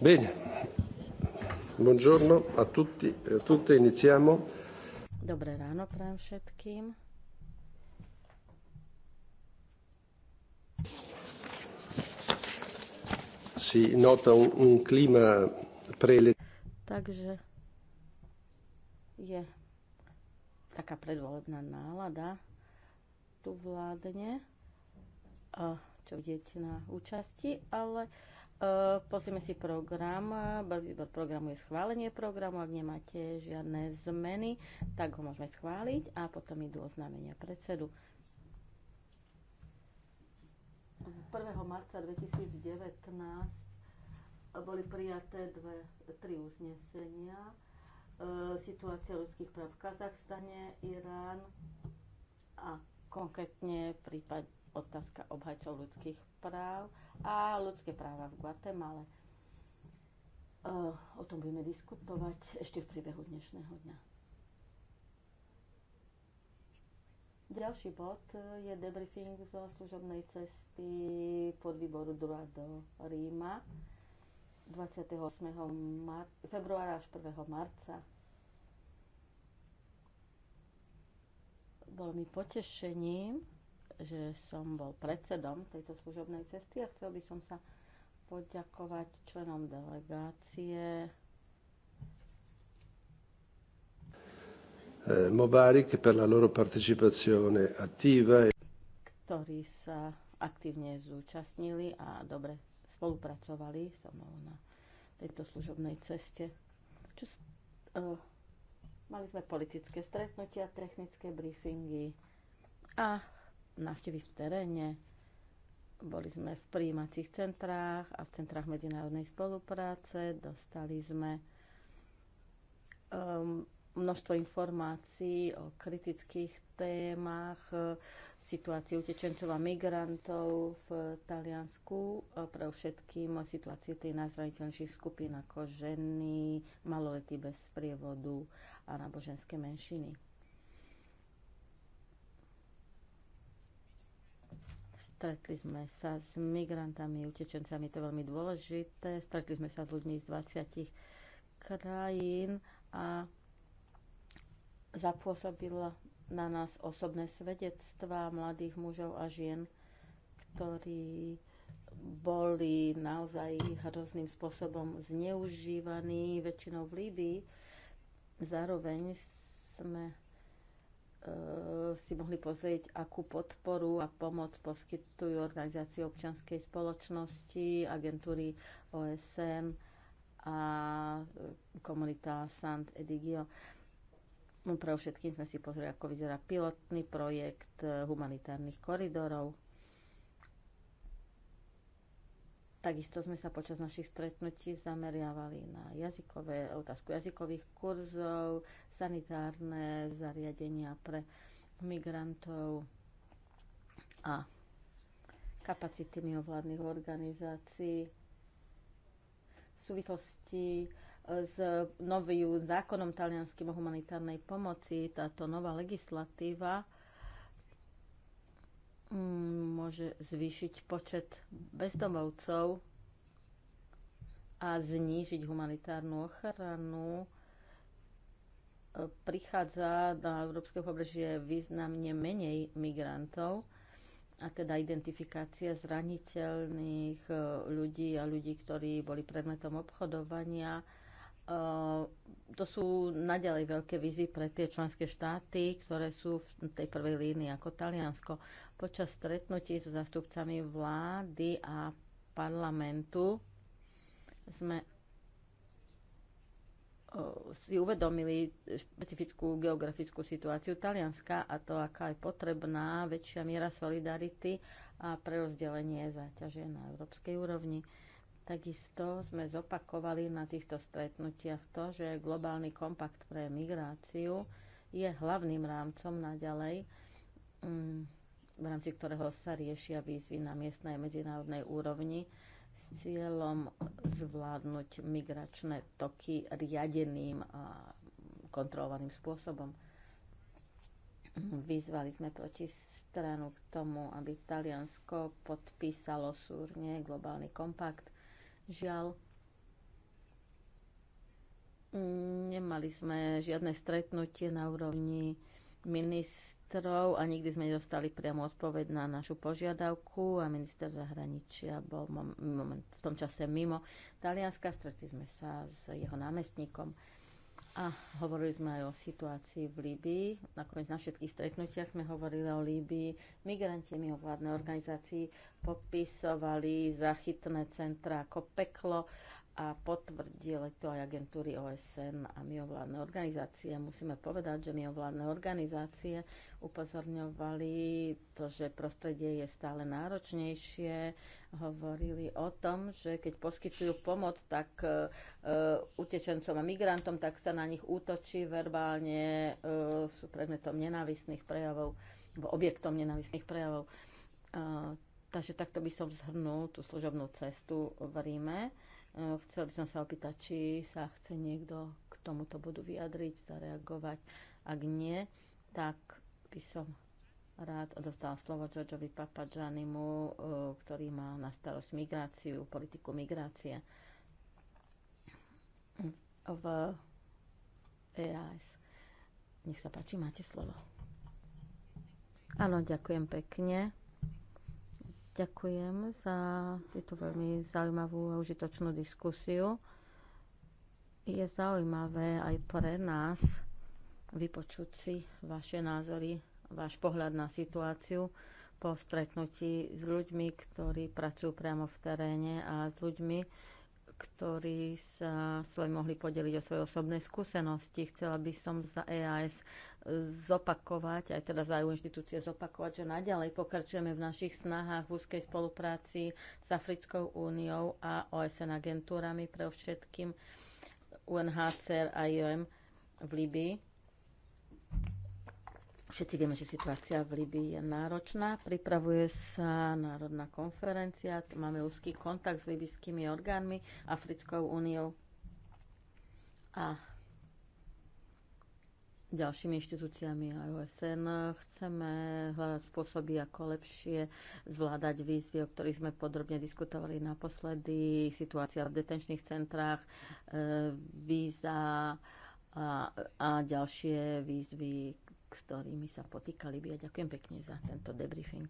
Bene. Buongiorno a tutti, e a tutte, iniziamo. Dobré ráno prajem všetkým. Si nota un, un clima prele... Takže je taká predvolebná nálada tu vládne, a čo vidíte na účasti, ale uh, Eh, pozrieme si program. Výbor programu je schválenie programu. Ak nemáte žiadne zmeny, tak ho môžeme schváliť a potom idú oznámenia predsedu. 1. marca 2019 boli prijaté dve, tri uznesenia. E, situácia ľudských práv v Kazachstane, Irán a konkrétne prípad otázka obhajcov ľudských práv a ľudské práva v Guatemale. E, o tom budeme diskutovať ešte v priebehu dnešného dňa. Ďalší bod e, je debriefing zo služobnej cesty pod výboru 2 do Ríma 28. Mar- februára až 1. marca. Bol mi potešením že som bol predsedom tejto služobnej cesty a chcel by som sa poďakovať členom delegácie. Eh, Mubarak per la loro partecipazione attiva e ktorí sa aktívne zúčastnili a dobre spolupracovali so mnou na tejto služobnej ceste. Čo, uh, mali sme politické stretnutia, technické briefingy a návštevy v teréne. Boli sme v príjímacích centrách a v centrách medzinárodnej spolupráce. Dostali sme um, množstvo informácií o kritických témach, e, situácii utečencov a migrantov v Taliansku, e, pre všetkým situácii tých najzraniteľnejších skupín ako ženy, maloletí bez prievodu a náboženské menšiny. Stretli sme sa s migrantami, utečencami, to je veľmi dôležité. Stretli sme sa s ľuďmi z 20 krajín a zapôsobila na nás osobné svedectvá mladých mužov a žien, ktorí boli naozaj hrozným spôsobom zneužívaní, väčšinou v Líbii. Zároveň sme Eh, si mohli pozrieť, akú podporu a pomoc poskytujú organizácie občianskej spoločnosti, agentúry OSM a eh, komunita Sant Edigio. No, pre všetkým sme si pozreli, ako vyzerá pilotný projekt eh, humanitárnych koridorov Takisto sme sa počas našich stretnutí zameriavali na jazykové, otázku jazykových kurzov, sanitárne zariadenia pre migrantov a kapacity mimovládnych organizácií v súvislosti eh, s novým zákonom talianským o humanitárnej pomoci táto nová legislatíva Mm, môže zvýšiť počet bezdomovcov a znížiť humanitárnu ochranu. Prichádza na Európskeho pobrežie významne menej migrantov a teda identifikácia zraniteľných eh, ľudí a ľudí, ktorí boli predmetom obchodovania Eh, to sú naďalej veľké výzvy pre tie členské štáty, ktoré sú v tej prvej línii ako Taliansko. Počas stretnutí so zastupcami vlády a parlamentu sme eh, si uvedomili špecifickú geografickú situáciu Talianska a to, aká je potrebná väčšia miera solidarity a prerozdelenie záťaže na európskej úrovni. Takisto sme zopakovali na týchto stretnutiach to, že globálny kompakt pre migráciu je hlavným rámcom naďalej, mm, v rámci ktorého sa riešia výzvy na miestnej medzinárodnej úrovni s cieľom zvládnuť migračné toky riadeným a kontrolovaným spôsobom. Vyzvali sme proti stranu k tomu, aby Taliansko podpísalo súrne globálny kompakt Žiaľ, nemali sme žiadne stretnutie na úrovni ministrov a nikdy sme nedostali priamu odpoveď na našu požiadavku a minister zahraničia bol moment, v tom čase mimo Talianska. Stretli sme sa s jeho námestníkom a hovorili sme aj o situácii v Líbii. Nakoniec na všetkých stretnutiach sme hovorili o Líbii. Migranti mimovládnej organizácii popisovali zachytné centra ako peklo a potvrdili to aj agentúry OSN a mimovládne organizácie. Musíme povedať, že mimovládne organizácie upozorňovali to, že prostredie je stále náročnejšie, hovorili o tom, že keď poskytujú pomoc tak e, e utečencom a migrantom, tak sa na nich útočí verbálne, e, sú predmetom nenávisných prejavov, objektom nenávistných prejavov. E, takže takto by som zhrnul tú služobnú cestu v Ríme Eh, chcel by som sa opýtať, či sa chce niekto k tomuto bodu vyjadriť, zareagovať. Ak nie, tak by som rád odovzdal slovo Georgeovi Papadžanimu, eh, ktorý má na starosť migráciu, politiku migrácie v EAS. Nech sa páči, máte slovo. Áno, ďakujem pekne. Ďakujem za túto veľmi zaujímavú a užitočnú diskusiu. Je zaujímavé aj pre nás vypočuť si vaše názory, váš pohľad na situáciu po stretnutí s ľuďmi, ktorí pracujú priamo v teréne a s ľuďmi, ktorí sa s vami mohli podeliť o svoje osobné skúsenosti. Chcela by som za EAS zopakovať, aj teda za EU inštitúcie zopakovať, že naďalej pokračujeme v našich snahách v úzkej spolupráci s Africkou úniou a OSN agentúrami pre všetkým UNHCR a IOM v Libii. Všetci vieme, že situácia v Libii je náročná. Pripravuje sa národná konferencia, máme úzky kontakt s libyskými orgánmi, Africkou úniou a ďalšími inštitúciami a OSN. Chceme hľadať spôsoby, ako lepšie zvládať výzvy, o ktorých sme podrobne diskutovali naposledy. Situácia v detenčných centrách, e, víza a, a ďalšie výzvy, ktorými sa potýkali. Ja ďakujem pekne za tento debriefing.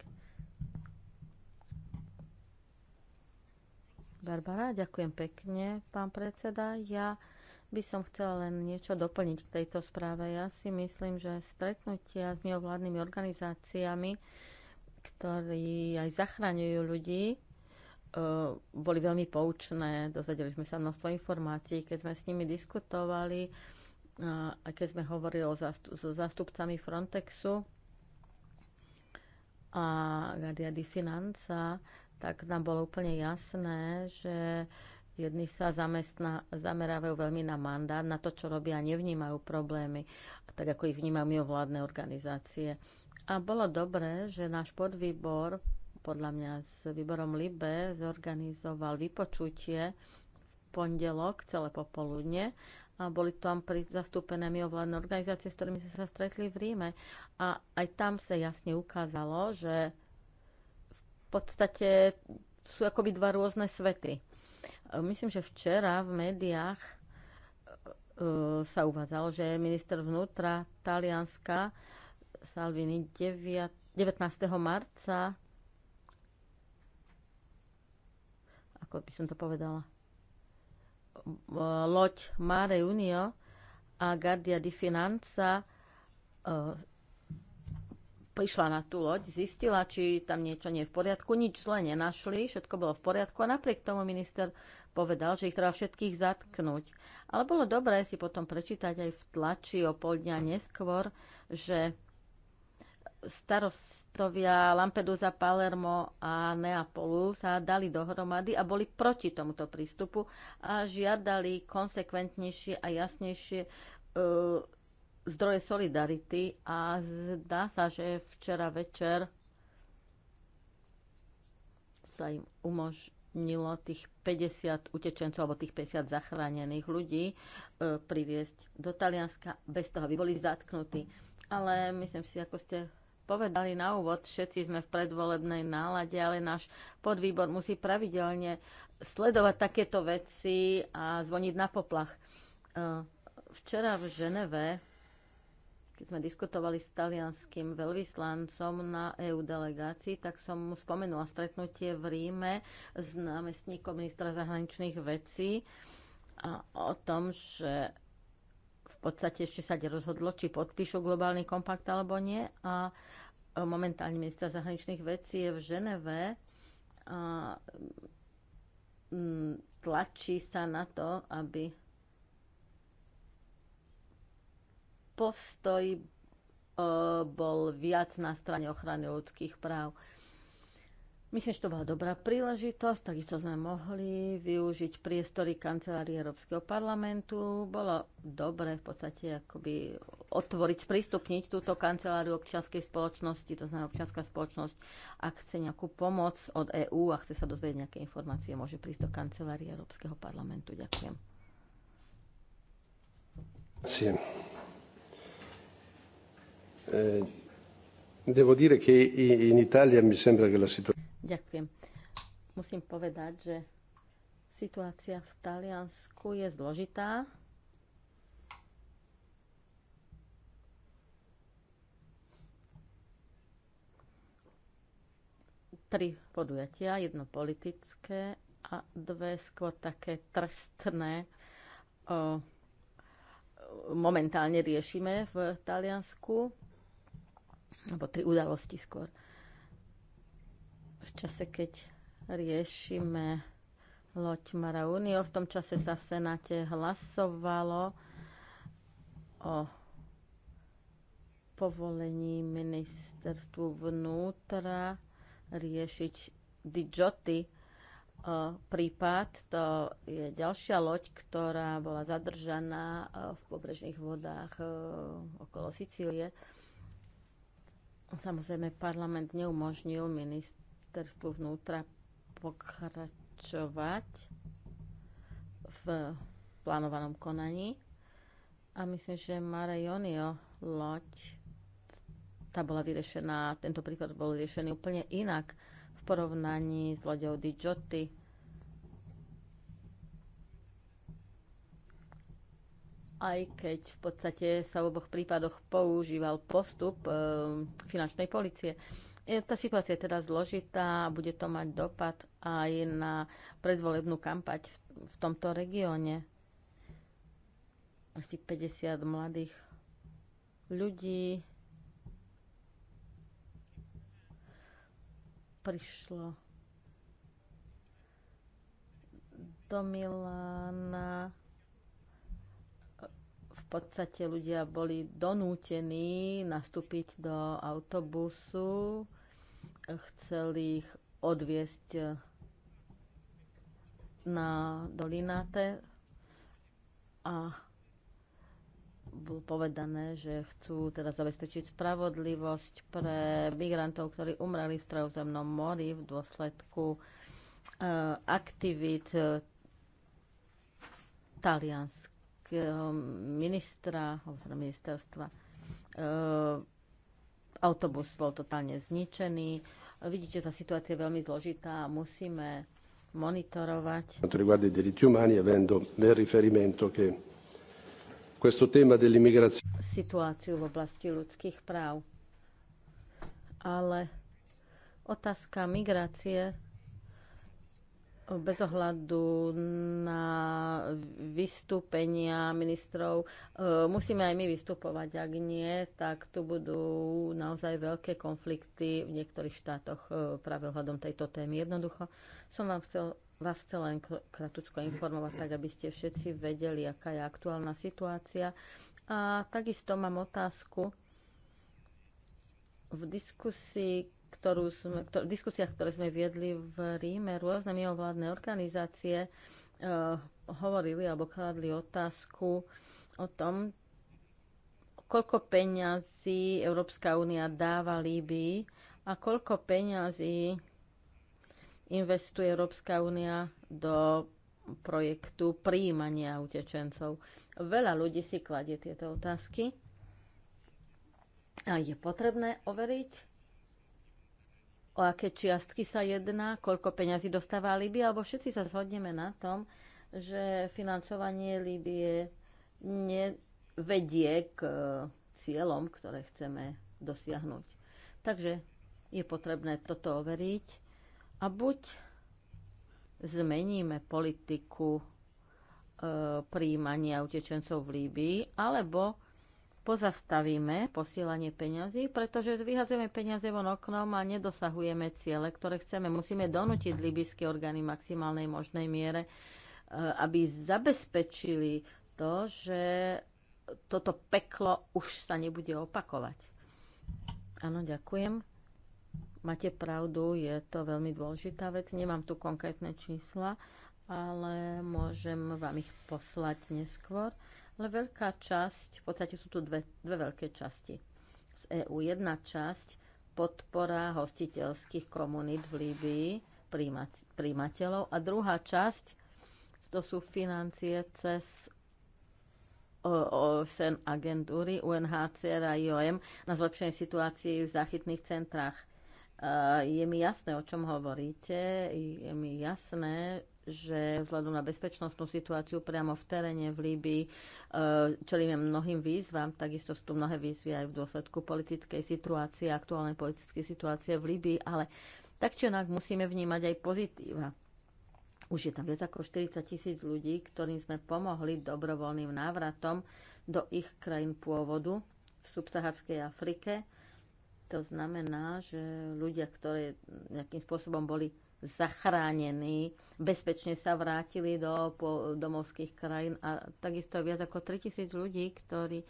Barbara, ďakujem pekne, pán predseda. Ja by som chcela len niečo doplniť k tejto správe. Ja si myslím, že stretnutia s mimovládnymi organizáciami, ktorí aj zachraňujú ľudí, e, boli veľmi poučné. Dozvedeli sme sa množstvo informácií, keď sme s nimi diskutovali, e, a keď sme hovorili o so zástupcami Frontexu a Gadia di Finanza, tak nám bolo úplne jasné, že Jedni sa zamestná, zamerávajú veľmi na mandát, na to, čo robia, nevnímajú problémy, tak ako ich vnímajú mimovládne organizácie. A bolo dobré, že náš podvýbor, podľa mňa s výborom LIBE, zorganizoval vypočutie v pondelok, celé popoludne, a boli tam zastúpené mimovládne organizácie, s ktorými sme sa stretli v Ríme. A aj tam sa jasne ukázalo, že v podstate sú akoby dva rôzne svety. Myslím, že včera v médiách e, sa uvádzalo, že minister vnútra Talianska Salvini 9, 19. marca ako by som to povedala loď Mare Unio a Guardia di Finanza e, prišla na tú loď, zistila, či tam niečo nie je v poriadku, nič zle nenašli, všetko bolo v poriadku a napriek tomu minister povedal, že ich treba všetkých zatknúť. Ale bolo dobré si potom prečítať aj v tlači o pol dňa neskôr, že starostovia Lampedusa, Palermo a Neapolu sa dali dohromady a boli proti tomuto prístupu a žiadali konsekventnejšie a jasnejšie e, zdroje solidarity a zdá sa, že včera večer sa im umož umožnilo tých 50 utečencov alebo tých 50 zachránených ľudí e, priviesť do Talianska bez toho, aby boli zatknutí. Ale myslím si, ako ste povedali na úvod, všetci sme v predvolebnej nálade, ale náš podvýbor musí pravidelne sledovať takéto veci a zvoniť na poplach. E, včera v Ženeve keď sme diskutovali s talianským veľvyslancom na EU delegácii, tak som mu spomenula stretnutie v Ríme s námestníkom ministra zahraničných vecí a o tom, že v podstate ešte sa rozhodlo, či podpíšu globálny kompakt alebo nie. A momentálne minister zahraničných vecí je v Ženeve a mm, tlačí sa na to, aby postoj e, bol viac na strane ochrany ľudských práv. Myslím, že to bola dobrá príležitosť, takisto sme mohli využiť priestory kancelárie Európskeho parlamentu. Bolo dobre v podstate akoby otvoriť, sprístupniť túto kanceláriu občianskej spoločnosti, to znamená občianská spoločnosť, ak chce nejakú pomoc od EÚ a chce sa dozvedieť nejaké informácie, môže prísť do kancelárie Európskeho parlamentu. Ďakujem. Ďakujem. Eh, devo dire che in Italia mi sembra che la situazione... Ďakujem. Musím povedať, že situácia v Taliansku je zložitá. tri podujatia, jedno politické a dve skôr také trstné. Eh, momentálne riešime v Taliansku alebo tri udalosti skôr. V čase, keď riešime loď Mara Unio, v tom čase sa v Senáte hlasovalo o povolení ministerstvu vnútra riešiť Dijoty e, prípad. To je ďalšia loď, ktorá bola zadržaná e, v pobrežných vodách e, okolo Sicílie Samozrejme, parlament neumožnil ministerstvu vnútra pokračovať v plánovanom konaní. A myslím, že Mare Jonio loď, tá bola vyriešená, tento prípad bol riešený úplne inak v porovnaní s loďou Di Giotti, aj keď v podstate sa v oboch prípadoch používal postup eh, finančnej policie. tá situácia je teda zložitá a bude to mať dopad aj na predvolebnú kampať v, v tomto regióne. Asi 50 mladých ľudí prišlo do Milána podstate ľudia boli donútení nastúpiť do autobusu, chceli ich odviesť na Dolináte a bolo povedané, že chcú teda zabezpečiť spravodlivosť pre migrantov, ktorí umreli v Stredozemnom mori v dôsledku uh, aktivít uh, taliansk slovenského ministra, ministerstva, e, autobus bol totálne zničený. Vidíte, tá situácia je veľmi zložitá a musíme monitorovať. Quanto riguarda i diritti umani, avendo nel riferimento che questo tema dell'immigrazione situáciu v oblasti ľudských práv. Ale otázka migrácie bez ohľadu na vystúpenia ministrov. E, musíme aj my vystupovať, ak nie, tak tu budú naozaj veľké konflikty v niektorých štátoch e, práve ohľadom tejto témy. Jednoducho som vám chcel, vás chcel len kratučko informovať, tak aby ste všetci vedeli, aká je aktuálna situácia. A takisto mám otázku v diskusii, ktorú sme, ktor- diskusiách, ktoré sme viedli v Ríme, rôzne mimovládne organizácie e, hovorili alebo kladli otázku o tom, koľko peňazí Európska únia dáva Líbii a koľko peňazí investuje Európska únia do projektu príjmania utečencov. Veľa ľudí si kladie tieto otázky a je potrebné overiť o aké čiastky sa jedná, koľko peňazí dostáva Líbia, alebo všetci sa zhodneme na tom, že financovanie Líbie nevedie k e, cieľom, ktoré chceme dosiahnuť. Takže je potrebné toto overiť a buď zmeníme politiku e, príjmania utečencov v Líbii, alebo pozastavíme posielanie peňazí, pretože vyhazujeme peniaze von oknom a nedosahujeme ciele, ktoré chceme. Musíme donútiť libyské orgány v maximálnej možnej miere, e, aby zabezpečili to, že toto peklo už sa nebude opakovať. Áno, ďakujem. Máte pravdu, je to veľmi dôležitá vec. Nemám tu konkrétne čísla, ale môžem vám ich poslať neskôr. Ale veľká časť, v podstate sú tu dve, dve veľké časti. Z EÚ jedna časť podpora hostiteľských komunít v Líbii, príjimateľov. A druhá časť, to sú financie cez OSN agentúry, UNHCR a IOM na zlepšenie situácii v záchytných centrách. Je mi jasné, o čom hovoríte, je mi jasné, že vzhľadom na bezpečnostnú situáciu priamo v teréne v Líbii e, čelíme mnohým výzvam. Takisto sú tu mnohé výzvy aj v dôsledku politickej situácie, aktuálnej politickej situácie v Líbii, ale tak či onak musíme vnímať aj pozitíva. Už je tam viac ako 40 tisíc ľudí, ktorým sme pomohli dobrovoľným návratom do ich krajín pôvodu v subsaharskej Afrike. To znamená, že ľudia, ktorí nejakým spôsobom boli zachránení, bezpečne sa vrátili do domovských krajín a takisto viac ako 3000 ľudí, ktorí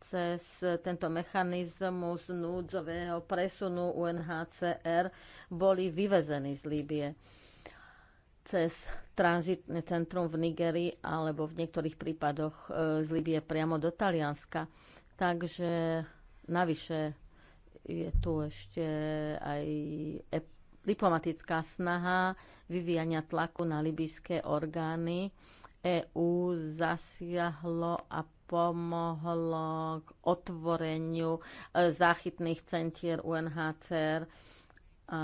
cez tento mechanizmus núdzového presunu UNHCR boli vyvezení z Líbie cez tranzitné centrum v Nigerii alebo v niektorých prípadoch e, z Líbie priamo do Talianska. Takže navyše je tu ešte aj EP diplomatická snaha vyvíjania tlaku na libyjské orgány. EÚ zasiahlo a pomohlo k otvoreniu e, záchytných centier UNHCR. A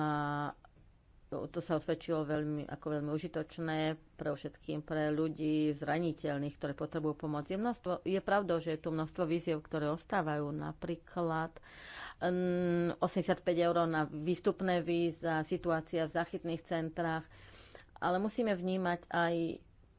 to sa osvedčilo veľmi, ako veľmi užitočné pre všetkým pre ľudí zraniteľných, ktorí potrebujú pomoc. Je, množstvo, je pravdou, že je tu množstvo víziev, ktoré ostávajú. Napríklad 85 hm, eur na výstupné víza, situácia v záchytných centrách. Ale musíme vnímať aj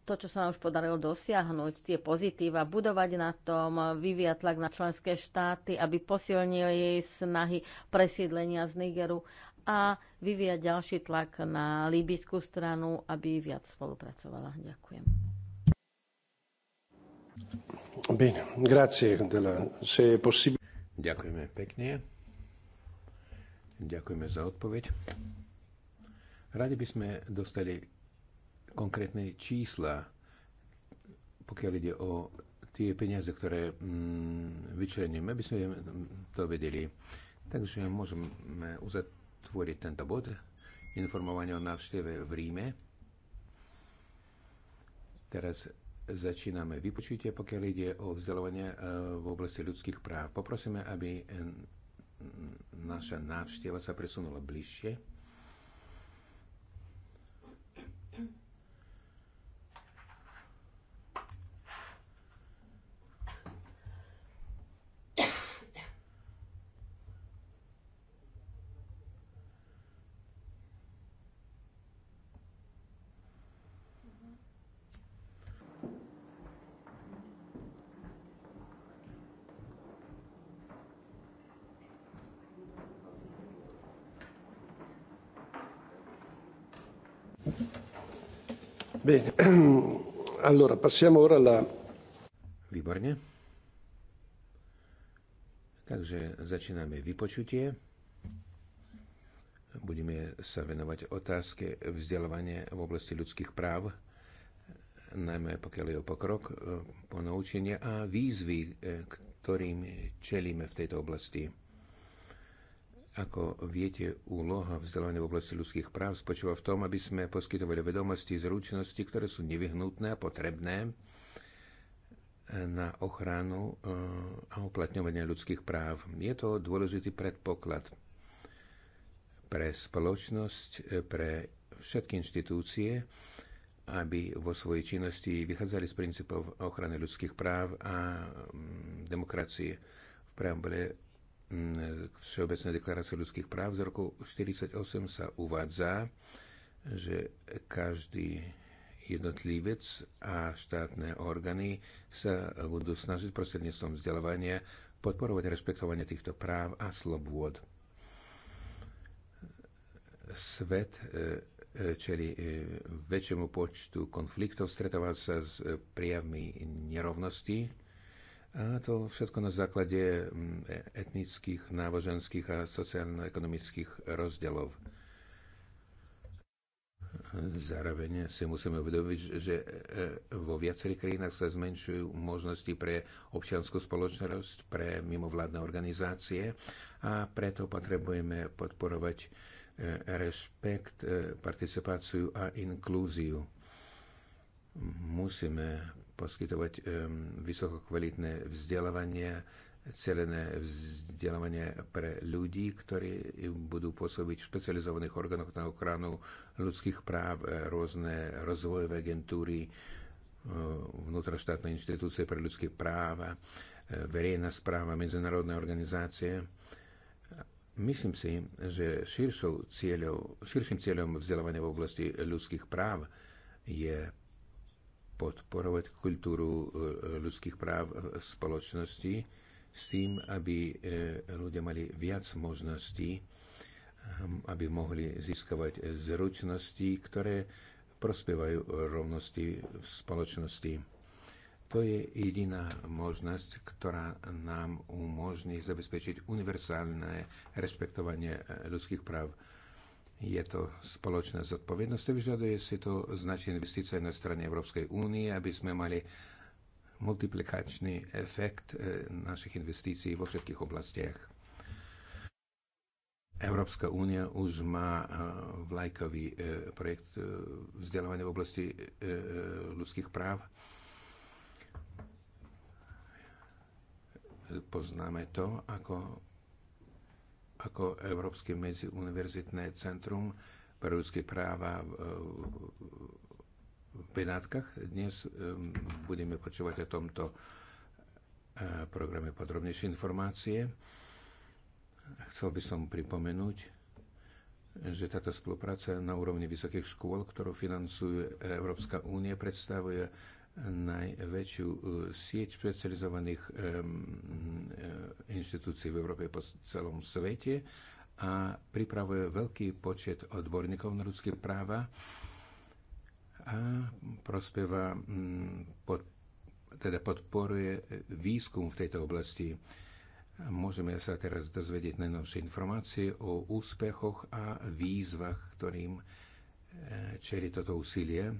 to, čo sa nám už podarilo dosiahnuť, tie pozitíva, budovať na tom, vyvíjať tlak na členské štáty, aby posilnili snahy presídlenia z Nigeru a vyvíjať ďalší tlak na líbyskú stranu, aby viac spolupracovala. Ďakujem. Bene, grazie. Della, se possibile... Ďakujeme pekne. Ďakujeme za odpoveď. Radi by sme dostali konkrétne čísla, pokiaľ ide o tie peniaze, ktoré mm, aby sme to vedeli. Takže môžeme uzatvoriť tento bod informovanie o návšteve v Ríme. Teraz Začíname vypočutie, pokiaľ ide o vzdelávanie e, v oblasti ľudských práv. Poprosíme, aby e, naša návšteva sa presunula bližšie. Bene. Allora, passiamo ora alla... Výborne. Takže začíname vypočutie. Budeme sa venovať otázke vzdelávania v oblasti ľudských práv, najmä pokiaľ je o pokrok, e, ponaučenia a výzvy, e, ktorým čelíme v tejto oblasti. Ako viete, úloha vzdelávania v oblasti ľudských práv spočíva v tom, aby sme poskytovali vedomosti, zručnosti, ktoré sú nevyhnutné a potrebné na ochranu eh, a uplatňovanie ľudských práv. Je to dôležitý predpoklad pre spoločnosť, eh, pre všetky inštitúcie, aby vo svojej činnosti vychádzali z princípov ochrany ľudských práv a mm, demokracie. V preambule Mm, Všeobecnej deklarácie ľudských práv z roku 1948 sa uvádza, že každý jednotlivec a štátne orgány sa budú snažiť prostredníctvom vzdelávania podporovať rešpektovanie týchto práv a slobôd. Svet e, e, čeli e, väčšiemu počtu konfliktov, stretáva sa s prijavmi nerovnosti, a to všetko na základe mm, etnických, náboženských a sociálno-ekonomických rozdielov. Zároveň si musíme uvedomiť, že e, vo viacerých krajinách sa zmenšujú možnosti pre občianskú spoločnosť, pre mimovládne organizácie a preto potrebujeme podporovať e, rešpekt, e, participáciu a inklúziu. Musíme poskytovať um, vysokokvalitné vzdelávanie, celené vzdelávanie pre ľudí, ktorí budú pôsobiť v špecializovaných orgánoch na ochranu ľudských práv, e, rôzne rozvojové agentúry, e, vnútroštátne inštitúcie pre ľudské práva, e, verejná správa, medzinárodné organizácie. Myslím si, že cieľou, širším cieľom vzdelávania v oblasti ľudských práv je podporovať kultúru e, ľudských práv v e, spoločnosti s tým, aby e, ľudia mali viac možností, hm, aby mohli získavať zručnosti, ktoré prospievajú rovnosti v spoločnosti. To je jediná možnosť, ktorá nám umožní zabezpečiť univerzálne rešpektovanie ľudských práv je to spoločná zodpovednosť, vyžaduje si to značné investície na strane Európskej únie, aby sme mali multiplikačný efekt e, našich investícií vo všetkých oblastiach. Európska únia už má e, vlajkový e, projekt vzdelávania v oblasti ľudských práv. Poznáme to ako ako Európske medziuniverzitné centrum pre ľudské práva v Benátkach. Dnes e, budeme počúvať o tomto e, programe podrobnejšie informácie. Chcel by som pripomenúť, že táto spolupráca na úrovni vysokých škôl, ktorú financuje Európska únie, predstavuje najväčšiu e, sieť špecializovaných e, inštitúcií v Európe po celom svete a pripravuje veľký počet odborníkov na ľudské práva a prospeva, mm, pod, teda podporuje výskum v tejto oblasti. Môžeme sa teraz dozvedieť najnovšie informácie o úspechoch a výzvach, ktorým e, čeli toto úsilie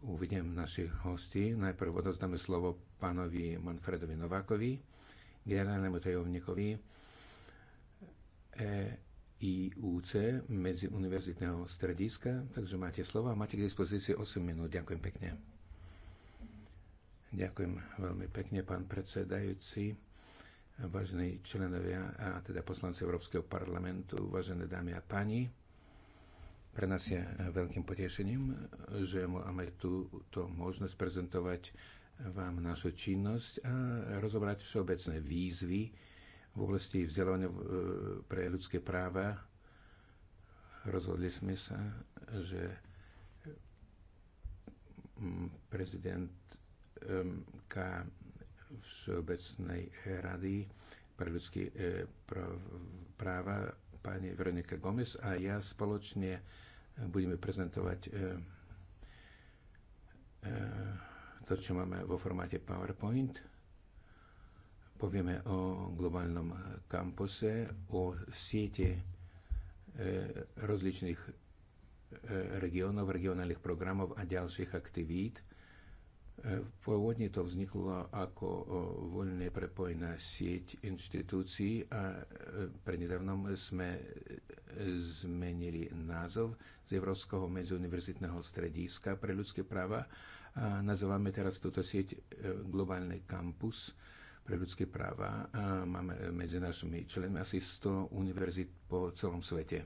uvidím našich hostí. Najprv odozdáme slovo pánovi Manfredovi Novákovi, generálnemu tajomníkovi EIUC medzi univerzitného strediska. Takže máte slovo a máte k dispozícii 8 minút. Ďakujem pekne. Ďakujem veľmi pekne, pán predsedajúci, vážení členovia a teda poslanci Európskeho parlamentu, vážené dámy a páni. Pre nás je eh, veľkým potešením, eh, že máme túto možnosť prezentovať eh, vám našu činnosť a rozobrať všeobecné výzvy v oblasti vzdelávania pre ľudské práva. Rozhodli sme sa, že mm, prezident K Všeobecnej rady pre ľudské práva pani Veronika Gomez a ja spoločne e, budeme prezentovať e, e, to, čo máme vo formáte PowerPoint. Povieme o globálnom kampuse, o siete rozličných regionov, regionálnych programov a ďalších aktivít – Pôvodne to vzniklo ako e, voľne prepojená sieť inštitúcií a e, prednedávnom sme zmenili názov z Európskeho medziuniverzitného strediska pre ľudské práva a nazývame teraz túto sieť e, Globálny kampus pre ľudské práva a máme medzi našimi členmi asi 100 univerzit po celom svete.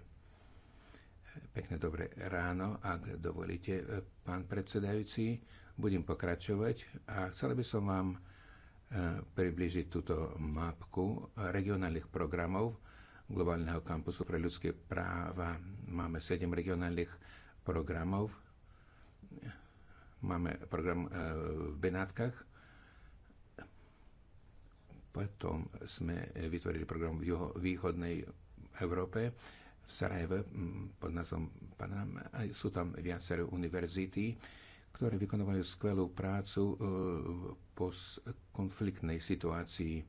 Pekne dobre ráno, ak dovolíte, pán predsedajúci budem pokračovať a chcel by som vám e, približiť túto mapku regionálnych programov Globálneho kampusu pre ľudské práva. Máme 7 regionálnych programov. Máme program e, v Benátkach. Potom sme vytvorili program v juho, východnej Európe, v Sarajeve pod názvom Panama. Sú tam viaceré univerzity ktoré vykonávajú skvelú prácu e, v postkonfliktnej situácii.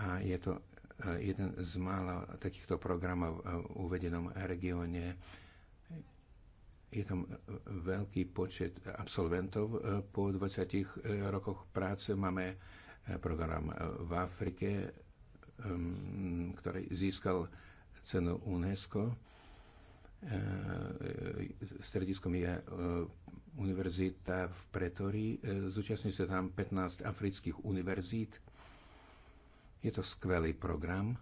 A je to e, jeden z mála takýchto programov e, v uvedenom regióne. Je tam veľký počet absolventov. Po 20 rokoch práce máme program v Afrike, ktorý získal cenu UNESCO E, e, strediskom je e, univerzita v Pretorii. Zúčastňuje sa tam 15 afrických univerzít. Je to skvelý program,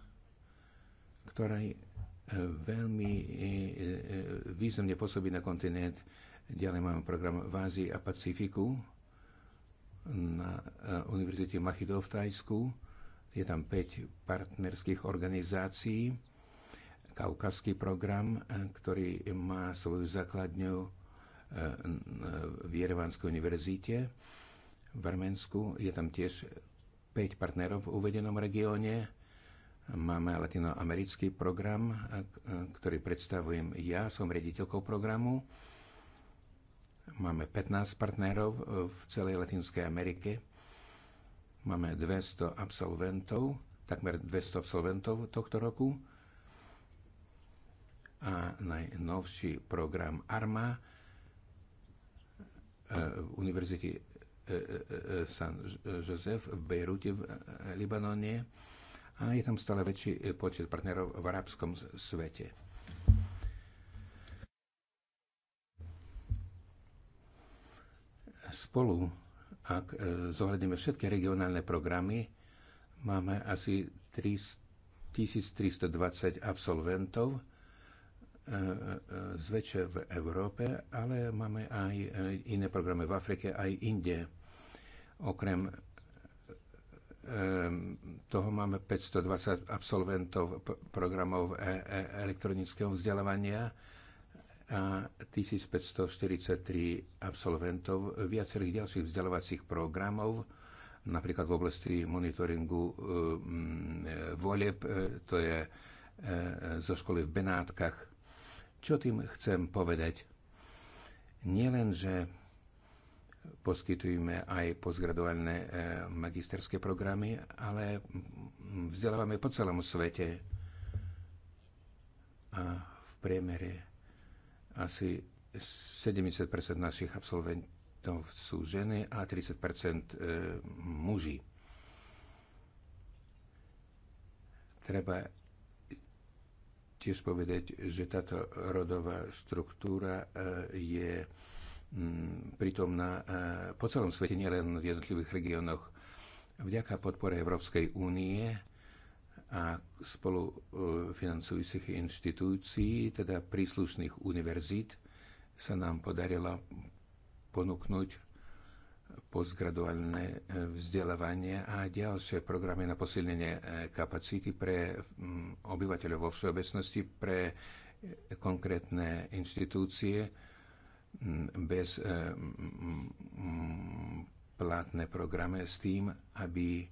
ktorý veľmi významne pôsobí na kontinent. Ďalej máme program v Ázii a Pacifiku na Univerzite Machidov v Tajsku. Je tam 5 partnerských organizácií kaukazský program, e, ktorý má svoju základňu e, v Jerevanskej univerzite v Arménsku. Je tam tiež 5 partnerov v uvedenom regióne. Máme latinoamerický program, e, ktorý predstavujem ja, som rediteľkou programu. Máme 15 partnerov v celej Latinskej Amerike. Máme 200 absolventov, takmer 200 absolventov tohto roku a najnovší program ARMA v e, e, Univerzite e, San Josef v Bejrute v Libanone a je tam stále väčší počet partnerov v arabskom svete. Spolu, ak zohľadíme všetky regionálne programy, máme asi 3320 absolventov, zväčša v Európe, ale máme aj eh, iné programy v Afrike, aj inde. Okrem eh, toho máme 520 absolventov programov eh, elektronického vzdelávania a 1543 absolventov viacerých ďalších vzdelávacích programov, napríklad v oblasti monitoringu volieb, to je zo školy v Benátkach čo tým chcem povedať? Nielen, že poskytujeme aj postgraduálne e, magisterské programy, ale vzdelávame po celom svete. A v priemere asi 70 našich absolventov sú ženy a 30 e, muži. Treba tiež povedať, že táto rodová štruktúra e, je mm, prítomná e, po celom svete, nielen v jednotlivých regiónoch. Vďaka podpore Európskej únie a spolufinancujúcich e, inštitúcií, teda príslušných univerzít, sa nám podarilo ponúknuť postgraduálne e, vzdelávanie a ďalšie programy na posilnenie e, kapacity pre obyvateľov vo všeobecnosti, pre e, konkrétne inštitúcie bez platné programy s tým, aby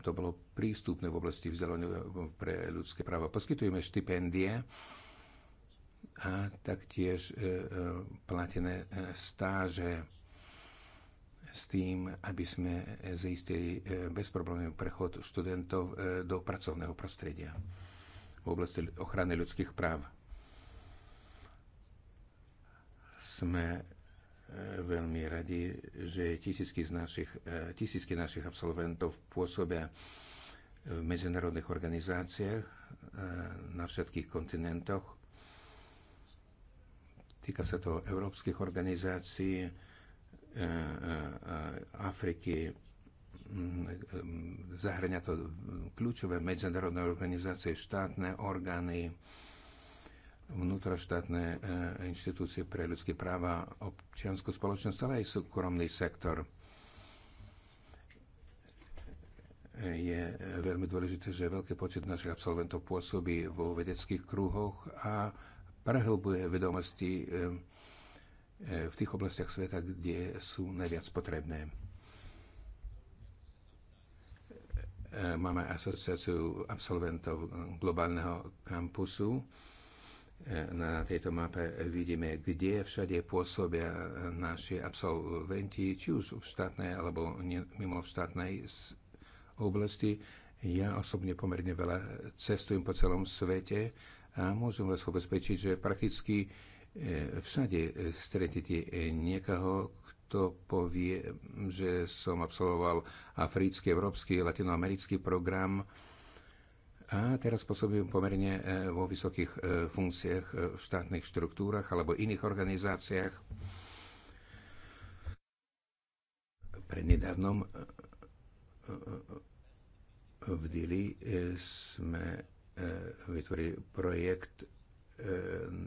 to bolo prístupné v oblasti vzdelania pre ľudské práva. Poskytujeme štipendie a taktiež platené stáže s tým, aby sme zistili e, bezproblémový prechod študentov e, do pracovného prostredia v oblasti ochrany ľudských práv. Sme e, veľmi radi, že tisícky, z našich, tisícky našich absolventov pôsobia v medzinárodných organizáciách na všetkých kontinentoch. Týka sa to európskych organizácií, E, e, e, Afriky. Mm, Zahrania to kľúčové medzinárodné organizácie, štátne orgány, vnútroštátne inštitúcie pre ľudské práva, občianskú spoločnosť, ale aj súkromný sektor. Je veľmi dôležité, že veľký počet našich absolventov pôsobí vo vedeckých kruhoch a prehlbuje vedomosti v tých oblastiach sveta, kde sú najviac potrebné. Máme asociáciu absolventov globálneho kampusu. Na tejto mape vidíme, kde všade pôsobia naši absolventi, či už v štátnej alebo mimo v štátnej oblasti. Ja osobne pomerne veľa cestujem po celom svete a môžem vás ubezpečiť, že prakticky Všade stretnete niekoho, kto povie, že som absolvoval africký, európsky, latinoamerický program a teraz pôsobím pomerne e, vo vysokých e, funkciách e, v štátnych štruktúrach alebo iných organizáciách. Prednedávnom v Dili sme vytvorili projekt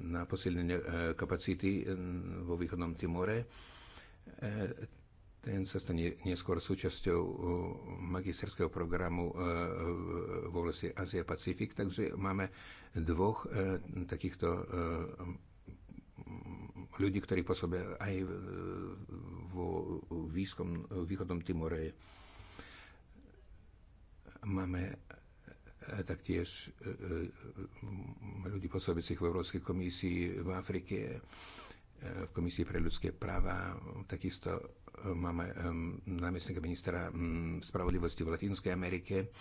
na posilnenie e, kapacity e, vo východnom Timore. E, ten sa stane neskôr súčasťou magisterského programu v oblasti asia Pacific. takže máme dvoch takýchto ľudí, ktorí pôsobia aj vo výskom, východnom Timore. Máme E, taktiež e, e, ľudí pôsobiacich v Európskej komisii v Afrike, v Komisii pre ľudské práva, takisto máme námestníka ministra spravodlivosti v Latinskej Amerike.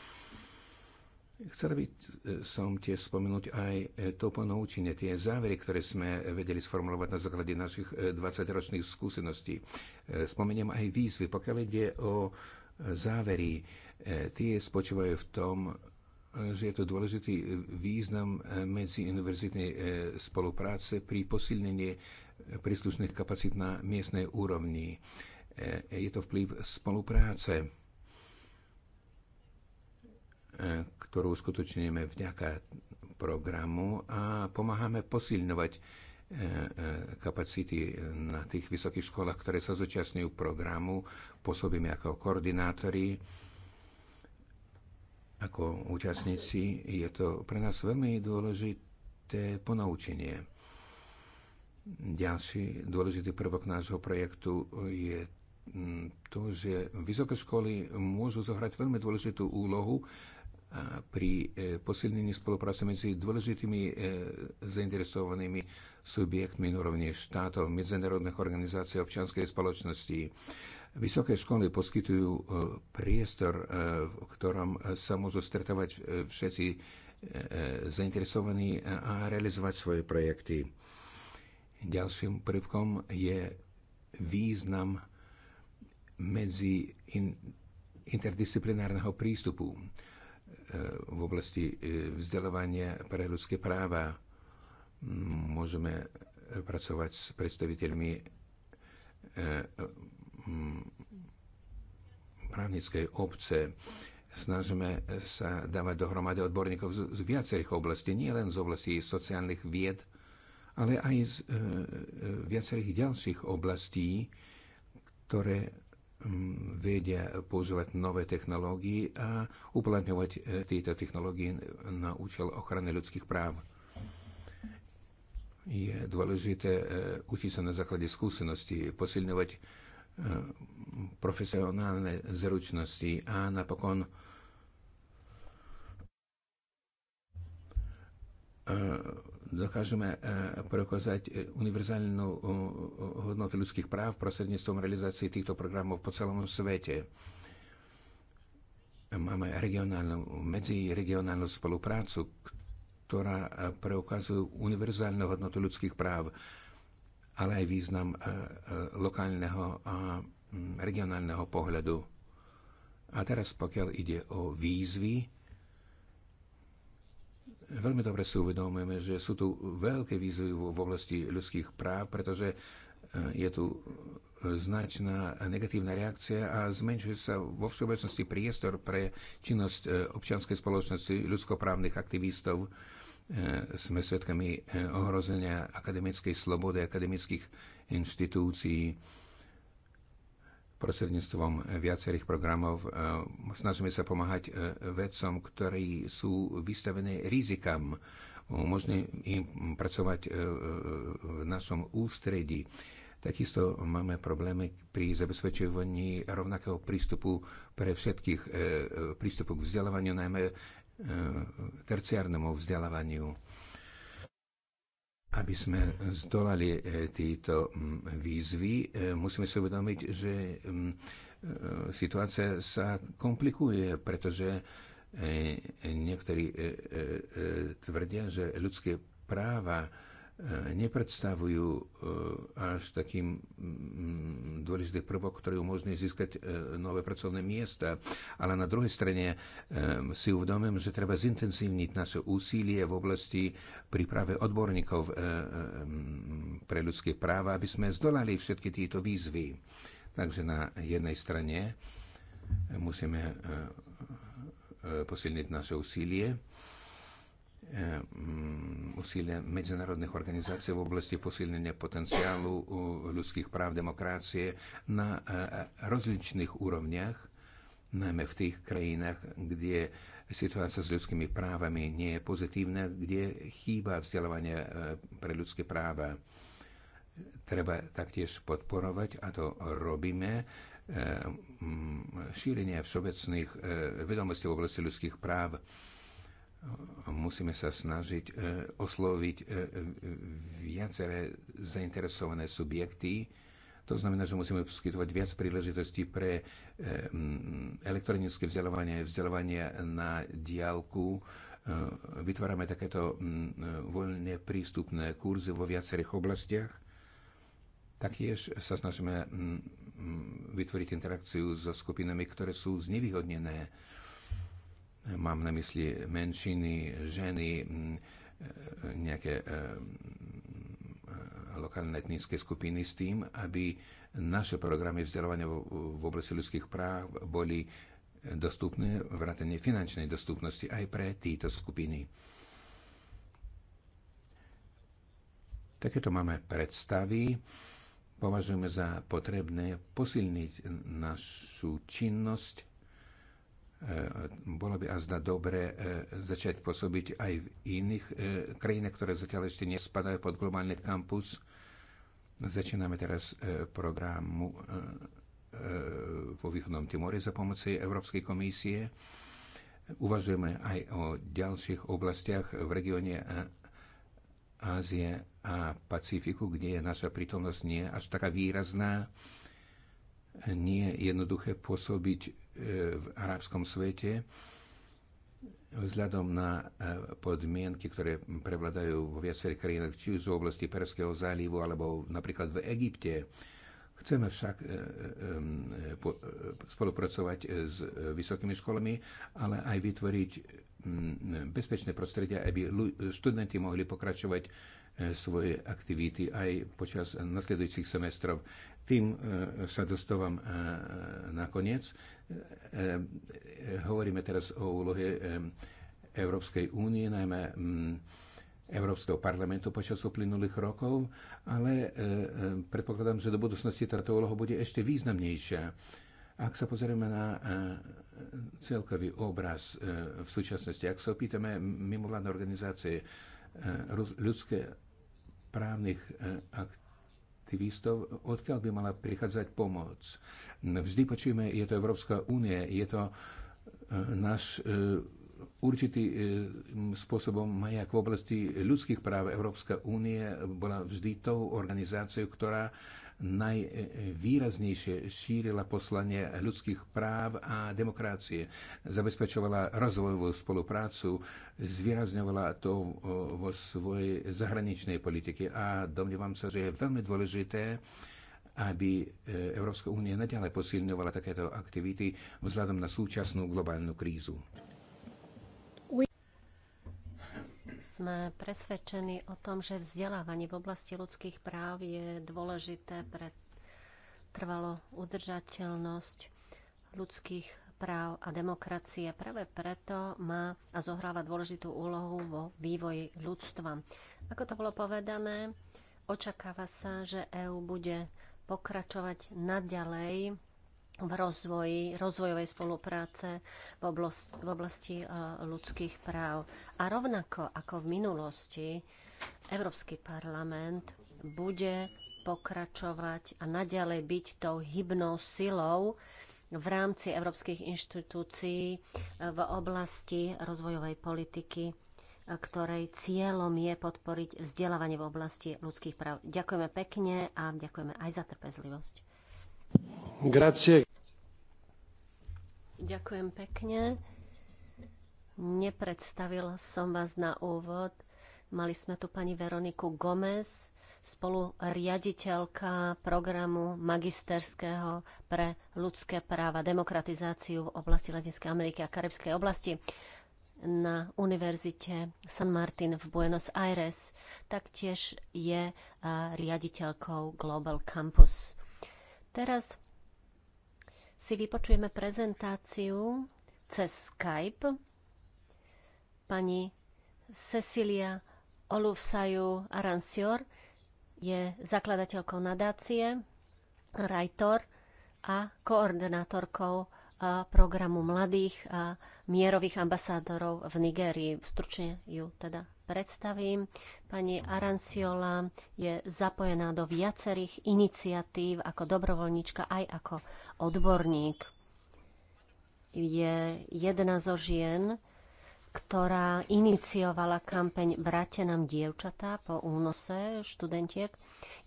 Chcel by som tiež spomenúť aj to ponaučenie, tie závery, ktoré sme vedeli sformulovať na základe našich 20-ročných skúseností. Spomeniem aj výzvy. Pokiaľ ide o závery, tie spočívajú v tom, že je to dôležitý význam eh, medzi univerzitnej eh, spolupráce pri posilnení eh, príslušných kapacít na miestnej úrovni. Je to vplyv spolupráce, ktorú uskutočňujeme vďaka programu a pomáhame posilňovať kapacity na tých vysokých školách, ktoré sa zúčastňujú programu. Pôsobíme ako koordinátori ako účastníci. Je to pre nás veľmi dôležité ponaučenie. Ďalší dôležitý prvok nášho projektu je mm, to, že vysoké školy môžu zohrať veľmi dôležitú úlohu pri e, posilnení spolupráce medzi dôležitými e, zainteresovanými subjektmi na úrovni štátov, medzinárodných organizácií občianskej spoločnosti. Vysoké školy poskytujú e, priestor, e, v ktorom e, sa môžu stretávať všetci zainteresovaní a realizovať svoje projekty. Ďalším prvkom je význam medzi interdisciplinárneho prístupu v oblasti vzdelávania pre ľudské práva. Môžeme pracovať s predstaviteľmi Mm, právnickej obce. Snažíme sa dávať dohromady odborníkov z, z viacerých oblastí, nielen z oblastí sociálnych vied, ale aj z e, e viacerých ďalších oblastí, ktoré mm, vedia používať nové technológie a uplatňovať e, tieto technológie na účel ochrany ľudských práv. Je dôležité e, učiť sa na základe skúsenosti, posilňovať e, Eh, profesionálne zručnosti a napokon eh, dokážeme eh, preukázať univerzálnu hodnotu ľudských práv prostredníctvom realizácie týchto programov po celom svete. Máme regionálnu, medziregionálnu spoluprácu, ktorá preukazuje univerzálnu hodnotu ľudských práv ale aj význam e, e, lokálneho a mm, regionálneho pohľadu. A teraz, pokiaľ ide o výzvy, veľmi dobre si uvedomujeme, že sú tu veľké výzvy v oblasti ľudských práv, pretože e, je tu značná negatívna reakcia a zmenšuje sa vo všeobecnosti priestor pre činnosť občianskej spoločnosti ľudskoprávnych aktivistov E, sme svedkami e, ohrozenia akademickej slobody, akademických inštitúcií prostredníctvom e, viacerých programov. Snažíme sa pomáhať vedcom, ktorí sú vystavené rizikám. Umožní im pracovať v našom ústredí. Takisto máme problémy pri zabezpečovaní rovnakého prístupu pre všetkých, prístupu k vzdelávaniu, najmä E, terciárnemu vzdelávaniu. Aby sme zdolali e, tieto výzvy, e, musíme si uvedomiť, že situácia sa komplikuje, pretože niektorí tvrdia, že ľudské práva E, nepredstavujú e, až takým mm, dôležitý prvok, ktorý umožní získať e, nové pracovné miesta. Ale na druhej strane si uvedomím, že treba zintenzívniť naše úsilie v oblasti príprave odborníkov mm, pre ľudské práva, aby sme zdolali všetky tieto výzvy. Takže na jednej strane musíme posilniť naše úsilie, úsilia medzinárodných organizácií v oblasti posilnenia potenciálu ľudských práv demokracie na e, rozličných úrovniach, najmä v tých krajinách, kde situácia s ľudskými právami nie je pozitívna, kde chýba vzdelávanie e, pre ľudské práva. Treba taktiež podporovať, a to robíme, e, šírenie všeobecných vedomostí v oblasti ľudských práv musíme sa snažiť e, osloviť e, e, viaceré zainteresované subjekty. To znamená, že musíme poskytovať viac príležitostí pre elektronické vzdelávanie, vzdelávanie na diálku. Vytvárame takéto voľne prístupné kurzy vo viacerých oblastiach. Taktiež sa snažíme vytvoriť interakciu so skupinami, ktoré sú znevýhodnené Mám na mysli menšiny, ženy, e, nejaké e, e, lokálne etnické skupiny s tým, aby naše programy vzdelávania v oblasti ľudských práv boli dostupné, vrátanie finančnej dostupnosti aj pre tieto skupiny. Takéto máme predstavy. Považujeme za potrebné posilniť našu činnosť E, bolo by azda dobre e, začať pôsobiť aj v iných e, krajinách, ktoré zatiaľ ešte nespadajú pod globálny kampus. Začíname teraz programu vo východnom Timore za pomoci Európskej komisie. Uvažujeme aj o ďalších oblastiach v regióne Ázie a Pacifiku, kde je naša prítomnosť nie až taká výrazná nie je jednoduché pôsobiť e, v arabskom svete vzhľadom na e, podmienky, ktoré prevladajú vo viacerých krajinách, či už z oblasti Perského zálivu, alebo napríklad v Egypte. Chceme však e, spolupracovať s vysokými školami, ale aj vytvoriť bezpečné prostredia, aby študenti mohli pokračovať svoje aktivity aj počas nasledujúcich semestrov. Tým e, sa dostávam e, nakoniec. E, hovoríme teraz o úlohe Európskej únie, najmä Európskeho parlamentu počas uplynulých rokov, ale predpokladám, že do budúcnosti táto úloha bude ešte významnejšia. Ak sa pozrieme na celkový obraz v súčasnosti, ak sa opýtame mimovládne organizácie ľudské právnych aktivít, aktivistov, odkiaľ by mala prichádzať pomoc. Vždy počujeme, je to Európska únie, je to e, náš e, určitý e, spôsobom majak v oblasti ľudských práv. Európska únie bola vždy tou organizáciou, ktorá najvýraznejšie šírila poslanie ľudských práv a demokracie, zabezpečovala rozvojovú spoluprácu, zvýrazňovala to vo svojej zahraničnej politike a domnievam sa, že je veľmi dôležité, aby Európska únia nadalej posilňovala takéto aktivity vzhľadom na súčasnú globálnu krízu. sme presvedčení o tom, že vzdelávanie v oblasti ľudských práv je dôležité pre trvalo udržateľnosť ľudských práv a demokracie. Práve preto má a zohráva dôležitú úlohu vo vývoji ľudstva. Ako to bolo povedané, očakáva sa, že EÚ bude pokračovať naďalej v rozvoji, rozvojovej spolupráce v oblasti, v oblasti e, ľudských práv. A rovnako ako v minulosti, Európsky parlament bude pokračovať a naďalej byť tou hybnou silou v rámci európskych inštitúcií e, v oblasti rozvojovej politiky, e, ktorej cieľom je podporiť vzdelávanie v oblasti ľudských práv. Ďakujeme pekne a ďakujeme aj za trpezlivosť. Grazie. Ďakujem pekne. Nepredstavila som vás na úvod. Mali sme tu pani Veroniku Gomez, spoluriaditeľka programu magisterského pre ľudské práva, demokratizáciu v oblasti Latinskej Ameriky a Karibskej oblasti na Univerzite San Martin v Buenos Aires. Taktiež je riaditeľkou Global Campus. Teraz si vypočujeme prezentáciu cez Skype pani Cecilia Olufsaju Arancior je zakladateľkou nadácie, rajtor a koordinátorkou programu mladých a mierových ambasádorov v Nigérii. Stručne ju teda predstavím. Pani Aranciola je zapojená do viacerých iniciatív ako dobrovoľníčka aj ako odborník. Je jedna zo žien, ktorá iniciovala kampeň Bratia nám dievčatá po únose študentiek.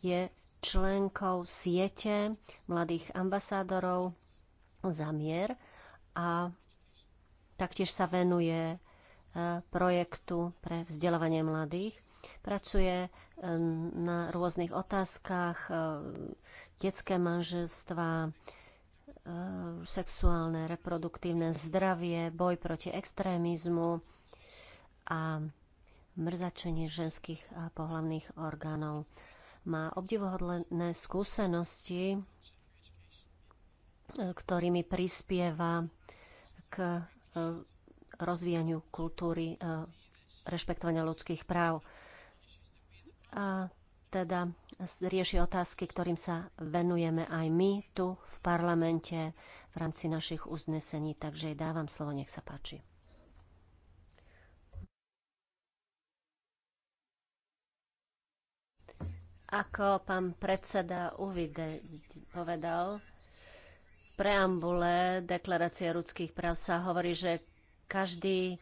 Je členkou siete mladých ambasádorov za mier a taktiež sa venuje projektu pre vzdelávanie mladých. Pracuje e, na rôznych otázkach, e, detské manželstva, e, sexuálne, reproduktívne zdravie, boj proti extrémizmu a mrzačenie ženských a pohlavných orgánov. Má obdivohodné skúsenosti, ktorými prispieva k rozvíjaniu kultúry e, rešpektovania ľudských práv. A teda rieši otázky, ktorým sa venujeme aj my tu v parlamente v rámci našich uznesení. Takže jej dávam slovo, nech sa páči. Ako pán predseda Uvide povedal, preambule Deklarácie ľudských práv sa hovorí, že každý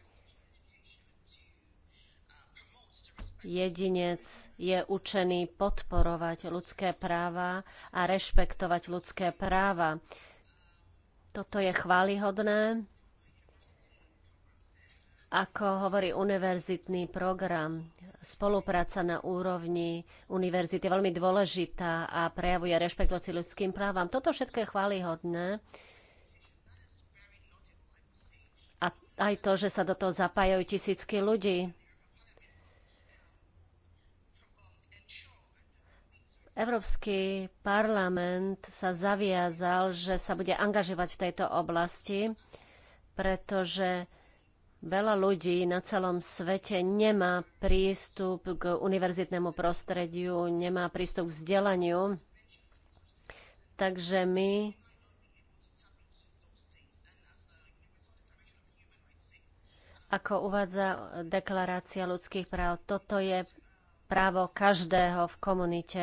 jedinec je učený podporovať ľudské práva a rešpektovať ľudské práva. Toto je chválihodné, ako hovorí univerzitný program. Spolupráca na úrovni univerzity je veľmi dôležitá a prejavuje rešpekt ľudským právam. Toto všetko je chválihodné. aj to, že sa do toho zapájajú tisícky ľudí. Európsky parlament sa zaviazal, že sa bude angažovať v tejto oblasti, pretože veľa ľudí na celom svete nemá prístup k univerzitnému prostrediu, nemá prístup k vzdelaniu. Takže my Ako uvádza deklarácia ľudských práv, toto je právo každého v komunite.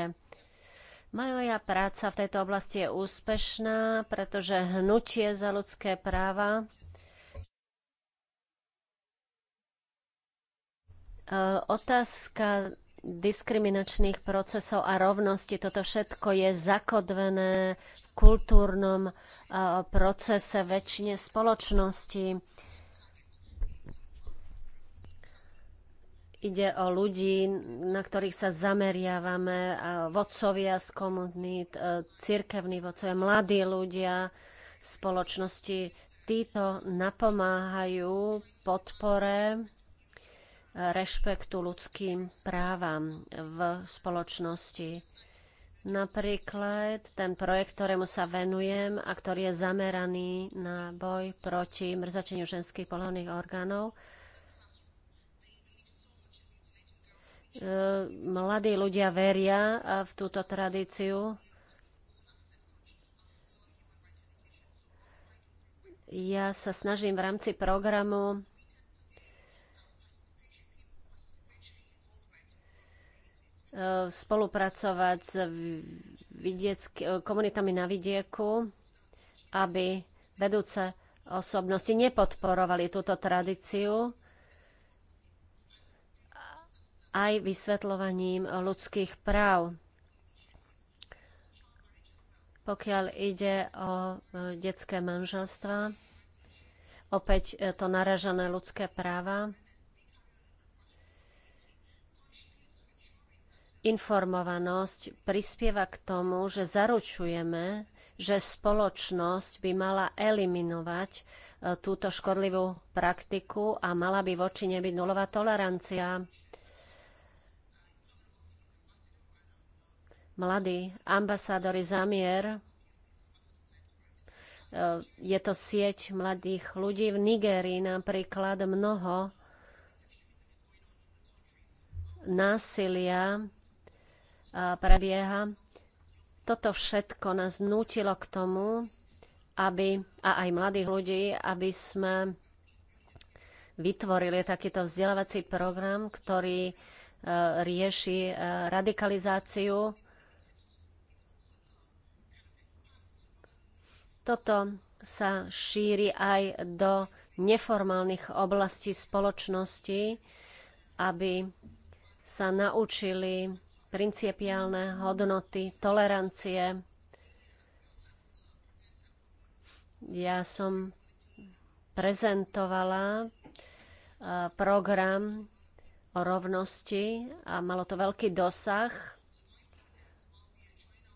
Moja práca v tejto oblasti je úspešná, pretože hnutie za ľudské práva e, Otázka diskriminačných procesov a rovnosti, toto všetko je zakodvené v kultúrnom e, procese väčšine spoločnosti. Ide o ľudí, na ktorých sa zameriavame, vodcovia z komunít, e, cirkevní vodcovia, mladí ľudia spoločnosti. Títo napomáhajú podpore e, rešpektu ľudským právam v spoločnosti. Napríklad ten projekt, ktorému sa venujem a ktorý je zameraný na boj proti mrzačeniu ženských polovných orgánov, mladí ľudia veria v túto tradíciu. Ja sa snažím v rámci programu spolupracovať s komunitami na vidieku, aby vedúce osobnosti nepodporovali túto tradíciu aj vysvetľovaním ľudských práv. Pokiaľ ide o e, detské manželstva, opäť e, to naražené ľudské práva, informovanosť prispieva k tomu, že zaručujeme, že spoločnosť by mala eliminovať e, túto škodlivú praktiku a mala by voči nej byť nulová tolerancia. mladí ambasádori zamier. E, je to sieť mladých ľudí. V Nigérii napríklad mnoho násilia e, prebieha. Toto všetko nás nutilo k tomu, aby, a aj mladých ľudí, aby sme vytvorili takýto vzdelávací program, ktorý e, rieši radikalizáciu Toto sa šíri aj do neformálnych oblastí spoločnosti, aby sa naučili principiálne hodnoty tolerancie. Ja som prezentovala e, program o rovnosti a malo to veľký dosah.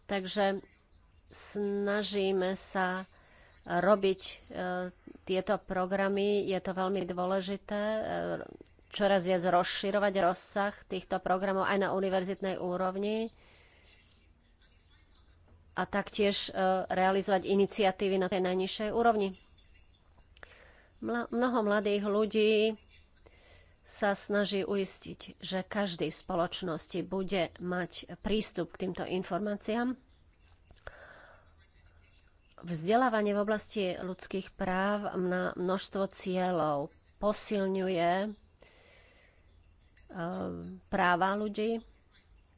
Takže snažíme sa robiť e, tieto programy. Je to veľmi dôležité e, čoraz viac rozširovať rozsah týchto programov aj na univerzitnej úrovni a taktiež e, realizovať iniciatívy na tej najnižšej úrovni. mnoho mladých ľudí sa snaží uistiť, že každý v spoločnosti bude mať prístup k týmto informáciám Vzdelávanie v oblasti ľudských práv na množstvo cieľov posilňuje eh, práva ľudí,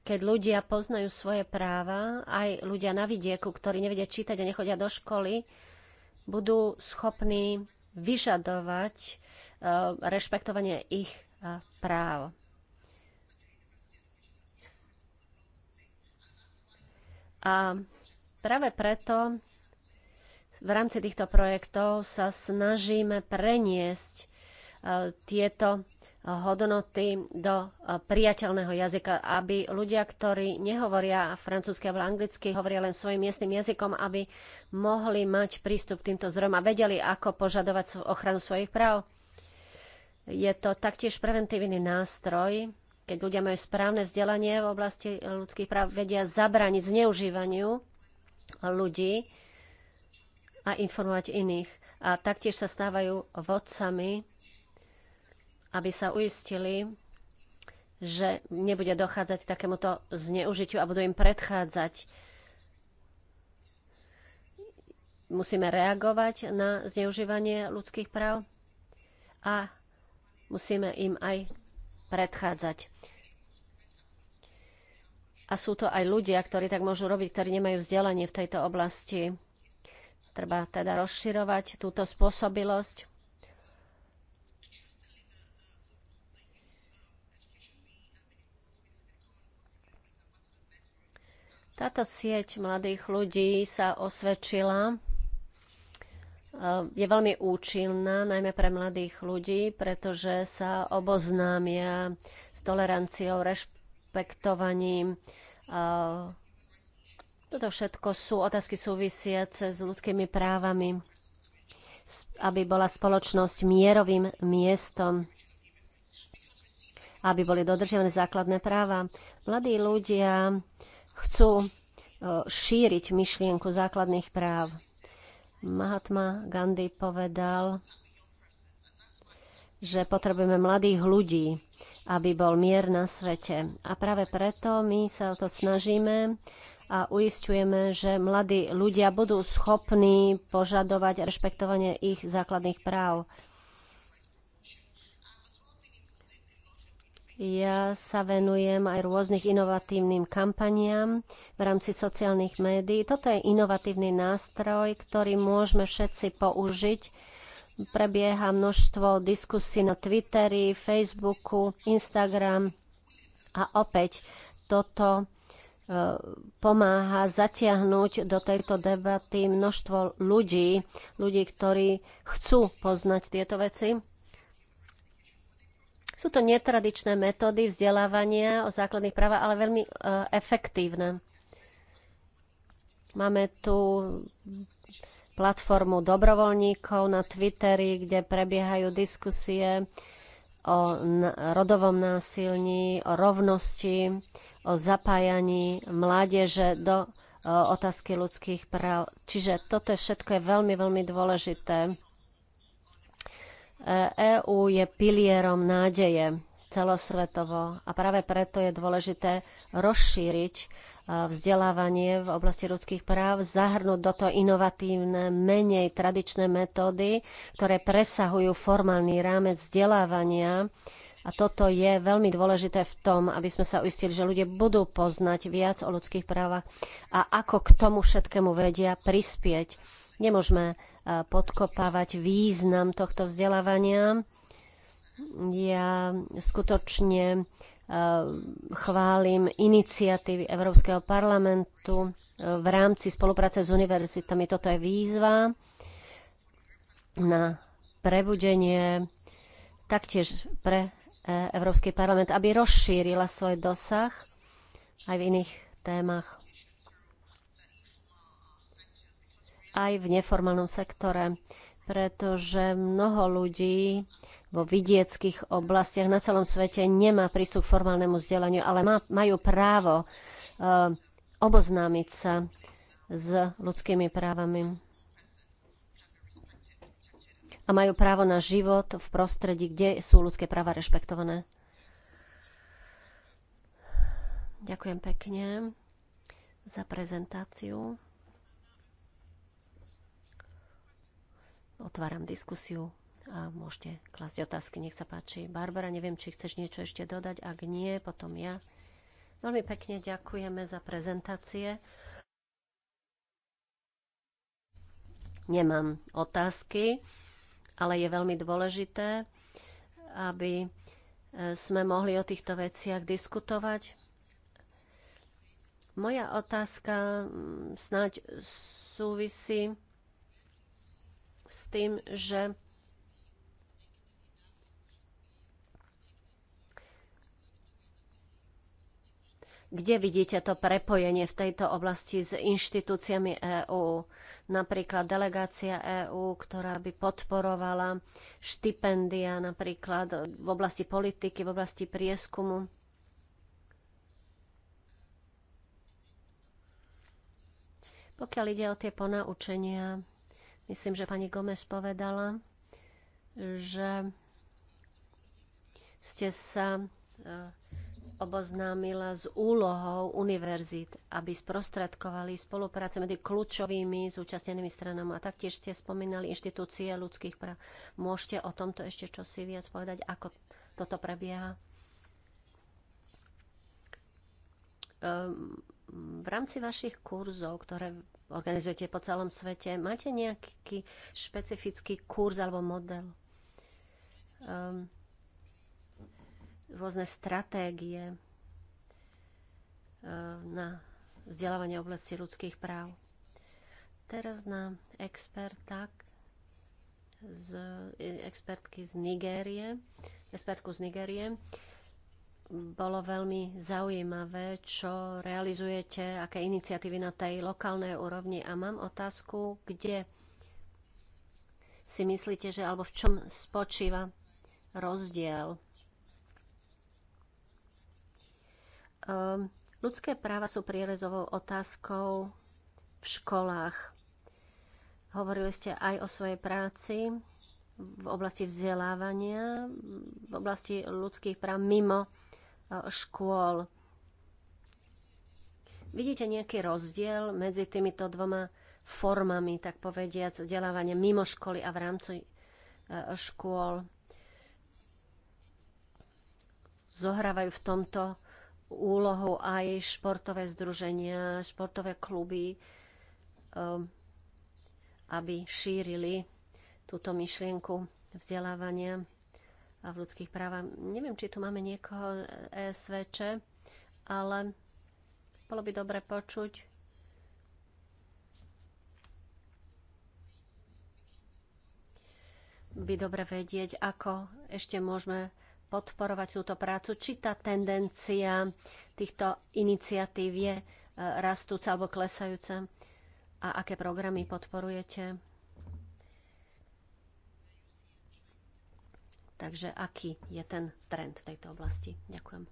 keď ľudia poznajú svoje práva, aj ľudia na vidieku, ktorí nevedia čítať a nechodia do školy, budú schopní vyžadovať eh, rešpektovanie ich eh, práv. A práve preto v rámci týchto projektov sa snažíme preniesť e, tieto hodnoty do e, priateľného jazyka, aby ľudia, ktorí nehovoria francúzsky alebo anglicky, hovoria len svojim miestnym jazykom, aby mohli mať prístup k týmto zdrojom a vedeli, ako požadovať ochranu svojich práv. Je to taktiež preventívny nástroj, keď ľudia majú správne vzdelanie v oblasti ľudských práv, vedia zabrániť zneužívaniu ľudí, a informovať iných. A taktiež sa stávajú vodcami, aby sa uistili, že nebude dochádzať k takémuto zneužitiu a budú im predchádzať. Musíme reagovať na zneužívanie ľudských práv a musíme im aj predchádzať. A sú to aj ľudia, ktorí tak môžu robiť, ktorí nemajú vzdelanie v tejto oblasti. Treba teda rozširovať túto spôsobilosť. Táto sieť mladých ľudí sa osvedčila. Eh, je veľmi účinná, najmä pre mladých ľudí, pretože sa oboznámia s toleranciou, rešpektovaním eh, toto všetko sú otázky súvisiace s ľudskými právami, aby bola spoločnosť mierovým miestom, aby boli dodržiavané základné práva. Mladí ľudia chcú šíriť myšlienku základných práv. Mahatma Gandhi povedal, že potrebujeme mladých ľudí, aby bol mier na svete. A práve preto my sa o to snažíme a uistujeme, že mladí ľudia budú schopní požadovať rešpektovanie ich základných práv. Ja sa venujem aj rôznych inovatívnym kampaniám v rámci sociálnych médií. Toto je inovatívny nástroj, ktorý môžeme všetci použiť. Prebieha množstvo diskusí na Twitteri, Facebooku, Instagram a opäť toto pomáha zatiahnuť do tejto debaty množstvo ľudí, ľudí, ktorí chcú poznať tieto veci. Sú to netradičné metódy vzdelávania o základných právach, ale veľmi e, efektívne. Máme tu platformu dobrovoľníkov na Twitteri, kde prebiehajú diskusie o rodovom násilní, o rovnosti, o zapájaní mládeže do otázky ľudských práv. Čiže toto všetko je veľmi, veľmi dôležité. EÚ e je pilierom nádeje celosvetovo a práve preto je dôležité rozšíriť vzdelávanie v oblasti ľudských práv, zahrnúť do toho inovatívne, menej tradičné metódy, ktoré presahujú formálny rámec vzdelávania. A toto je veľmi dôležité v tom, aby sme sa uistili, že ľudia budú poznať viac o ľudských právach a ako k tomu všetkému vedia prispieť. Nemôžeme e, podkopávať význam tohto vzdelávania. Ja skutočne Ehm, chválim iniciatívy Európskeho parlamentu ehm, v rámci spolupráce s univerzitami. Toto je výzva na prebudenie taktiež pre e, Európsky parlament, aby rozšírila svoj dosah aj v iných témach. Aj v neformálnom sektore pretože mnoho ľudí vo vidieckých oblastiach na celom svete nemá prístup k formálnemu vzdelaniu, ale má, majú právo uh, oboznámiť sa s ľudskými právami. A majú právo na život v prostredí, kde sú ľudské práva rešpektované. Ďakujem pekne za prezentáciu. Otváram diskusiu a môžete klasť otázky, nech sa páči. Barbara, neviem, či chceš niečo ešte dodať. Ak nie, potom ja. Veľmi pekne ďakujeme za prezentácie. Nemám otázky, ale je veľmi dôležité, aby e, sme mohli o týchto veciach diskutovať. Moja otázka mm, snáď súvisí s tým, že kde vidíte to prepojenie v tejto oblasti s inštitúciami EÚ. Napríklad delegácia EÚ, ktorá by podporovala štipendia napríklad v oblasti politiky, v oblasti prieskumu. Pokiaľ ide o tie ponaučenia, Myslím, že pani Gomez povedala, že ste sa e, oboznámila s úlohou univerzít, aby sprostredkovali spolupráce medzi kľúčovými zúčastnenými stranami. A taktiež ste spomínali inštitúcie ľudských práv. Môžete o tomto ešte čosi viac povedať, ako toto prebieha? Um, v rámci vašich kurzov, ktoré organizujete po celom svete, máte nejaký špecifický kurz alebo model? Um, rôzne stratégie um, na vzdelávanie oblasti ľudských práv. Teraz na experta z, e, expertky z Nigérie, expertku z Nigérie bolo veľmi zaujímavé, čo realizujete, aké iniciatívy na tej lokálnej úrovni. A mám otázku, kde si myslíte, že alebo v čom spočíva rozdiel? Um, ľudské práva sú prierezovou otázkou v školách. Hovorili ste aj o svojej práci v oblasti vzdelávania, v oblasti ľudských práv mimo škôl. Vidíte nejaký rozdiel medzi týmito dvoma formami, tak povediac, vzdelávania mimo školy a v rámci e, škôl? Zohrávajú v tomto úlohu aj športové združenia, športové kluby, e, aby šírili túto myšlienku vzdelávania v ľudských právach. Neviem, či tu máme niekoho ESVČ, ale bolo by dobre počuť. By dobre vedieť, ako ešte môžeme podporovať túto prácu, či tá tendencia týchto iniciatív je e, rastúca alebo klesajúca a aké programy podporujete. Takže aký je ten trend v tejto oblasti? Ďakujem.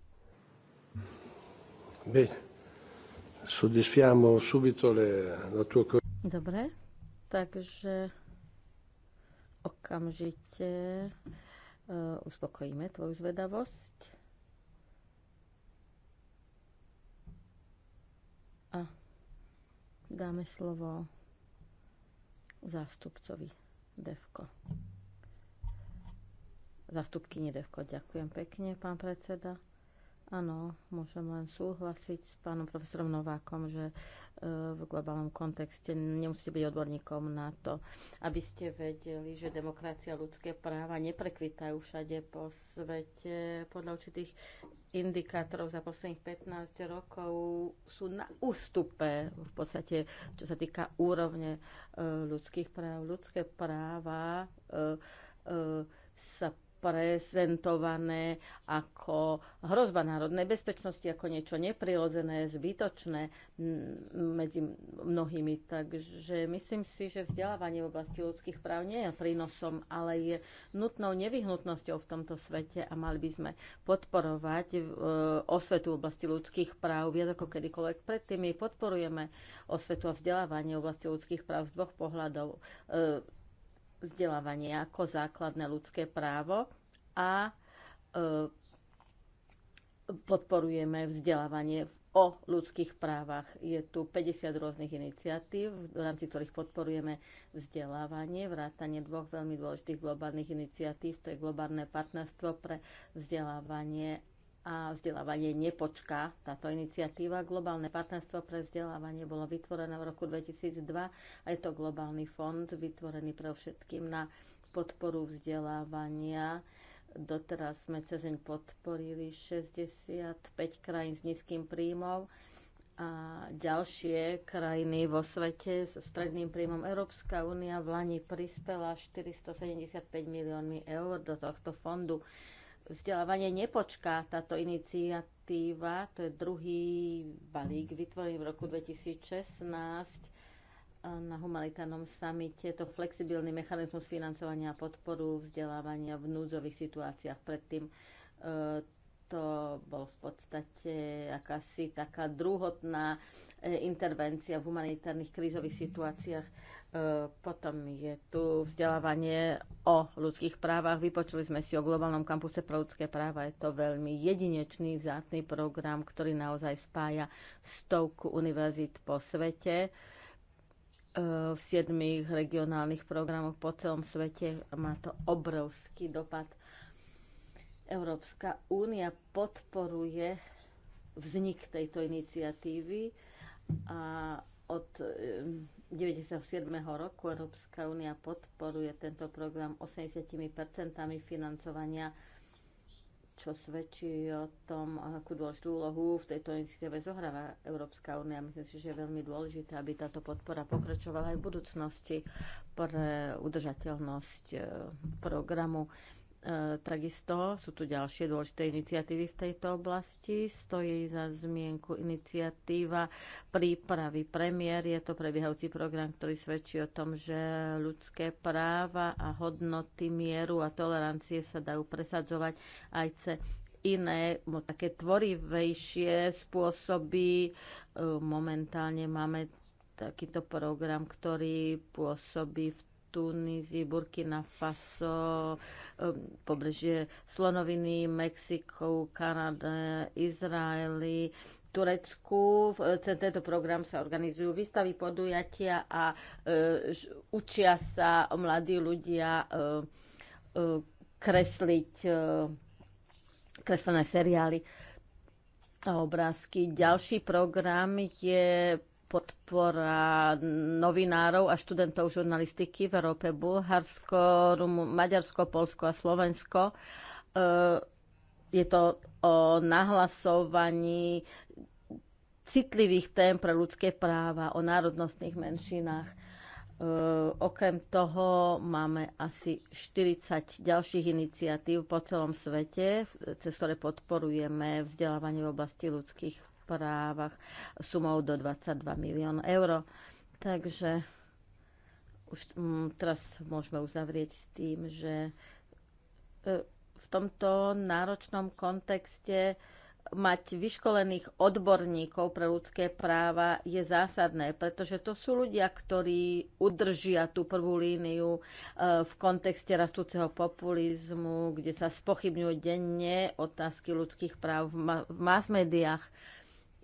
Dobre, takže okamžite eh, uspokojíme tvoju zvedavosť. A dáme slovo zástupcovi Devko. Zastupky Nedevko, ďakujem pekne, pán predseda. Áno, môžem len súhlasiť s pánom profesorom Novákom, že e, v globálnom kontexte nemusíte byť odborníkom na to, aby ste vedeli, že demokracia a ľudské práva neprekvitajú všade po svete. Podľa určitých indikátorov za posledných 15 rokov sú na ústupe v podstate, čo sa týka úrovne e, ľudských práv. Ľudské práva e, sa prezentované ako hrozba národnej bezpečnosti, ako niečo neprirodzené, zbytočné medzi mnohými. Takže myslím si, že vzdelávanie v oblasti ľudských práv nie je prínosom, ale je nutnou nevyhnutnosťou v tomto svete a mali by sme podporovať e, osvetu v oblasti ľudských práv viac ako kedykoľvek predtým. My podporujeme osvetu a vzdelávanie v oblasti ľudských práv z dvoch pohľadov. E, vzdelávanie ako základné ľudské právo a e, podporujeme vzdelávanie o ľudských právach. Je tu 50 rôznych iniciatív, v rámci ktorých podporujeme vzdelávanie, vrátanie dvoch veľmi dôležitých globálnych iniciatív, to je globálne partnerstvo pre vzdelávanie a vzdelávanie nepočká. Táto iniciatíva Globálne partnerstvo pre vzdelávanie bolo vytvorené v roku 2002 a je to globálny fond vytvorený pre všetkým na podporu vzdelávania. Doteraz sme cez deň podporili 65 krajín s nízkym príjmom a ďalšie krajiny vo svete so stredným príjmom. Európska únia v Lani prispela 475 miliónmi eur do tohto fondu vzdelávanie nepočká táto iniciatíva. To je druhý balík vytvorený v roku 2016 na humanitárnom samite to flexibilný mechanizmus financovania a podporu vzdelávania v núdzových situáciách. Predtým e, to bol v podstate akási taká druhotná e, intervencia v humanitárnych krízových situáciách. E, potom je tu vzdelávanie o ľudských právach. Vypočuli sme si o globálnom kampuse pro ľudské práva. Je to veľmi jedinečný, vzátny program, ktorý naozaj spája stovku univerzít po svete e, v siedmých regionálnych programoch po celom svete. Má to obrovský dopad Európska únia podporuje vznik tejto iniciatívy a od 97. roku Európska únia podporuje tento program 80 financovania, čo svedčí o tom, akú dôležitú úlohu v tejto iniciatíve zohráva Európska únia. Myslím si, že je veľmi dôležité, aby táto podpora pokračovala aj v budúcnosti pre udržateľnosť eh, programu E, takisto sú tu ďalšie dôležité iniciatívy v tejto oblasti. Stojí za zmienku iniciatíva prípravy premiér. Je to prebiehajúci program, ktorý svedčí o tom, že ľudské práva a hodnoty mieru a tolerancie sa dajú presadzovať aj cez iné, také tvorivejšie spôsoby. E, momentálne máme takýto program, ktorý pôsobí v Tunízii, Burkina Faso, pobrežie Slonoviny, Mexiku, Kanada, Izraeli, Turecku. E, Cez tento program sa organizujú výstavy, podujatia a e, učia sa mladí ľudia e, e kresliť kreslené seriály a obrázky. Ďalší program je podpora novinárov a študentov žurnalistiky v Európe, Bulharsko, Rumu, Maďarsko, Polsko a Slovensko. E, je to o nahlasovaní citlivých tém pre ľudské práva, o národnostných menšinách. E, okrem toho máme asi 40 ďalších iniciatív po celom svete, cez ktoré podporujeme vzdelávanie v oblasti ľudských správach sumou do 22 milión eur. Takže už mm, teraz môžeme uzavrieť s tým, že e, v tomto náročnom kontexte mať vyškolených odborníkov pre ľudské práva je zásadné, pretože to sú ľudia, ktorí udržia tú prvú líniu e, v kontexte rastúceho populizmu, kde sa spochybňujú denne otázky ľudských práv v, mass médiách.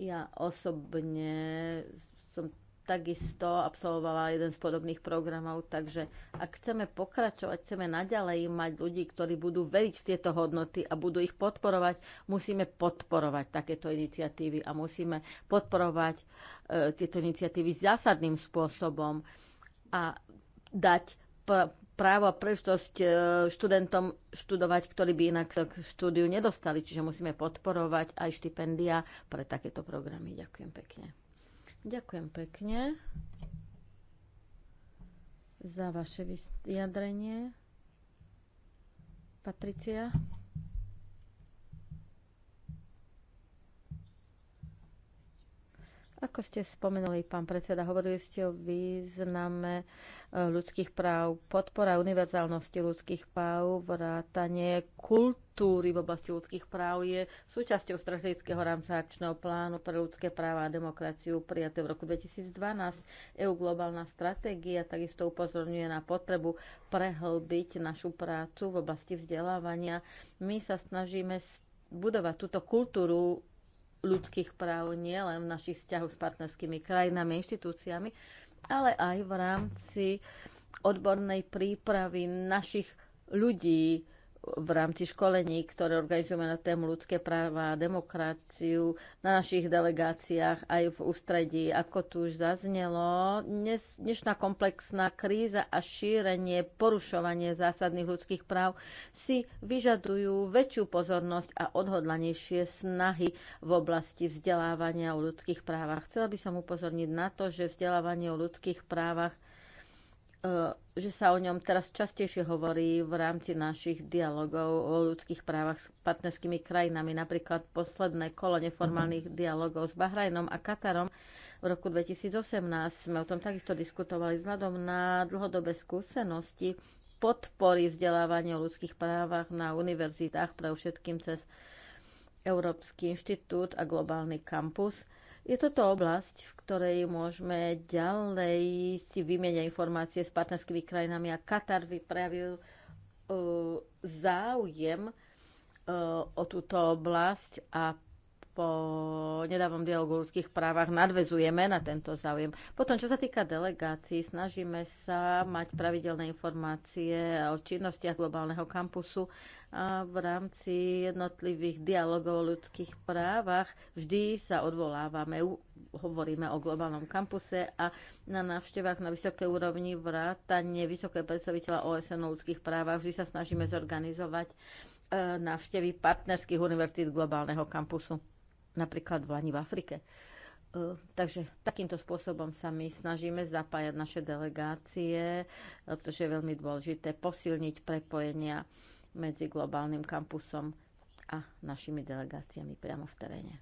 Ja osobne som takisto absolvovala jeden z podobných programov, takže ak chceme pokračovať, chceme naďalej mať ľudí, ktorí budú veriť v tieto hodnoty a budú ich podporovať, musíme podporovať takéto iniciatívy a musíme podporovať e, tieto iniciatívy zásadným spôsobom a dať právo a príležitosť e, študentom študovať, ktorí by inak k štúdiu nedostali. Čiže musíme podporovať aj štipendia pre takéto programy. Ďakujem pekne. Ďakujem pekne za vaše vyjadrenie. Patricia. Ako ste spomenuli, pán predseda, hovorili ste o význame eh, ľudských práv, podpora univerzálnosti ľudských práv, vrátanie kultúry v oblasti ľudských práv je súčasťou strategického rámca akčného plánu pre ľudské práva a demokraciu prijaté v roku 2012. EU globálna stratégia takisto upozorňuje na potrebu prehlbiť našu prácu v oblasti vzdelávania. My sa snažíme budovať túto kultúru ľudských práv nielen v našich vzťahoch s partnerskými krajinami, inštitúciami, ale aj v rámci odbornej prípravy našich ľudí, v rámci školení, ktoré organizujeme na tému ľudské práva a demokraciu na našich delegáciách aj v ústredí. Ako tu už zaznelo, dnešná komplexná kríza a šírenie, porušovanie zásadných ľudských práv si vyžadujú väčšiu pozornosť a odhodlanejšie snahy v oblasti vzdelávania o ľudských právach. Chcela by som upozorniť na to, že vzdelávanie o ľudských právach E, že sa o ňom teraz častejšie hovorí v rámci našich dialogov o ľudských právach s partnerskými krajinami. Napríklad posledné kolo neformálnych dialogov s Bahrajnom a Katarom v roku 2018 sme o tom takisto diskutovali vzhľadom na dlhodobé skúsenosti podpory vzdelávania o ľudských právach na univerzitách pre všetkým cez Európsky inštitút a globálny kampus – je toto oblasť, v ktorej môžeme ďalej si vymieňať informácie s partnerskými krajinami a Katar vypravil uh, záujem uh, o túto oblasť a po nedávom dialogu o ľudských právach nadvezujeme na tento záujem. Potom, čo sa týka delegácií, snažíme sa mať pravidelné informácie o činnostiach globálneho kampusu a v rámci jednotlivých dialogov o ľudských právach vždy sa odvolávame, hovoríme o globálnom kampuse a na návštevách na vysokej úrovni vrátanie vysokého predstaviteľa OSN o ľudských právach vždy sa snažíme zorganizovať e, návštevy partnerských univerzít globálneho kampusu napríklad v Lani v Afrike. E, takže takýmto spôsobom sa my snažíme zapájať naše delegácie, e, pretože je veľmi dôležité posilniť prepojenia medzi globálnym kampusom a našimi delegáciami priamo v teréne.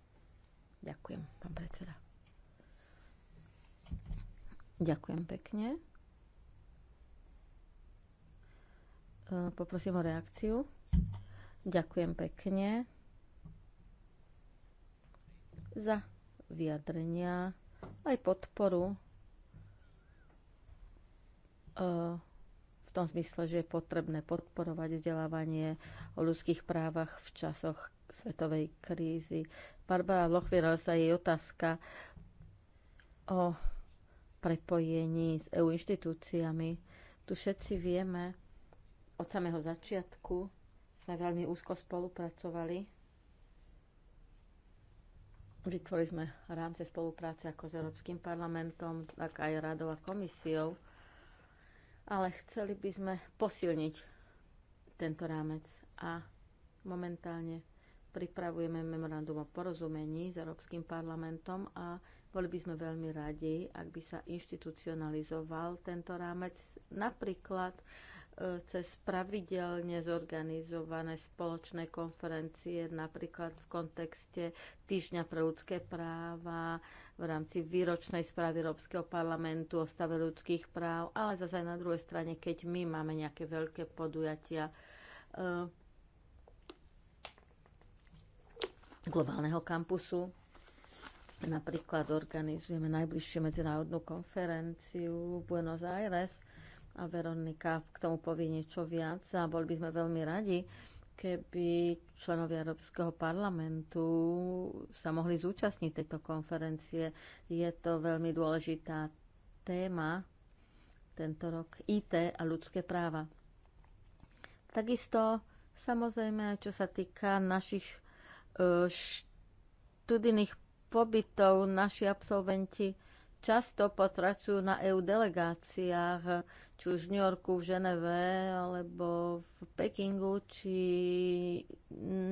Ďakujem, pán predseda. Ďakujem pekne. E, poprosím o reakciu. Ďakujem pekne za vyjadrenia aj podporu e, v tom zmysle, že je potrebné podporovať vzdelávanie o ľudských právach v časoch svetovej krízy. Barbara Lochvierala sa jej otázka o prepojení s EU inštitúciami. Tu všetci vieme, od samého začiatku sme veľmi úzko spolupracovali Vytvorili sme rámce spolupráce ako s Európskym parlamentom, tak aj radou a komisiou, ale chceli by sme posilniť tento rámec a momentálne pripravujeme memorandum o porozumení s Európskym parlamentom a boli by sme veľmi radi, ak by sa inštitucionalizoval tento rámec napríklad cez pravidelne zorganizované spoločné konferencie, napríklad v kontexte Týždňa pre ľudské práva, v rámci výročnej správy Európskeho parlamentu o stave ľudských práv, ale zase na druhej strane, keď my máme nejaké veľké podujatia eh, globálneho kampusu, Napríklad organizujeme najbližšiu medzinárodnú konferenciu v Buenos Aires a Veronika k tomu povie niečo viac a boli by sme veľmi radi, keby členovia Európskeho parlamentu sa mohli zúčastniť tejto konferencie. Je to veľmi dôležitá téma tento rok IT a ľudské práva. Takisto samozrejme, čo sa týka našich e, študijných pobytov, naši absolventi často potracujú na EU delegáciách, či už v New Yorku, v Ženeve, alebo v Pekingu, či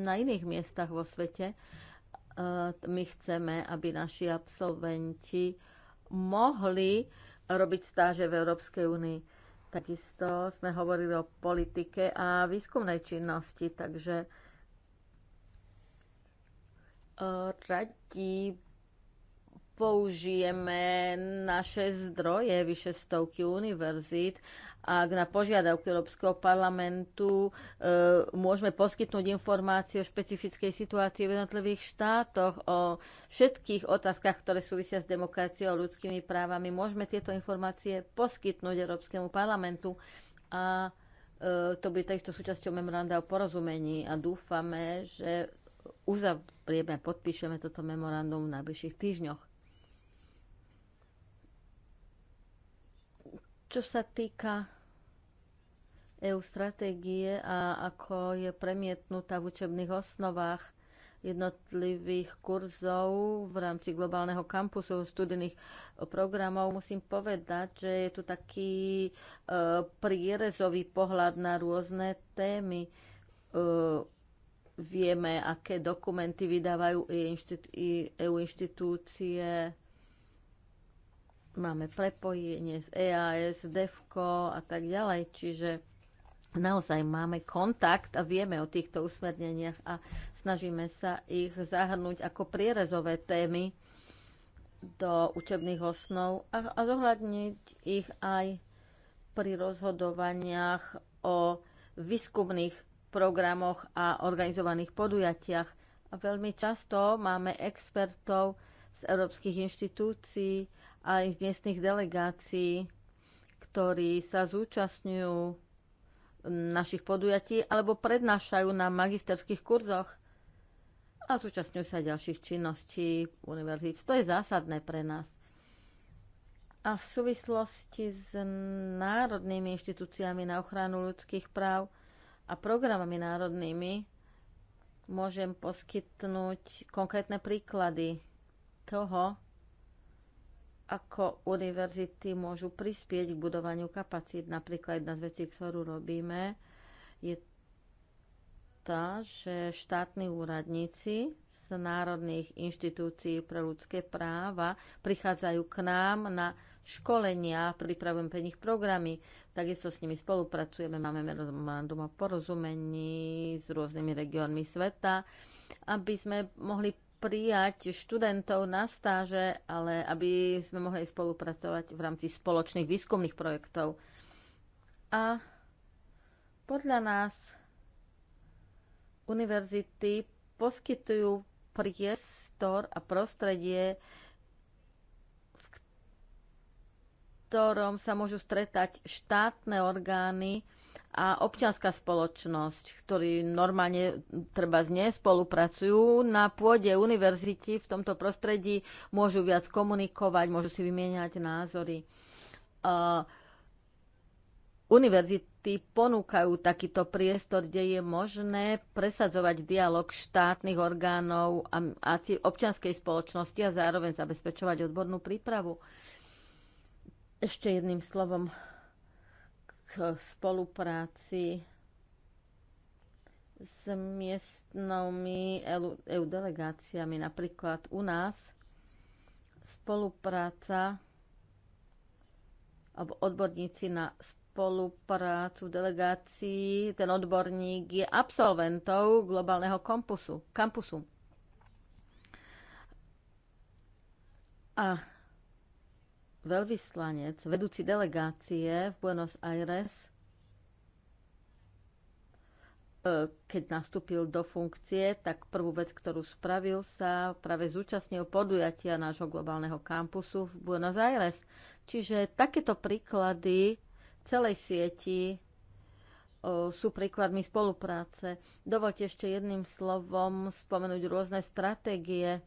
na iných miestach vo svete. E, my chceme, aby naši absolventi mohli robiť stáže v Európskej únii. Takisto sme hovorili o politike a výskumnej činnosti, takže e, radi použijeme naše zdroje, vyše stovky univerzít, ak na požiadavku Európskeho parlamentu e, môžeme poskytnúť informácie o špecifickej situácii v jednotlivých štátoch, o všetkých otázkach, ktoré súvisia s demokraciou a ľudskými právami. Môžeme tieto informácie poskytnúť Európskemu parlamentu a e, to bude takisto súčasťou memoranda o porozumení a dúfame, že uzavrieme, podpíšeme toto memorandum v najbližších týždňoch. Čo sa týka EU stratégie a ako je premietnutá v učebných osnovách jednotlivých kurzov v rámci globálneho kampusu studijných programov, musím povedať, že je tu taký e, prierezový pohľad na rôzne témy. E, vieme, aké dokumenty vydávajú EU e inštitúcie, máme prepojenie s EAS, DEFCO a tak ďalej, čiže naozaj máme kontakt a vieme o týchto usmerneniach a snažíme sa ich zahrnúť ako prierezové témy do učebných osnov a, a zohľadniť ich aj pri rozhodovaniach o výskumných programoch a organizovaných podujatiach. A veľmi často máme expertov z európskych inštitúcií, aj miestnych delegácií, ktorí sa zúčastňujú našich podujatí alebo prednášajú na magisterských kurzoch a zúčastňujú sa ďalších činností univerzít. To je zásadné pre nás. A v súvislosti s národnými inštitúciami na ochranu ľudských práv a programami národnými môžem poskytnúť konkrétne príklady toho, ako univerzity môžu prispieť k budovaniu kapacít. Napríklad jedna z vecí, ktorú robíme, je tá, že štátni úradníci z národných inštitúcií pre ľudské práva prichádzajú k nám na školenia, pripravujeme pre nich programy, takisto s nimi spolupracujeme, máme memorandum o porozumení s rôznymi regiónmi sveta, aby sme mohli prijať študentov na stáže, ale aby sme mohli spolupracovať v rámci spoločných výskumných projektov. A podľa nás univerzity poskytujú priestor a prostredie, v ktorom sa môžu stretať štátne orgány a občianská spoločnosť, ktorí normálne treba z spolupracujú na pôde univerzity v tomto prostredí, môžu viac komunikovať, môžu si vymieňať názory. Uh, univerzity ponúkajú takýto priestor, kde je možné presadzovať dialog štátnych orgánov a, a občianskej spoločnosti a zároveň zabezpečovať odbornú prípravu. Ešte jedným slovom k spolupráci s miestnými EU e delegáciami. Napríklad u nás spolupráca alebo odborníci na spoluprácu delegácií, ten odborník je absolventov globálneho kampusu. A veľvyslanec, vedúci delegácie v Buenos Aires, e, keď nastúpil do funkcie, tak prvú vec, ktorú spravil, sa práve zúčastnil podujatia nášho globálneho kampusu v Buenos Aires. Čiže takéto príklady celej sieti e, sú príkladmi spolupráce. Dovolte ešte jedným slovom spomenúť rôzne stratégie,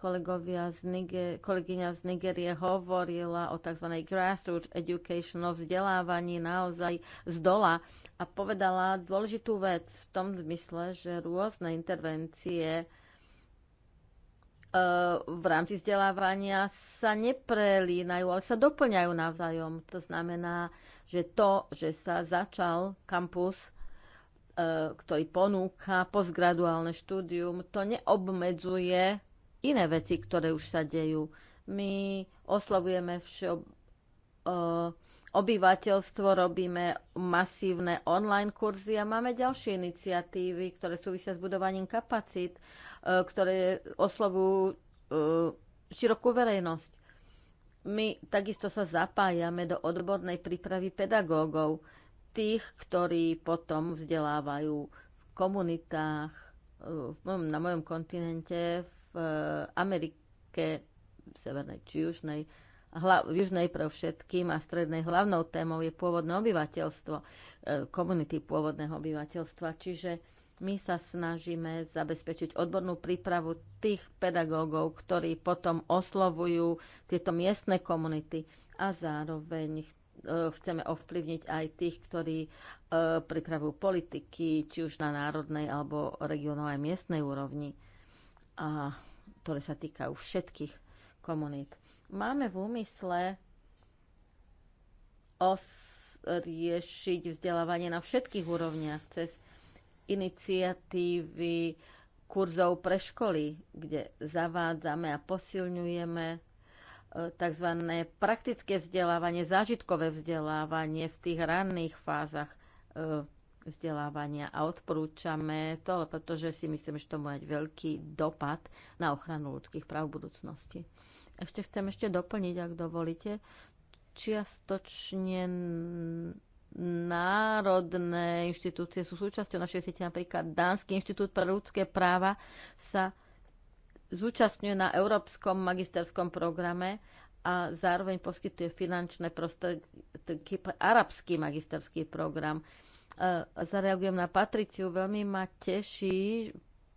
Kolegovia z Niger, kolegyňa z Nigerie hovorila o tzv. grassroots education, o vzdelávaní naozaj z dola a povedala dôležitú vec v tom zmysle, že rôzne intervencie e, v rámci vzdelávania sa neprelínajú, ale sa doplňajú navzájom. To znamená, že to, že sa začal kampus, e, ktorý ponúka postgraduálne štúdium, to neobmedzuje iné veci, ktoré už sa dejú. My oslovujeme všeo, obyvateľstvo, robíme masívne online kurzy a máme ďalšie iniciatívy, ktoré súvisia s budovaním kapacít, e, ktoré oslovujú e, širokú verejnosť. My takisto sa zapájame do odbornej prípravy pedagógov, tých, ktorí potom vzdelávajú v komunitách, e, na mojom kontinente, v v eh, Amerike, v severnej či južnej, hla, južnej pre všetkým a strednej hlavnou témou je pôvodné obyvateľstvo, eh, komunity pôvodného obyvateľstva. Čiže my sa snažíme zabezpečiť odbornú prípravu tých pedagógov, ktorí potom oslovujú tieto miestne komunity a zároveň eh, chceme ovplyvniť aj tých, ktorí pripravujú politiky, či už na národnej alebo regionálnej miestnej úrovni a ktoré sa týkajú všetkých komunít. Máme v úmysle riešiť vzdelávanie na všetkých úrovniach cez iniciatívy kurzov pre školy, kde zavádzame a posilňujeme e, tzv. praktické vzdelávanie, zážitkové vzdelávanie v tých ranných fázach e, vzdelávania a odporúčame to, pretože si myslím, že to môže mať veľký dopad na ochranu ľudských práv v budúcnosti. Ešte chcem ešte doplniť, ak dovolíte, čiastočne národné inštitúcie sú súčasťou našej siete, napríklad Dánsky inštitút pre ľudské práva sa zúčastňuje na európskom magisterskom programe a zároveň poskytuje finančné prostredky pre arabský magisterský program zareagujem na Patriciu. Veľmi ma teší,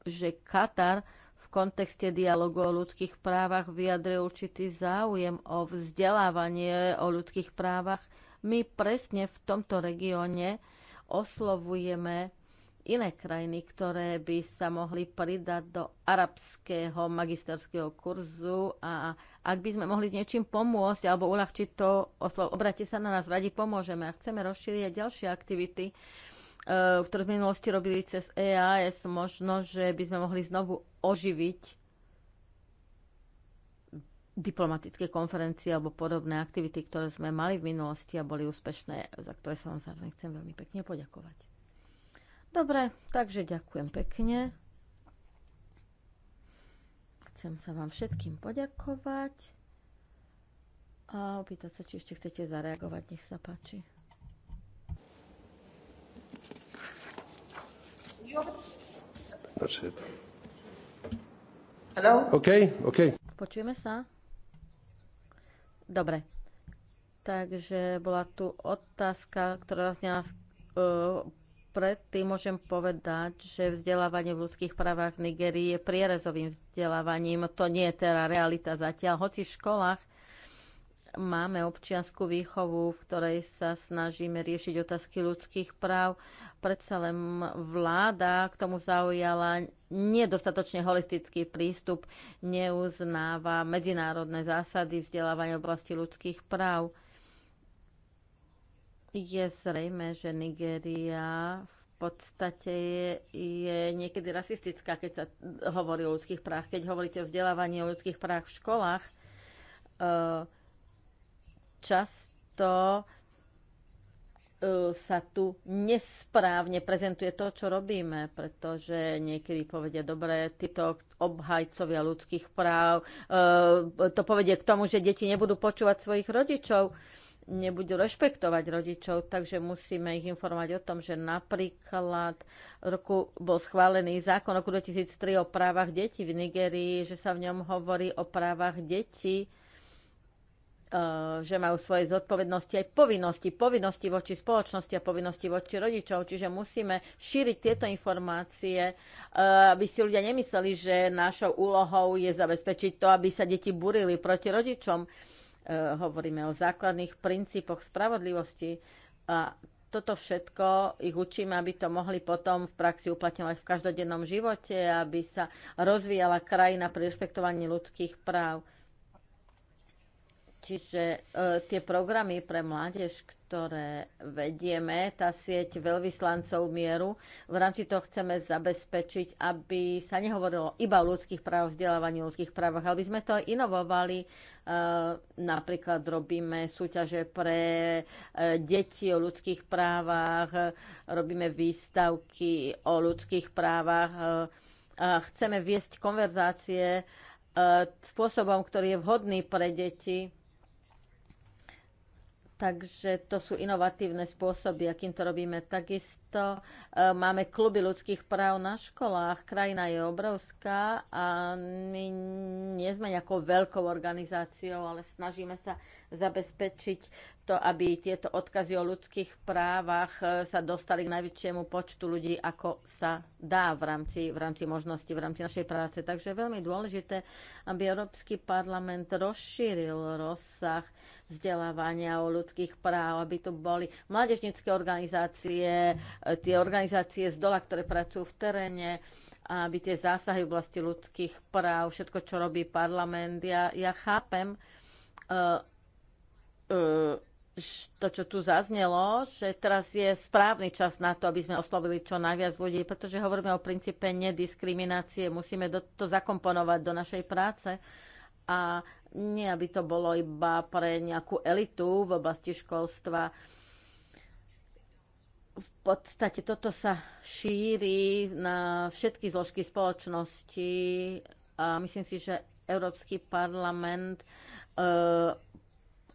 že Katar v kontexte dialogu o ľudských právach vyjadril určitý záujem o vzdelávanie o ľudských právach. My presne v tomto regióne oslovujeme iné krajiny, ktoré by sa mohli pridať do arabského magisterského kurzu a ak by sme mohli s niečím pomôcť alebo uľahčiť to, obrate sa na nás, radi pomôžeme a chceme rozšíriť aj ďalšie aktivity, v e, ktoré v minulosti robili cez EAS, možno, že by sme mohli znovu oživiť diplomatické konferencie alebo podobné aktivity, ktoré sme mali v minulosti a boli úspešné, za ktoré sa vám zároveň chcem veľmi pekne poďakovať. Dobre, takže ďakujem pekne. Chcem sa vám všetkým poďakovať a opýtať sa, či ešte chcete zareagovať. Nech sa páči. Hello? OK, OK. Počujeme sa? Dobre. Takže bola tu otázka, ktorá zaznela uh, predtým môžem povedať, že vzdelávanie v ľudských právach v Nigerii je prierezovým vzdelávaním. To nie je teda realita zatiaľ. Hoci v školách máme občianskú výchovu, v ktorej sa snažíme riešiť otázky ľudských práv. Predsa len vláda k tomu zaujala nedostatočne holistický prístup, neuznáva medzinárodné zásady vzdelávania v oblasti ľudských práv je zrejme, že Nigéria v podstate je, je niekedy rasistická, keď sa hovorí o ľudských právach. Keď hovoríte o vzdelávaní o ľudských právach v školách, eh, často eh, sa tu nesprávne prezentuje to, čo robíme, pretože niekedy povedia, dobre, títo obhajcovia ľudských práv, eh, to povedie k tomu, že deti nebudú počúvať svojich rodičov nebudú rešpektovať rodičov, takže musíme ich informovať o tom, že napríklad roku bol schválený zákon roku 2003 o právach detí v Nigerii, že sa v ňom hovorí o právach detí, e, že majú svoje zodpovednosti aj povinnosti, povinnosti voči spoločnosti a povinnosti voči rodičov. Čiže musíme šíriť tieto informácie, e, aby si ľudia nemysleli, že našou úlohou je zabezpečiť to, aby sa deti burili proti rodičom E, hovoríme o základných princípoch spravodlivosti a toto všetko ich učíme, aby to mohli potom v praxi uplatňovať v každodennom živote, aby sa rozvíjala krajina pri rešpektovaní ľudských práv. Čiže e, tie programy pre mládež, ktoré vedieme, tá sieť veľvyslancov mieru, v rámci toho chceme zabezpečiť, aby sa nehovorilo iba o ľudských právach, vzdelávaní ľudských právach, aby sme to inovovali Eh, napríklad robíme súťaže pre eh, deti o ľudských právach, eh, robíme výstavky o ľudských právach. Chceme viesť konverzácie spôsobom, ktorý je vhodný pre deti Takže to sú inovatívne spôsoby, akým to robíme. Takisto e, máme kluby ľudských práv na školách. Krajina je obrovská a my nie sme nejakou veľkou organizáciou, ale snažíme sa zabezpečiť to, aby tieto odkazy o ľudských právach e, sa dostali k najväčšiemu počtu ľudí, ako sa dá v rámci, v rámci možnosti, v rámci našej práce. Takže je veľmi dôležité, aby Európsky parlament rozšíril rozsah vzdelávania o ľudských práv, aby tu boli mládežnické organizácie, e, tie organizácie z dola, ktoré pracujú v teréne, aby tie zásahy v oblasti ľudských práv, všetko, čo robí parlament, ja, ja chápem, uh, uh, to, čo tu zaznelo, že teraz je správny čas na to, aby sme oslovili čo najviac ľudí, pretože hovoríme o princípe nediskriminácie. Musíme to zakomponovať do našej práce a nie, aby to bolo iba pre nejakú elitu v oblasti školstva. V podstate toto sa šíri na všetky zložky spoločnosti a myslím si, že Európsky parlament e,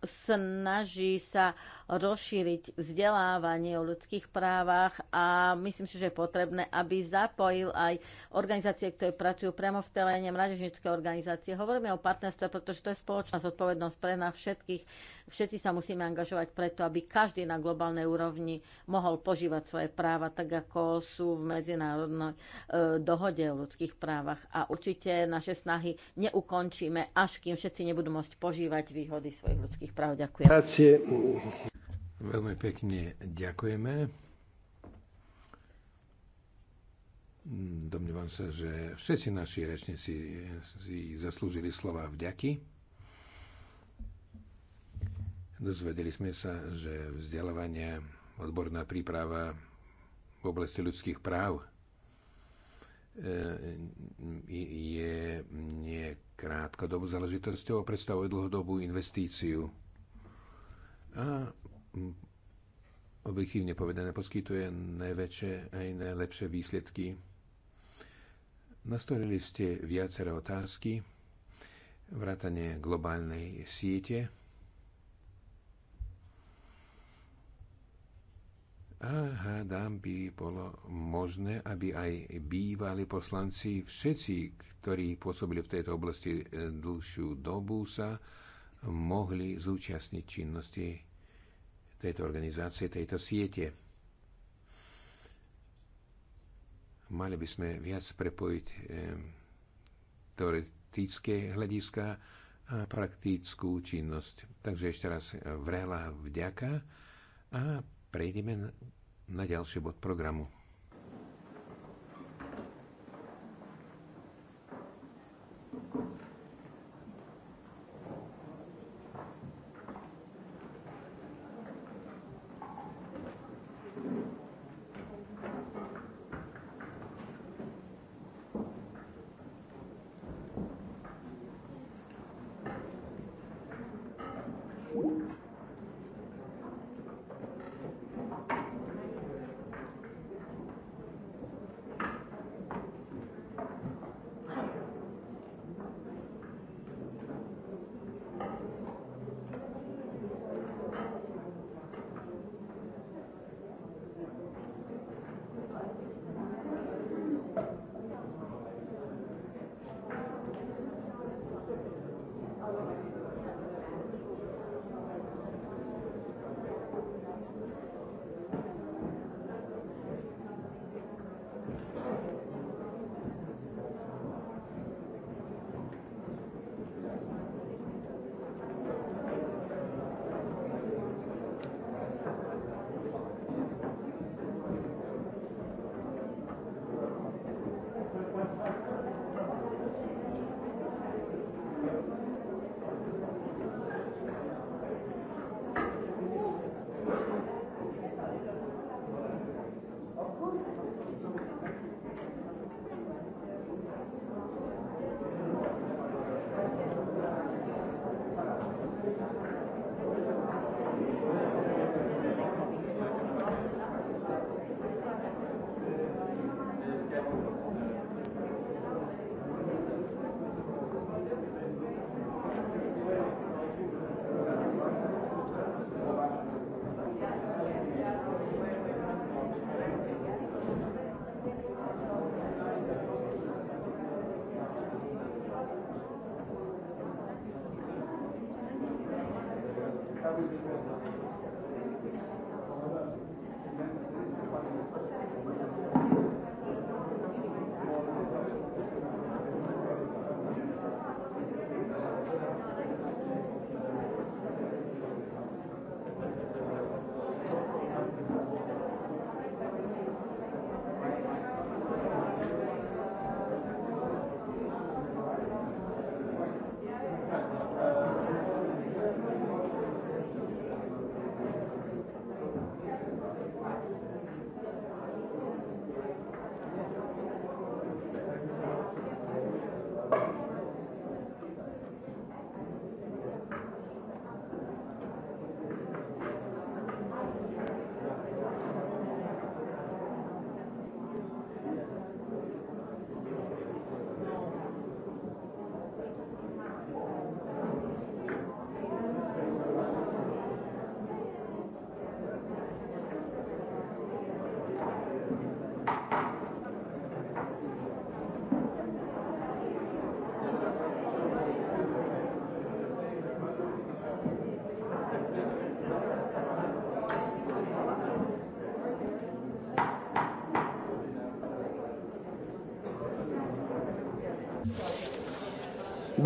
snaží sa rozšíriť vzdelávanie o ľudských právach a myslím si, že je potrebné, aby zapojil aj organizácie, ktoré pracujú priamo v teréne, mládežnické organizácie. Hovoríme o partnerstve, pretože to je spoločná zodpovednosť pre nás všetkých. Všetci sa musíme angažovať preto, aby každý na globálnej úrovni mohol požívať svoje práva, tak ako sú v medzinárodnej e, dohode o ľudských právach. A určite naše snahy neukončíme, až kým všetci nebudú môcť požívať výhody svojich ľudských práv. Ďakujem. Grazie. Veľmi pekne ďakujeme. Domnievam sa, že všetci naši rečníci si zaslúžili slova vďaky. Dozvedeli sme sa, že vzdelávanie, odborná príprava v oblasti ľudských práv e, je nie krátkodobou záležitosťou a predstavuje dlhodobú investíciu. A objektívne povedané poskytuje najväčšie aj najlepšie výsledky. Nastorili ste viaceré otázky, vrátanie globálnej siete a hádam by bolo možné, aby aj bývali poslanci, všetci, ktorí pôsobili v tejto oblasti eh, dlhšiu dobu, sa mohli zúčastniť činnosti tejto organizácie, tejto siete. Mali by sme viac prepojiť eh, teoretické hľadiska a praktickú činnosť. Takže ešte raz vrela vďaka a prejdeme na ďalší bod programu.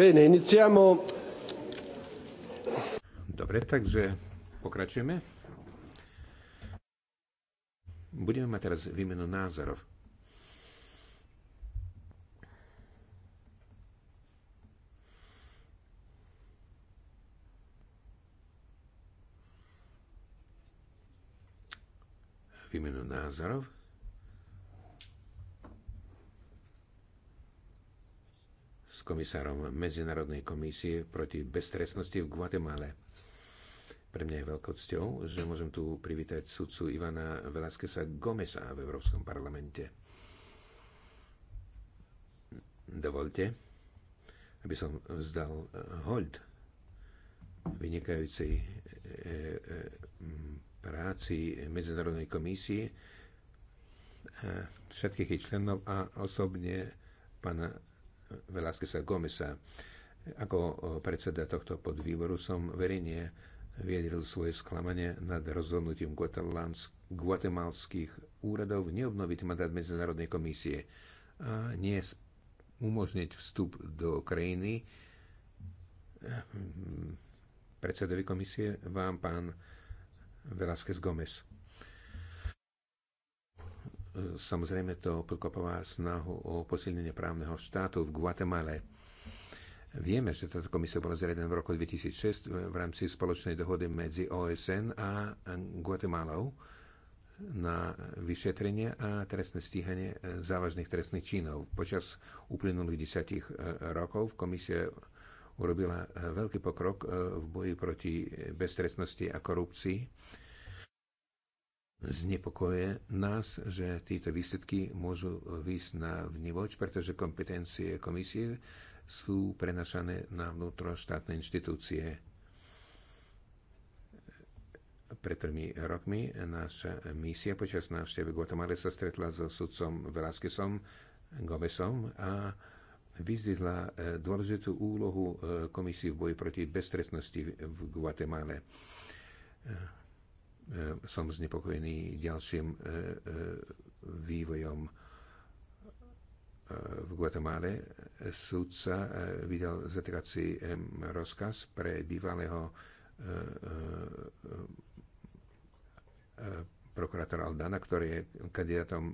Bene, iniziamo. Dobre, takže pokračujeme. Budeme mať teraz výmenu názorov. Výmenu názorov s komisárom Medzinárodnej komisie proti beztrestnosti v Guatemale. Pre mňa je veľkou cťou, že môžem tu privítať sudcu Ivana Velázquez Gomesa v Európskom parlamente. Dovolte, aby som vzdal eh, hold vynikajúcej eh, eh, práci Medzinárodnej komisie všetkých jej členov a osobne pána Velázquez Gomesa. Ako eh, predseda tohto podvýboru som verejne vyjadril svoje sklamanie nad rozhodnutím guatemalských úradov neobnoviť mandát Medzinárodnej komisie a nie umožniť vstup do krajiny. Hm, predsedovi komisie vám pán Velázquez Gomez. Samozrejme to podkopáva snahu o posilnenie právneho štátu v Guatemale. Vieme, že táto komisia bola zriadená v roku 2006 v rámci spoločnej dohody medzi OSN a Guatemalou na vyšetrenie a trestné stíhanie závažných trestných činov. Počas uplynulých desiatich e, rokov komisia urobila e, veľký pokrok e, v boji proti beztrestnosti a korupcii Znepokoje nás, že tieto výsledky môžu výsť na vnívoč, pretože kompetencie komisie sú prenašané na vnútroštátne inštitúcie. Pred tromi rokmi naša misia počas návštevy Guatemala sa stretla so sudcom Velázquezom Gomesom a vyzdvihla eh, dôležitú úlohu eh, komisie v boji proti beztrestnosti v Guatemale eh, E, som znepokojený ďalším e, e, vývojom v Guatemale. Súdca vydal zatýkací rozkaz pre bývalého prokurátora Aldana, ktorý je kandidátom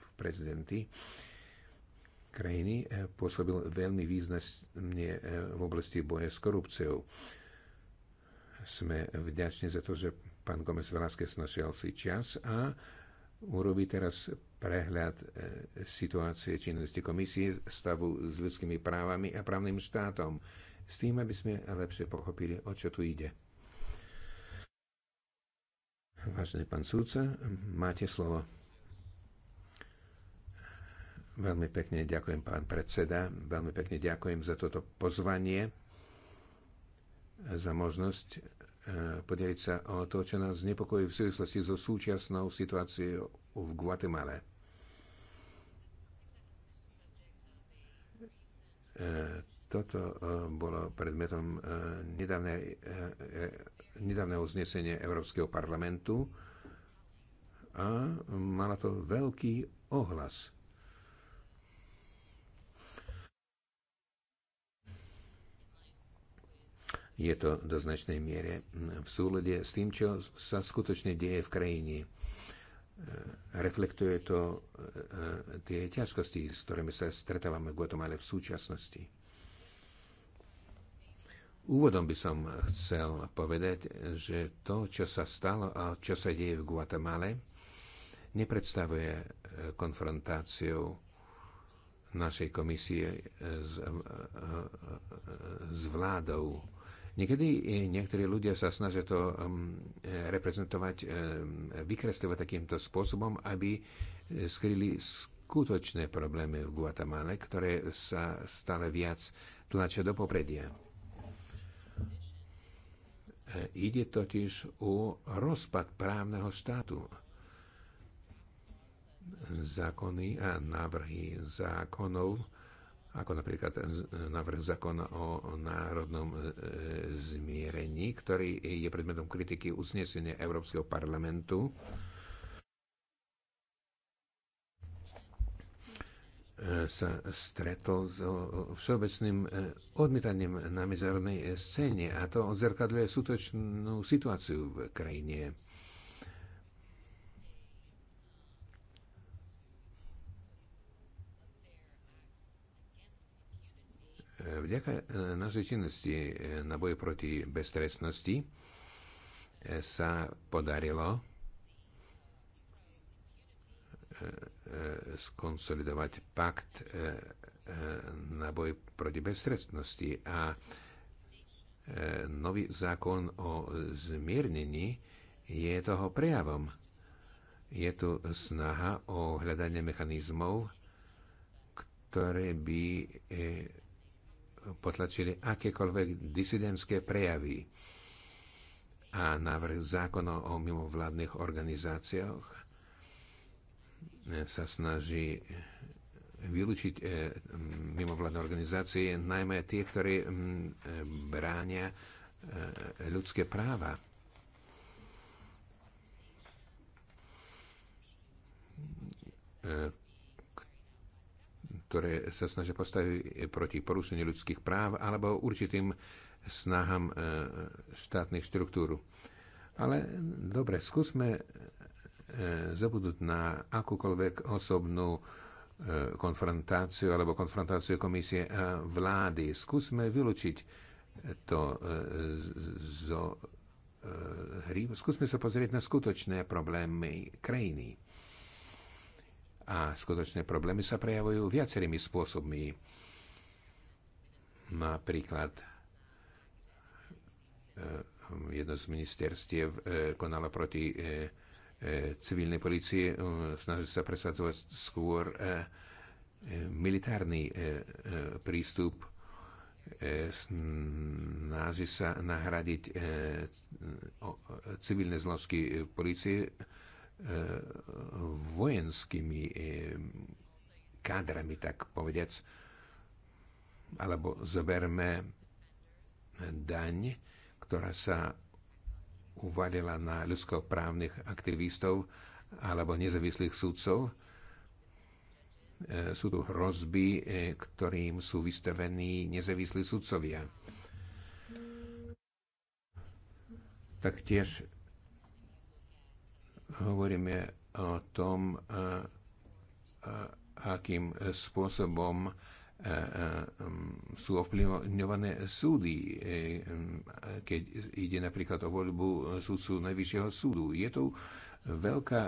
v prezidenty krajiny, pôsobil veľmi významne v oblasti boja s korupciou. Sme vďační za to, že pán Gomez Velázquez našiel si čas a urobí teraz prehľad e, situácie činnosti komisie, stavu s ľudskými právami a právnym štátom, s tým, aby sme lepšie pochopili, o čo tu ide. Vážený pán súdca, máte slovo. Veľmi pekne ďakujem, pán predseda. Veľmi pekne ďakujem za toto pozvanie, za možnosť E, podeliť sa o to, čo nás znepokojí v súvislosti so súčasnou situáciou v Guatemale. E, toto e, bolo predmetom nedávneho znesenia Európskeho parlamentu a mala to veľký ohlas. Je to do značnej miere v súlade s tým, čo sa skutočne deje v krajine. E, reflektuje to e, e, tie ťažkosti, s ktorými sa stretávame v Guatemala v súčasnosti. Úvodom by som chcel povedať, že to, čo sa stalo a čo sa deje v Guatemale, nepredstavuje konfrontáciu našej komisie s, s vládou. Niekedy e, niektorí ľudia sa snažia to e, reprezentovať, vykresľovať takýmto spôsobom, aby e, skryli skutočné problémy v Guatemala, ktoré sa stále viac tlačia do popredia. Ide totiž o rozpad právneho štátu. Zákony a návrhy zákonov ako napríklad návrh zákona o národnom e, zmierení, ktorý je predmetom kritiky uznesenia Európskeho parlamentu. E, sa stretol s e, všeobecným odmietaním na medzinárodnej scéne a to odzrkadľuje skutočnú situáciu v krajine. Vďaka e, našej činnosti e, na boji proti beztrestnosti e, sa podarilo skonsolidovať pakt na boj proti beztrestnosti a nový zákon o zmiernení je toho prejavom. Je tu snaha o hľadanie mechanizmov, ktoré by potlačili akékoľvek disidentské prejavy a návrh zákona o mimovládnych organizáciách sa snaží vylúčiť e, mimovládne organizácie, najmä tie, ktoré bránia e, ľudské práva. E, ktoré sa snažia postaviť proti porušeniu ľudských práv alebo určitým snahám e, štátnych štruktúr. Ale dobre, skúsme e, zabudnúť na akúkoľvek osobnú e, konfrontáciu alebo konfrontáciu komisie a vlády. Skúsme vylúčiť to zo hry. Skúsme sa pozrieť na skutočné problémy krajiny. A skutočné problémy sa prejavujú viacerými spôsobmi. Napríklad e, jedno z ministerstiev e, konalo proti e, civilnej policie, snažili sa presadzovať skôr militárny prístup, snaží sa nahradiť civilné zložky policie vojenskými eh, kádrami, tak povediac, alebo zoberme daň, ktorá sa uvalila na ľudskoprávnych aktivistov alebo nezávislých sudcov. Eh, sú tu hrozby, eh, ktorým sú vystavení nezávislí sudcovia. Taktiež hovoríme o tom, e, e, akým spôsobom e, sú ovplyvňované súdy, keď ide napríklad o voľbu súdcu Najvyššieho súdu. Je to veľká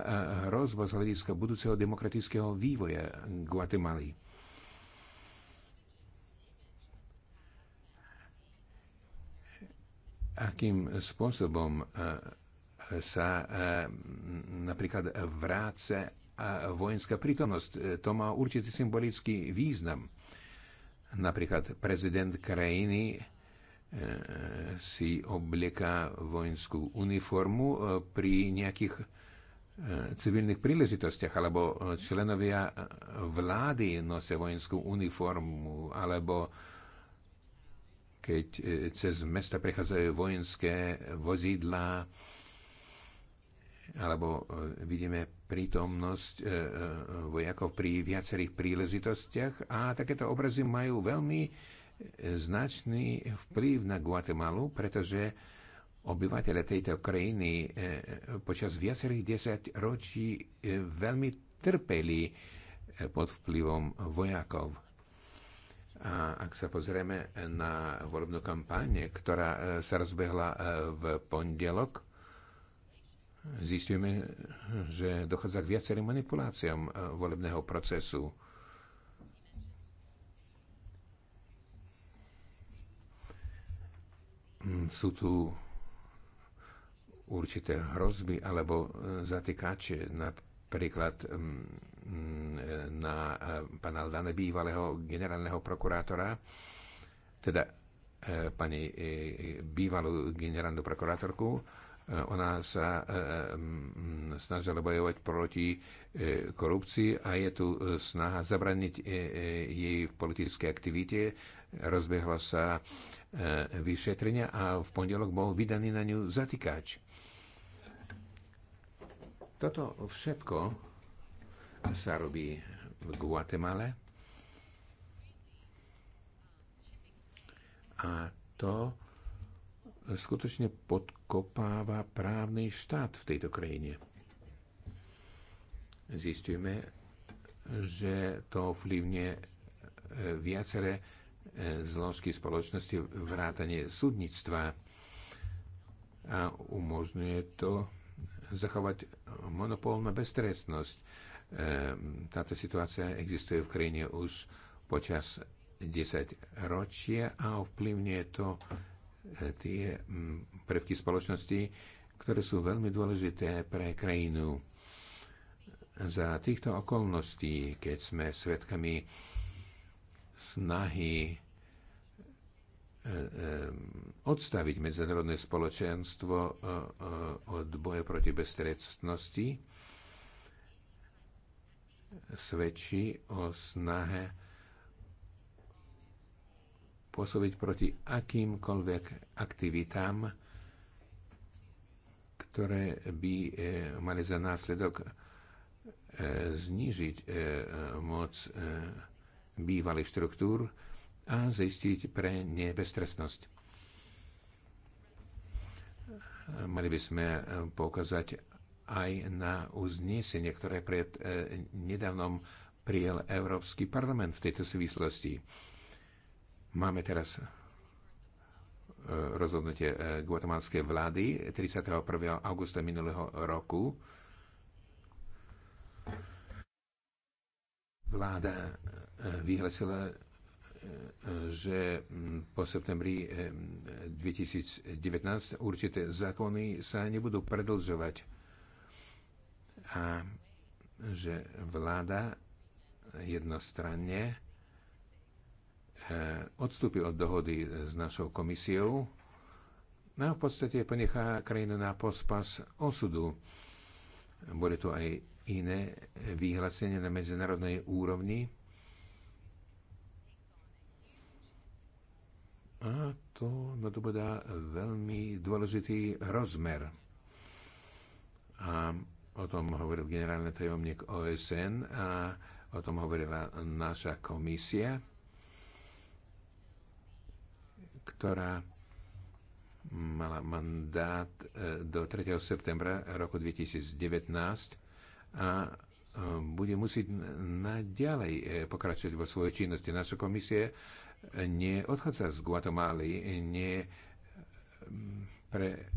hrozba z hľadiska budúceho demokratického vývoja Guatemaly. Akým spôsobom sa e, napríklad vráca vojenská prítomnosť. E, to má určitý symbolický význam. Napríklad prezident krajiny e, si oblieka vojenskú uniformu pri nejakých civilných príležitostiach, alebo členovia vlády nosia vojenskú uniformu, alebo keď cez mesta prechádzajú vojenské vozidla alebo e, vidíme prítomnosť e, e, vojakov pri viacerých príležitostiach a takéto obrazy majú veľmi značný vplyv na Guatemalu, pretože obyvateľe tejto krajiny počas viacerých ročí veľmi trpeli pod vplyvom vojakov. A ak sa pozrieme na volebnú kampáň, ktorá sa rozbehla v pondelok, zistujeme, že dochádza k viacerým manipuláciám e, volebného procesu. Mm, sú tu určité hrozby alebo e, zatýkače, napríklad mm, mm, na e, pana Aldane, bývalého generálneho prokurátora, teda pani bývalú generálnu prokurátorku, Eh, ona sa eh, eh, mm, snažila bojovať proti korupcii a je tu snaha zabraniť jej v politickej aktivite. Rozbehla sa vyšetrenia a v pondelok bol vydaný na ňu zatýkač. Toto všetko sa robí v Guatemale. A to skutočne podkopáva právny štát v tejto krajine. Zistujeme, že to vplyvne e, viaceré e, zložky spoločnosti vrátanie súdnictva a umožňuje to zachovať monopol na beztrestnosť. E, táto situácia existuje v krajine už počas 10 ročie a ovplyvňuje to E, tie prvky spoločnosti, ktoré sú veľmi dôležité pre krajinu. Za týchto okolností, keď sme svedkami snahy e, e, odstaviť medzinárodné spoločenstvo od boja proti bezstrecnosti, svedčí o snahe pôsobiť proti akýmkoľvek aktivitám, ktoré by e, mali za následok e, znižiť e, moc bývalých štruktúr a zistiť pre ne Mali by sme poukázať aj na uznesenie, ktoré pred nedávnom prijel Európsky parlament v tejto súvislosti Máme teraz e, rozhodnutie e, guatemalskej vlády 31. augusta minulého roku. Vláda e, vyhlasila, že po septembri 2019 určité zákony sa nebudú predlžovať a že vláda jednostranne Eh, odstúpi od dohody eh, s našou komisiou no a v podstate ponechá krajinu na pospas osudu. Bude tu aj iné eh, vyhlásenie na medzinárodnej úrovni. A no to bude veľmi dôležitý rozmer. A o tom hovoril generálny tajomník OSN a o tom hovorila naša komisia ktorá mala mandát e, do 3. septembra roku 2019 a e, bude musieť naďalej e, pokračovať vo svojej činnosti. Naša komisie neodchádza z Guatemaly, nie pre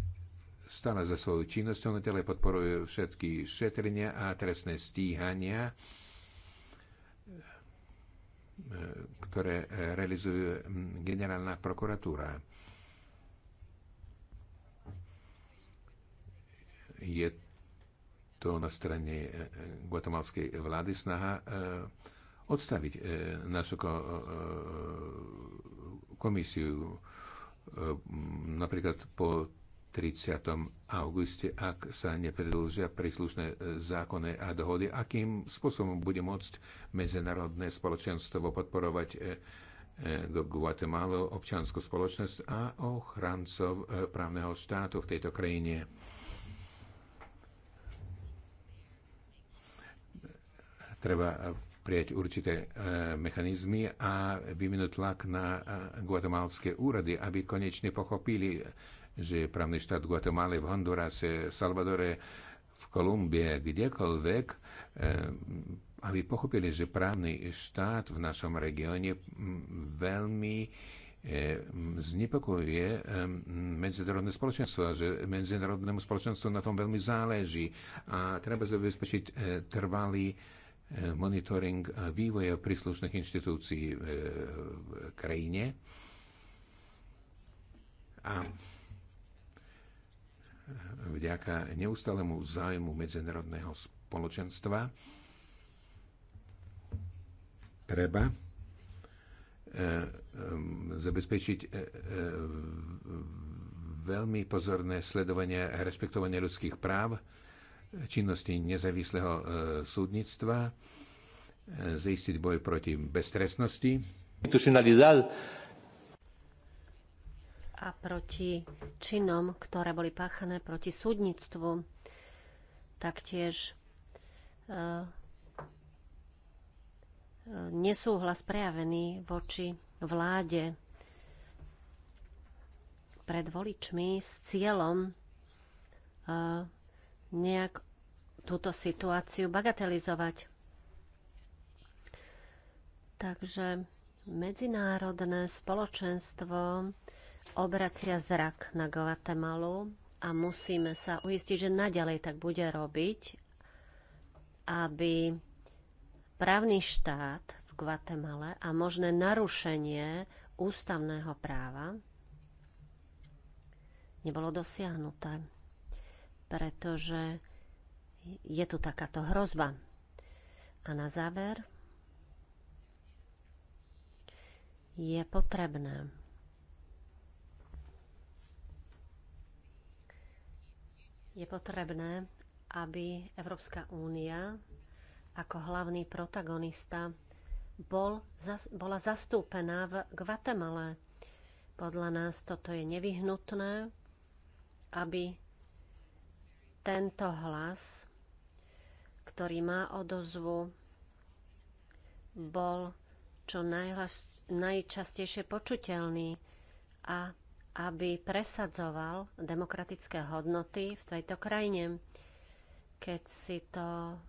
stále za svojou činnosťou, ktoré podporujú všetky šetrenia a trestné stíhania E, ktoré e, realizuje generálna prokuratúra. Je to na strane e, guatemalskej vlády snaha odstaviť našu komisiu napríklad po 30. auguste, ak sa nepredlžia príslušné e, zákony a dohody, akým spôsobom bude môcť medzinárodné spoločenstvo podporovať e, e, Guatemala, občianskú spoločnosť a ochrancov právneho štátu v tejto krajine. Treba prijať určité mechanizmy a vyvinúť tlak na guatemalské úrady, aby konečne pochopili že právny štát v Guatemala, v Hondurase, Salvadore, v Kolumbie, kdekoľvek, eh, aby pochopili, že právny štát v našom regióne mm, veľmi eh, znepokojuje eh, medzinárodné spoločenstvo že medzinárodnému spoločenstvu na tom veľmi záleží a treba zabezpečiť trvalý monitoring vývoja príslušných inštitúcií v krajine. A vďaka neustálemu zájmu medzinárodného spoločenstva treba e, e, zabezpečiť e, veľmi pozorné sledovanie a rešpektovanie ľudských práv, činnosti nezávislého súdnictva, zistiť boj proti beztrestnosti a proti činom, ktoré boli páchané proti súdnictvu. Taktiež e, e nesúhlas prejavený voči vláde pred voličmi s cieľom e, nejak túto situáciu bagatelizovať. Takže medzinárodné spoločenstvo obracia zrak na Guatemalu a musíme sa uistiť, že naďalej tak bude robiť, aby právny štát v Guatemale a možné narušenie ústavného práva nebolo dosiahnuté, pretože je tu takáto hrozba. A na záver je potrebné Je potrebné, aby Európska únia ako hlavný protagonista bol, bola zastúpená v Guatemale. Podľa nás toto je nevyhnutné, aby tento hlas, ktorý má odozvu, bol čo najčastejšie počuteľný a aby presadzoval demokratické hodnoty v tejto krajine. Keď si to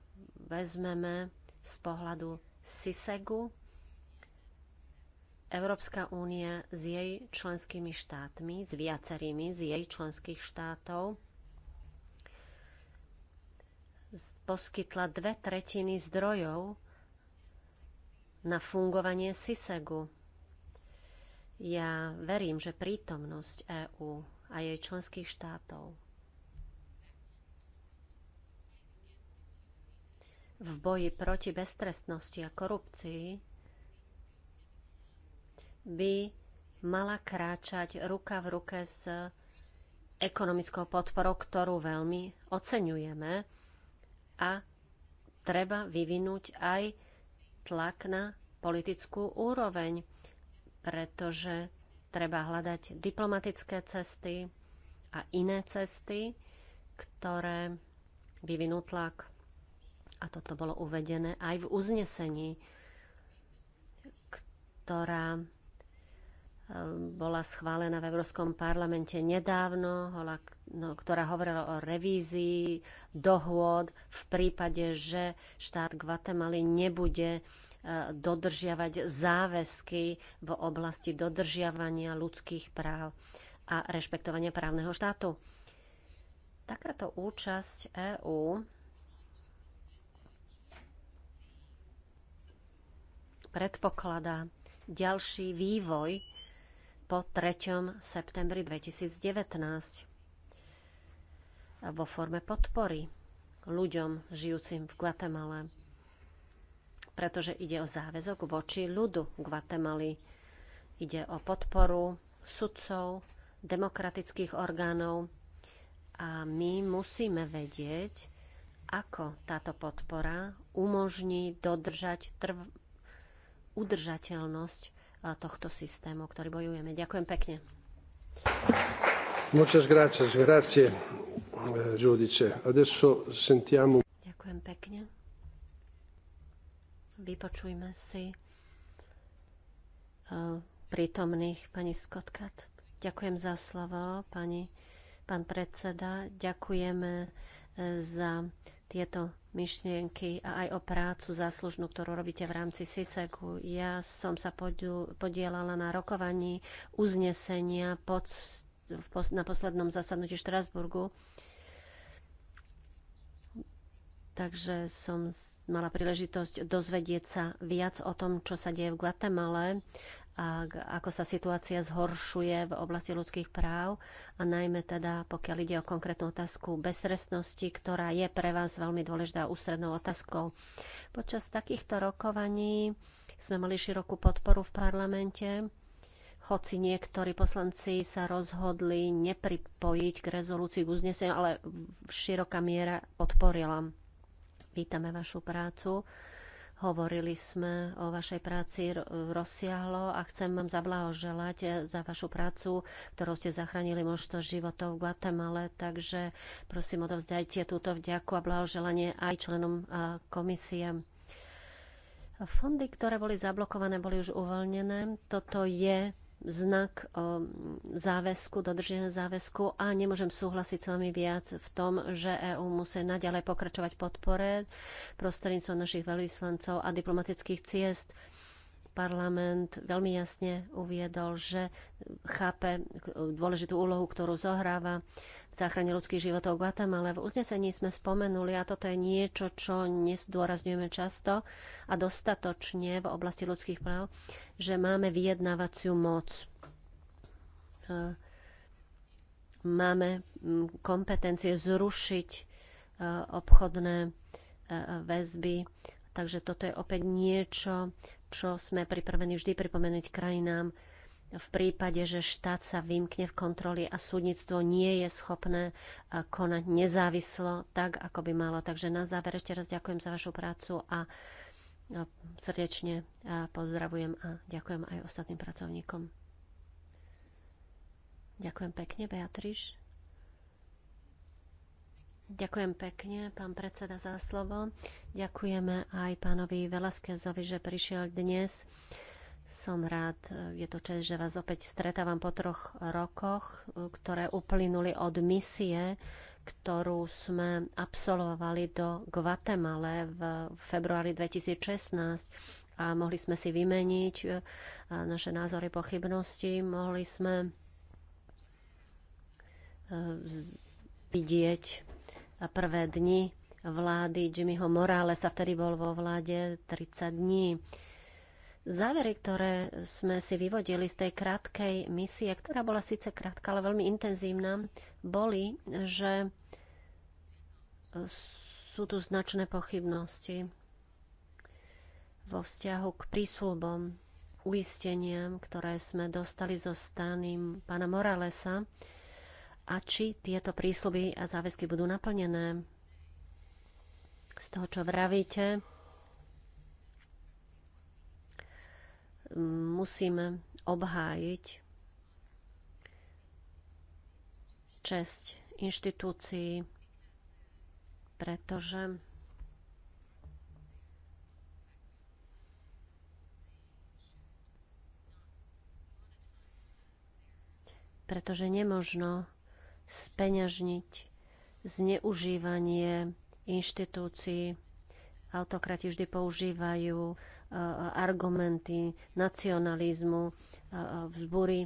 vezmeme z pohľadu SISEGu, Európska únia s jej členskými štátmi, s viacerými z jej členských štátov, poskytla dve tretiny zdrojov na fungovanie SISEGu. Ja verím, že prítomnosť EÚ a jej členských štátov v boji proti beztrestnosti a korupcii by mala kráčať ruka v ruke s ekonomickou podporou, ktorú veľmi oceňujeme a treba vyvinúť aj tlak na politickú úroveň pretože treba hľadať diplomatické cesty a iné cesty, ktoré vyvinú tlak. A toto bolo uvedené aj v uznesení, ktorá ehm, bola schválená v Európskom parlamente nedávno, no, ktorá hovorila o revízii dohôd v prípade, že štát Guatemaly nebude dodržiavať záväzky v oblasti dodržiavania ľudských práv a rešpektovania právneho štátu. Takáto účasť EÚ predpokladá ďalší vývoj po 3. septembri 2019 vo forme podpory ľuďom žijúcim v Guatemala pretože ide o záväzok voči ľudu Guatemaly. Ide o podporu sudcov, demokratických orgánov a my musíme vedieť, ako táto podpora umožní dodržať trv- udržateľnosť e, tohto systému, ktorý bojujeme. Ďakujem pekne. Muchas gracias, eh, giudice. Adesso sentiamo... Ďakujem pekne. Vypočujme si e, prítomných pani Skotkat. Ďakujem za slovo, pani, pán predseda. Ďakujeme e, za tieto myšlienky a aj o prácu záslužnú, ktorú robíte v rámci SISEKu. Ja som sa podielala na rokovaní uznesenia pod, na poslednom zasadnutí Štrasburgu takže som mala príležitosť dozvedieť sa viac o tom, čo sa deje v Guatemale a ako sa situácia zhoršuje v oblasti ľudských práv a najmä teda, pokiaľ ide o konkrétnu otázku bezstresnosti, ktorá je pre vás veľmi dôležitá ústrednou otázkou. Počas takýchto rokovaní sme mali širokú podporu v parlamente, hoci niektorí poslanci sa rozhodli nepripojiť k rezolúcii k uzneseniu, ale široká miera podporila Vítame vašu prácu. Hovorili sme o vašej práci rozsiahlo a chcem vám zablahoželať eh, za vašu prácu, ktorou ste zachránili množstvo životov v Guatemale. Takže prosím, odovzdajte túto vďaku a blahoželanie aj členom eh, komisie. Fondy, ktoré boli zablokované, boli už uvoľnené. Toto je znak záväzku, dodrženia záväzku a nemôžem súhlasiť s vami viac v tom, že EÚ musí naďalej pokračovať podpore prostredníctvom našich veľvyslancov a diplomatických ciest parlament veľmi jasne uviedol, že chápe dôležitú úlohu, ktorú zohráva v záchrane ľudských životov v Guatemala. V uznesení sme spomenuli, a toto je niečo, čo nezdôrazňujeme často a dostatočne v oblasti ľudských práv, že máme vyjednávaciu moc eh, máme mm, kompetencie zrušiť eh, obchodné eh, väzby Takže toto je opäť niečo, čo sme pripravení vždy pripomenúť krajinám v prípade, že štát sa vymkne v kontroli a súdnictvo nie je schopné eh, konať nezávislo tak, ako by malo. Takže na záver ešte raz ďakujem za vašu prácu a eh, srdečne eh, pozdravujem a ďakujem aj ostatným pracovníkom. Ďakujem pekne, Beatriš. Ďakujem pekne, pán predseda, za slovo. Ďakujeme aj pánovi Velaskezovi, že prišiel dnes. Som rád, je to čest, že vás opäť stretávam po troch rokoch, ktoré uplynuli od misie, ktorú sme absolvovali do Guatemale v februári 2016 a mohli sme si vymeniť e, naše názory, pochybnosti, mohli sme e, vidieť prvé dni vlády Jimmyho Moralesa, vtedy bol vo vláde 30 dní. Závery, ktoré sme si vyvodili z tej krátkej misie, ktorá bola síce krátka, ale veľmi intenzívna, boli, že sú tu značné pochybnosti vo vzťahu k prísľubom, uisteniam, ktoré sme dostali zo strany pána Moralesa, a či tieto prísluby a záväzky budú naplnené. Z toho, čo vravíte, musíme obhájiť česť inštitúcií, pretože pretože nemožno speňažniť zneužívanie inštitúcií. Autokrati vždy používajú e, argumenty nacionalizmu, e, e, vzbury,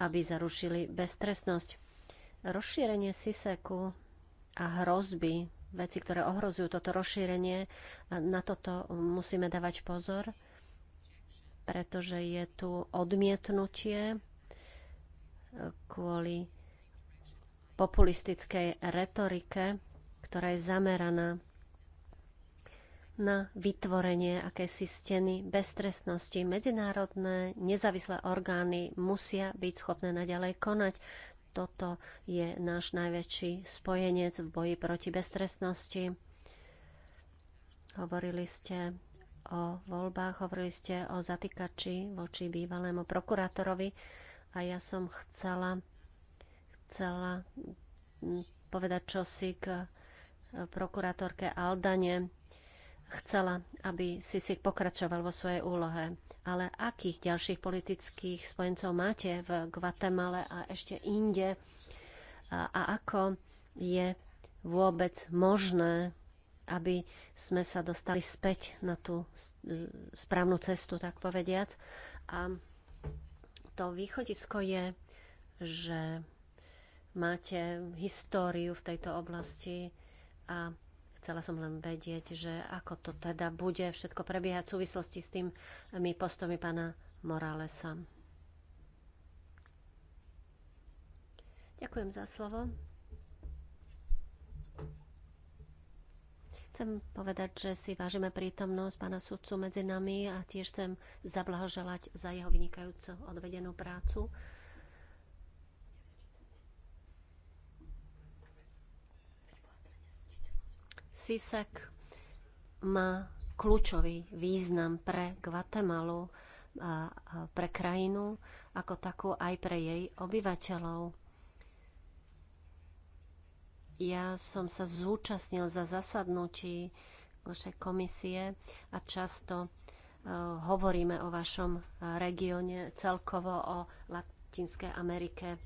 aby zarušili beztrestnosť. Rozšírenie Siseku a hrozby, veci, ktoré ohrozujú toto rozšírenie, na toto musíme dávať pozor, pretože je tu odmietnutie kvôli populistickej retorike, ktorá je zameraná na vytvorenie akési steny beztrestnosti. Medzinárodné nezávislé orgány musia byť schopné naďalej konať. Toto je náš najväčší spojenec v boji proti beztrestnosti. Hovorili ste o voľbách, hovorili ste o zatýkači voči bývalému prokurátorovi a ja som chcela chcela povedať čosi k e, prokurátorke Aldane. Chcela, aby si si pokračoval vo svojej úlohe. Ale akých ďalších politických spojencov máte v Guatemale a ešte inde? A, a ako je vôbec možné, aby sme sa dostali späť na tú e, správnu cestu, tak povediac. A to východisko je, že máte históriu v tejto oblasti a chcela som len vedieť, že ako to teda bude všetko prebiehať v súvislosti s tými postomi pána Moralesa. Ďakujem za slovo. Chcem povedať, že si vážime prítomnosť pána sudcu medzi nami a tiež chcem zablahoželať za jeho vynikajúco odvedenú prácu. Sisek má kľúčový význam pre Guatemalu a pre krajinu ako takú aj pre jej obyvateľov. Ja som sa zúčastnil za zasadnutí vašej komisie a často uh, hovoríme o vašom regióne, celkovo o Latinskej Amerike.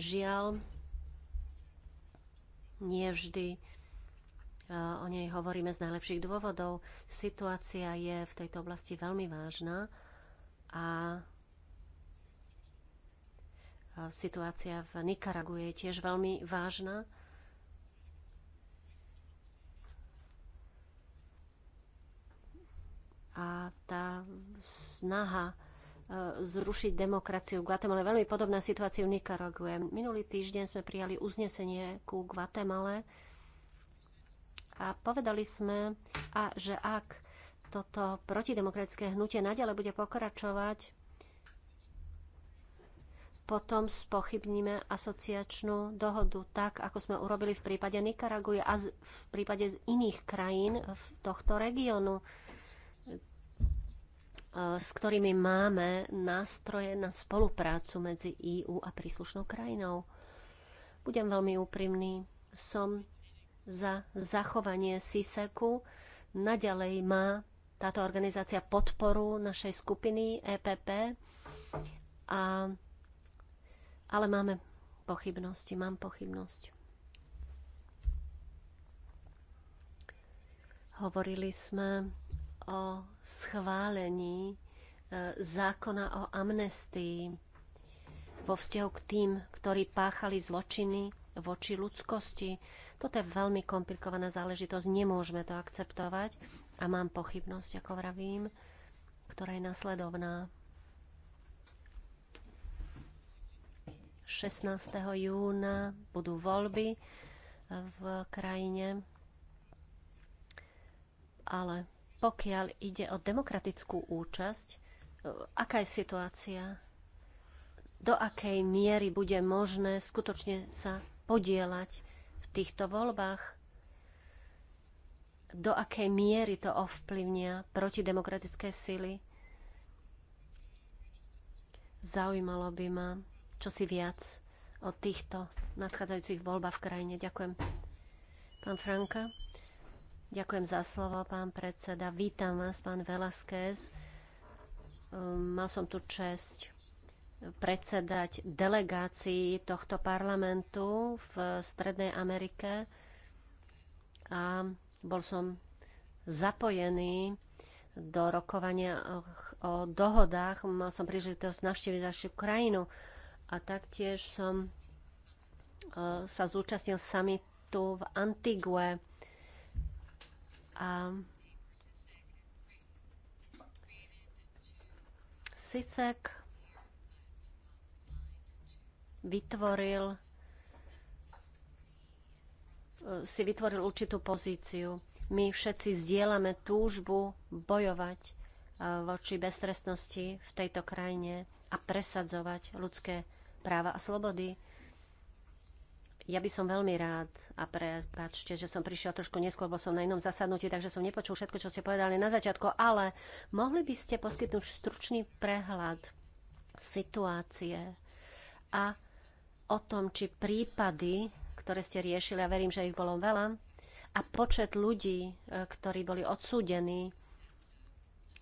Žiaľ, nie vždy E, o nej hovoríme z najlepších dôvodov. Situácia je v tejto oblasti veľmi vážna a situácia v Nikaragu je tiež veľmi vážna. A tá snaha e, zrušiť demokraciu v Guatemala. Veľmi podobná situácia v Nikarague. Minulý týždeň sme prijali uznesenie ku Guatemale, a povedali sme, a že ak toto protidemokratické hnutie naďalej bude pokračovať, potom spochybníme asociačnú dohodu tak, ako sme urobili v prípade Nikaraguje a z, v prípade z iných krajín v tohto regiónu, e, s ktorými máme nástroje na spoluprácu medzi EÚ a príslušnou krajinou. Budem veľmi úprimný. Som za zachovanie SISEKu. Naďalej má táto organizácia podporu našej skupiny EPP, a, ale máme pochybnosti, mám pochybnosť. Hovorili sme o schválení e, zákona o amnestii vo vzťahu k tým, ktorí páchali zločiny voči ľudskosti. Toto je veľmi komplikovaná záležitosť, nemôžeme to akceptovať a mám pochybnosť, ako vravím, ktorá je nasledovná. 16. júna budú voľby eh, v krajine, ale pokiaľ ide o demokratickú účasť, eh, aká je situácia? Do akej miery bude možné skutočne sa podielať v týchto voľbách? Do akej miery to ovplyvnia protidemokratické sily? Zaujímalo by ma, čo si viac o týchto nadchádzajúcich voľbách v krajine. Ďakujem. Pán Franka, ďakujem za slovo, pán predseda. Vítam vás, pán Velasquez. Um, ehm, mal som tu česť predsedať delegácii tohto parlamentu v Strednej Amerike a bol som zapojený do rokovania o, o dohodách. Mal som príležitosť navštíviť našu krajinu a taktiež som e, sa zúčastnil samitu v Antigue a SISEK vytvoril e, si vytvoril určitú pozíciu. My všetci zdieľame túžbu bojovať e, voči beztrestnosti v tejto krajine a presadzovať ľudské práva a slobody. Ja by som veľmi rád, a prepáčte, že som prišiel trošku neskôr, bo som na inom zasadnutí, takže som nepočul všetko, čo ste povedali na začiatku, ale mohli by ste poskytnúť stručný prehľad situácie a o tom, či prípady, ktoré ste riešili, a verím, že ich bolo veľa, a počet ľudí, e, ktorí boli odsúdení,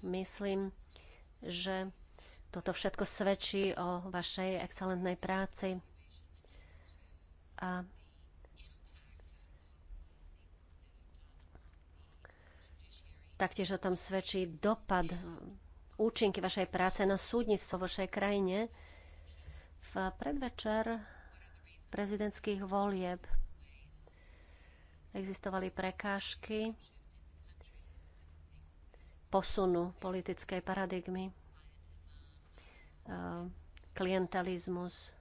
myslím, že toto všetko svedčí o vašej excelentnej práci. A taktiež o tom svedčí dopad e, účinky vašej práce na súdnictvo vo vašej krajine. V predvečer prezidentských volieb. Existovali prekážky posunu politickej paradigmy, e, klientelizmus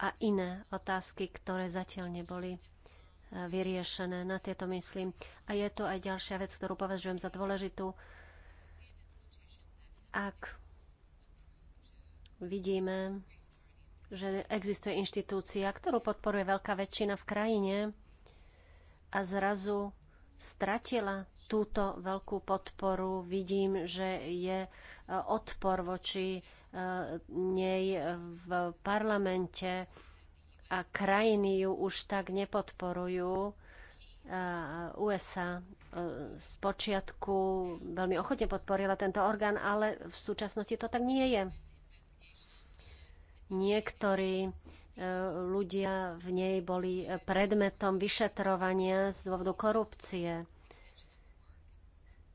a iné otázky, ktoré zatiaľ neboli e, vyriešené. Na tieto myslím. A je to aj ďalšia vec, ktorú považujem za dôležitú. Ak vidíme že existuje inštitúcia, ktorú podporuje veľká väčšina v krajine a zrazu stratila túto veľkú podporu. Vidím, že je e, odpor voči e, nej v parlamente a krajiny ju už tak nepodporujú. E, USA z počiatku veľmi ochotne podporila tento orgán, ale v súčasnosti to tak nie je. Niektorí e, ľudia v nej boli predmetom vyšetrovania z dôvodu korupcie.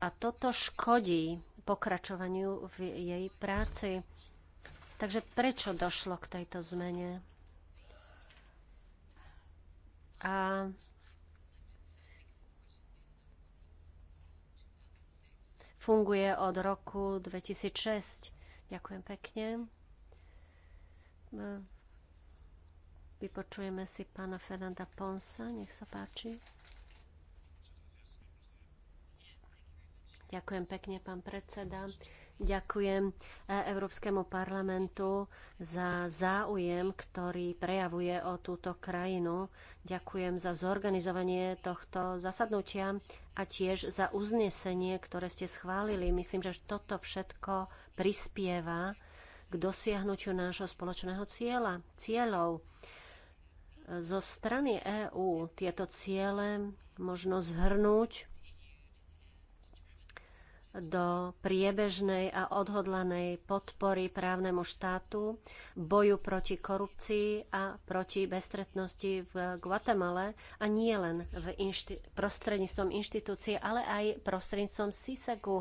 A toto škodí pokračovaniu v jej práci. Takže prečo došlo k tejto zmene? A funguje od roku 2006. Ďakujem pekne. No. Vypočujeme si pána Fernanda Ponsa, nech sa páči. Ďakujem pekne, pán predseda. Ďakujem e, Európskemu parlamentu za záujem, ktorý prejavuje o túto krajinu. Ďakujem za zorganizovanie tohto zasadnutia a tiež za uznesenie, ktoré ste schválili. Myslím, že toto všetko prispieva k dosiahnutiu nášho spoločného cieľa, cieľov. Zo strany EÚ tieto ciele možno zhrnúť do priebežnej a odhodlanej podpory právnemu štátu, boju proti korupcii a proti bestretnosti v Guatemale a nie len v inšti- prostredníctvom inštitúcie, ale aj prostredníctvom SISEKu.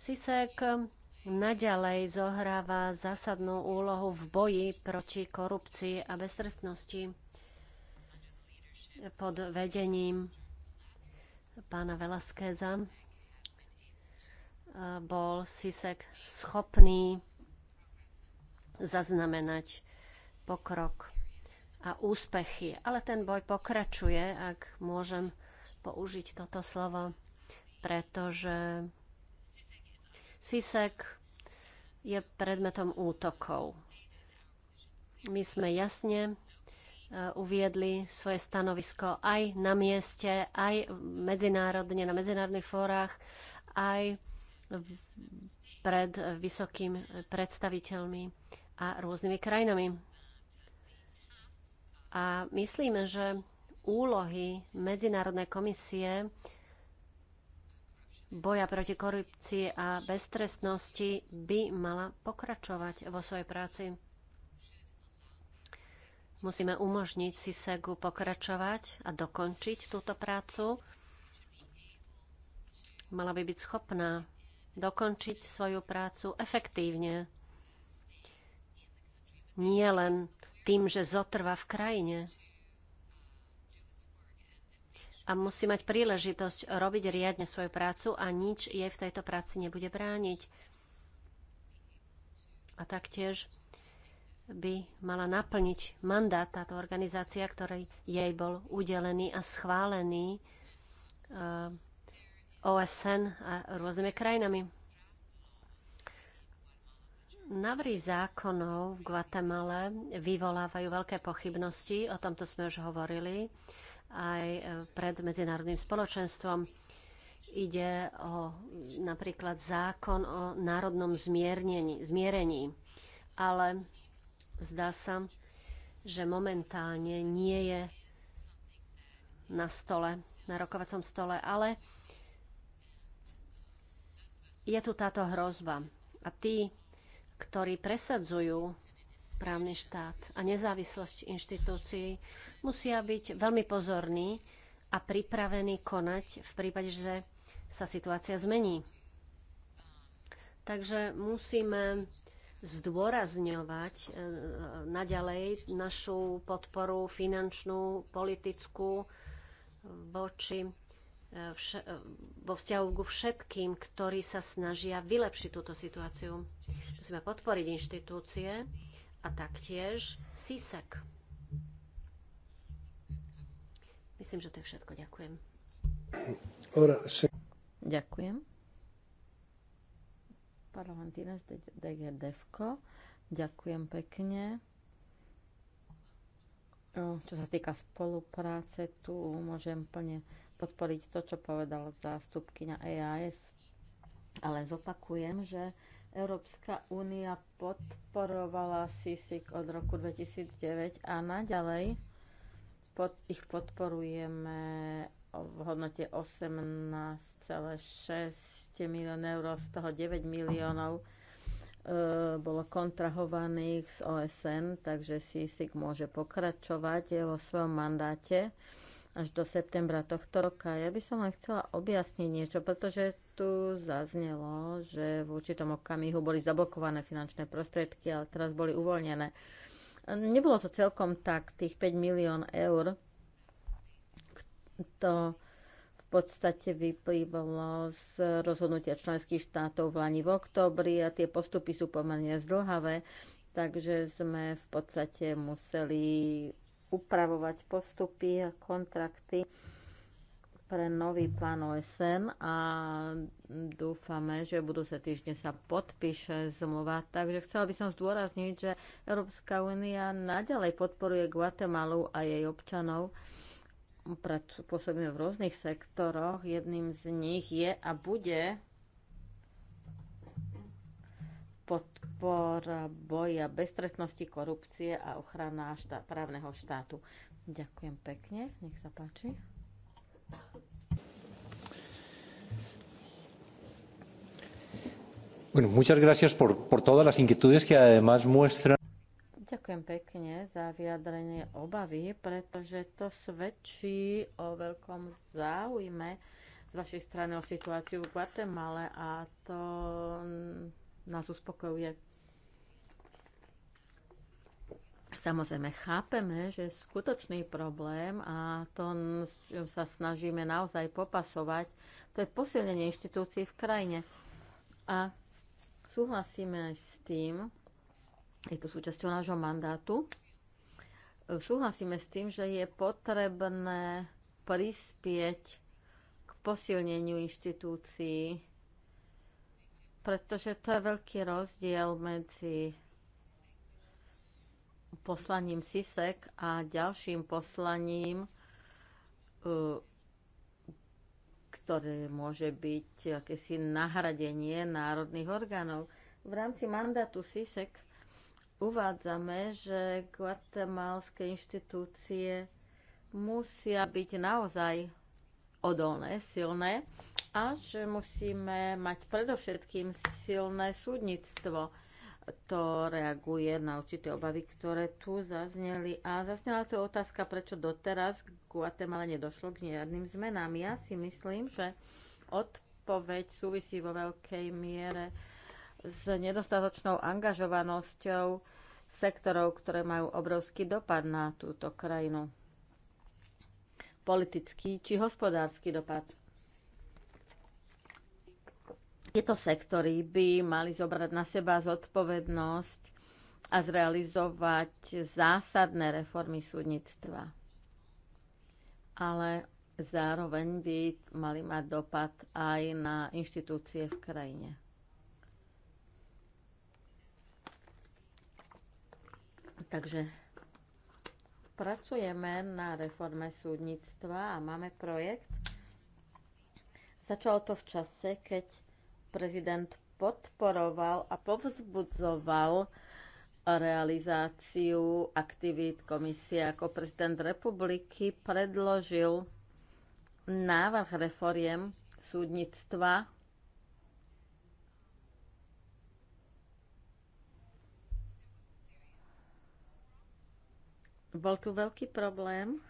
SISEK naďalej zohráva zásadnú úlohu v boji proti korupcii a beztrestnosti pod vedením pána Velaskeza. bol Sisek schopný zaznamenať pokrok a úspechy. Ale ten boj pokračuje, ak môžem použiť toto slovo, pretože Sisek je predmetom útokov. My sme jasne e, uviedli svoje stanovisko aj na mieste, aj medzinárodne, na medzinárodných fórach, aj pred vysokými predstaviteľmi a rôznymi krajinami. A myslíme, že úlohy Medzinárodnej komisie boja proti korupcii a beztrestnosti by mala pokračovať vo svojej práci. Musíme umožniť SISEGu pokračovať a dokončiť túto prácu. Mala by byť schopná dokončiť svoju prácu efektívne. Nie len tým, že zotrva v krajine, a musí mať príležitosť robiť riadne svoju prácu a nič jej v tejto práci nebude brániť. A taktiež by mala naplniť mandát táto organizácia, ktorý jej bol udelený a schválený eh, OSN a rôznymi krajinami. Návrhy zákonov v Guatemale vyvolávajú veľké pochybnosti, o tomto sme už hovorili aj e, pred medzinárodným spoločenstvom. Ide o napríklad zákon o národnom zmiernení, zmierení. Ale zdá sa, že momentálne nie je na stole, na rokovacom stole, ale je tu táto hrozba. A tí, ktorí presadzujú právny štát a nezávislosť inštitúcií, musia byť veľmi pozorní a pripravení konať v prípade, že sa situácia zmení. Takže musíme zdôrazňovať e, naďalej našu podporu finančnú, politickú voči e, e, vo vzťahu ku všetkým, ktorí sa snažia vylepšiť túto situáciu. Musíme podporiť inštitúcie a taktiež SISEK. Myslím, že to je všetko. Ďakujem. Ďakujem. Parlamentina z DGDFko. Ďakujem pekne. No, čo sa týka spolupráce, tu môžem plne podporiť to, čo povedal zástupkyňa EAS, ale zopakujem, že Európska únia podporovala SISIK od roku 2009 a naďalej pod, ich podporujeme v hodnote 18,6 milión eur, z toho 9 miliónov e, bolo kontrahovaných z OSN, takže SISIK môže pokračovať vo svojom mandáte až do septembra tohto roka. Ja by som len chcela objasniť niečo, pretože tu zaznelo, že v určitom okamihu boli zablokované finančné prostriedky, ale teraz boli uvoľnené. Nebolo to celkom tak, tých 5 milión eur, to v podstate vyplývalo z rozhodnutia členských štátov v Lani v oktobri a tie postupy sú pomerne zdlhavé, takže sme v podstate museli upravovať postupy a kontrakty pre nový plán OSN a dúfame, že budúce týždne sa podpíše zmluva. Takže chcela by som zdôrazniť, že Európska únia naďalej podporuje Guatemalu a jej občanov. Pôsobíme v rôznych sektoroch. Jedným z nich je a bude podpora boja beztrestnosti, korupcie a ochrana právneho štátu. Ďakujem pekne, nech sa páči. Bueno, muchas gracias por, por todas las inquietudes que además muestran. Ďakujem pekne za vyjadrenie obavy, pretože to svedčí o veľkom záujme z vašej strany o situáciu v Guatemale a to nás uspokojuje. Samozrejme, chápeme, že je skutočný problém a to sa snažíme naozaj popasovať, to je posilnenie inštitúcií v krajine. A súhlasíme aj s tým, je to súčasťou nášho mandátu, súhlasíme s tým, že je potrebné prispieť k posilneniu inštitúcií, pretože to je veľký rozdiel medzi poslaním SISEK a ďalším poslaním, e, ktoré môže byť akési nahradenie národných orgánov. V rámci mandátu SISEK uvádzame, že guatemalské inštitúcie musia byť naozaj odolné, silné a že musíme mať predovšetkým silné súdnictvo to reaguje na určité obavy, ktoré tu zazneli. A zaznela to otázka, prečo doteraz v Guatemala nedošlo k žiadnym zmenám. Ja si myslím, že odpoveď súvisí vo veľkej miere s nedostatočnou angažovanosťou sektorov, ktoré majú obrovský dopad na túto krajinu. Politický či hospodársky dopad. Tieto sektory by mali zobrať na seba zodpovednosť a zrealizovať zásadné reformy súdnictva. Ale zároveň by mali mať dopad aj na inštitúcie v krajine. Takže pracujeme na reforme súdnictva a máme projekt. Začalo to v čase, keď prezident podporoval a povzbudzoval realizáciu aktivít komisie. Ako prezident republiky predložil návrh reforiem súdnictva Bol tu veľký problém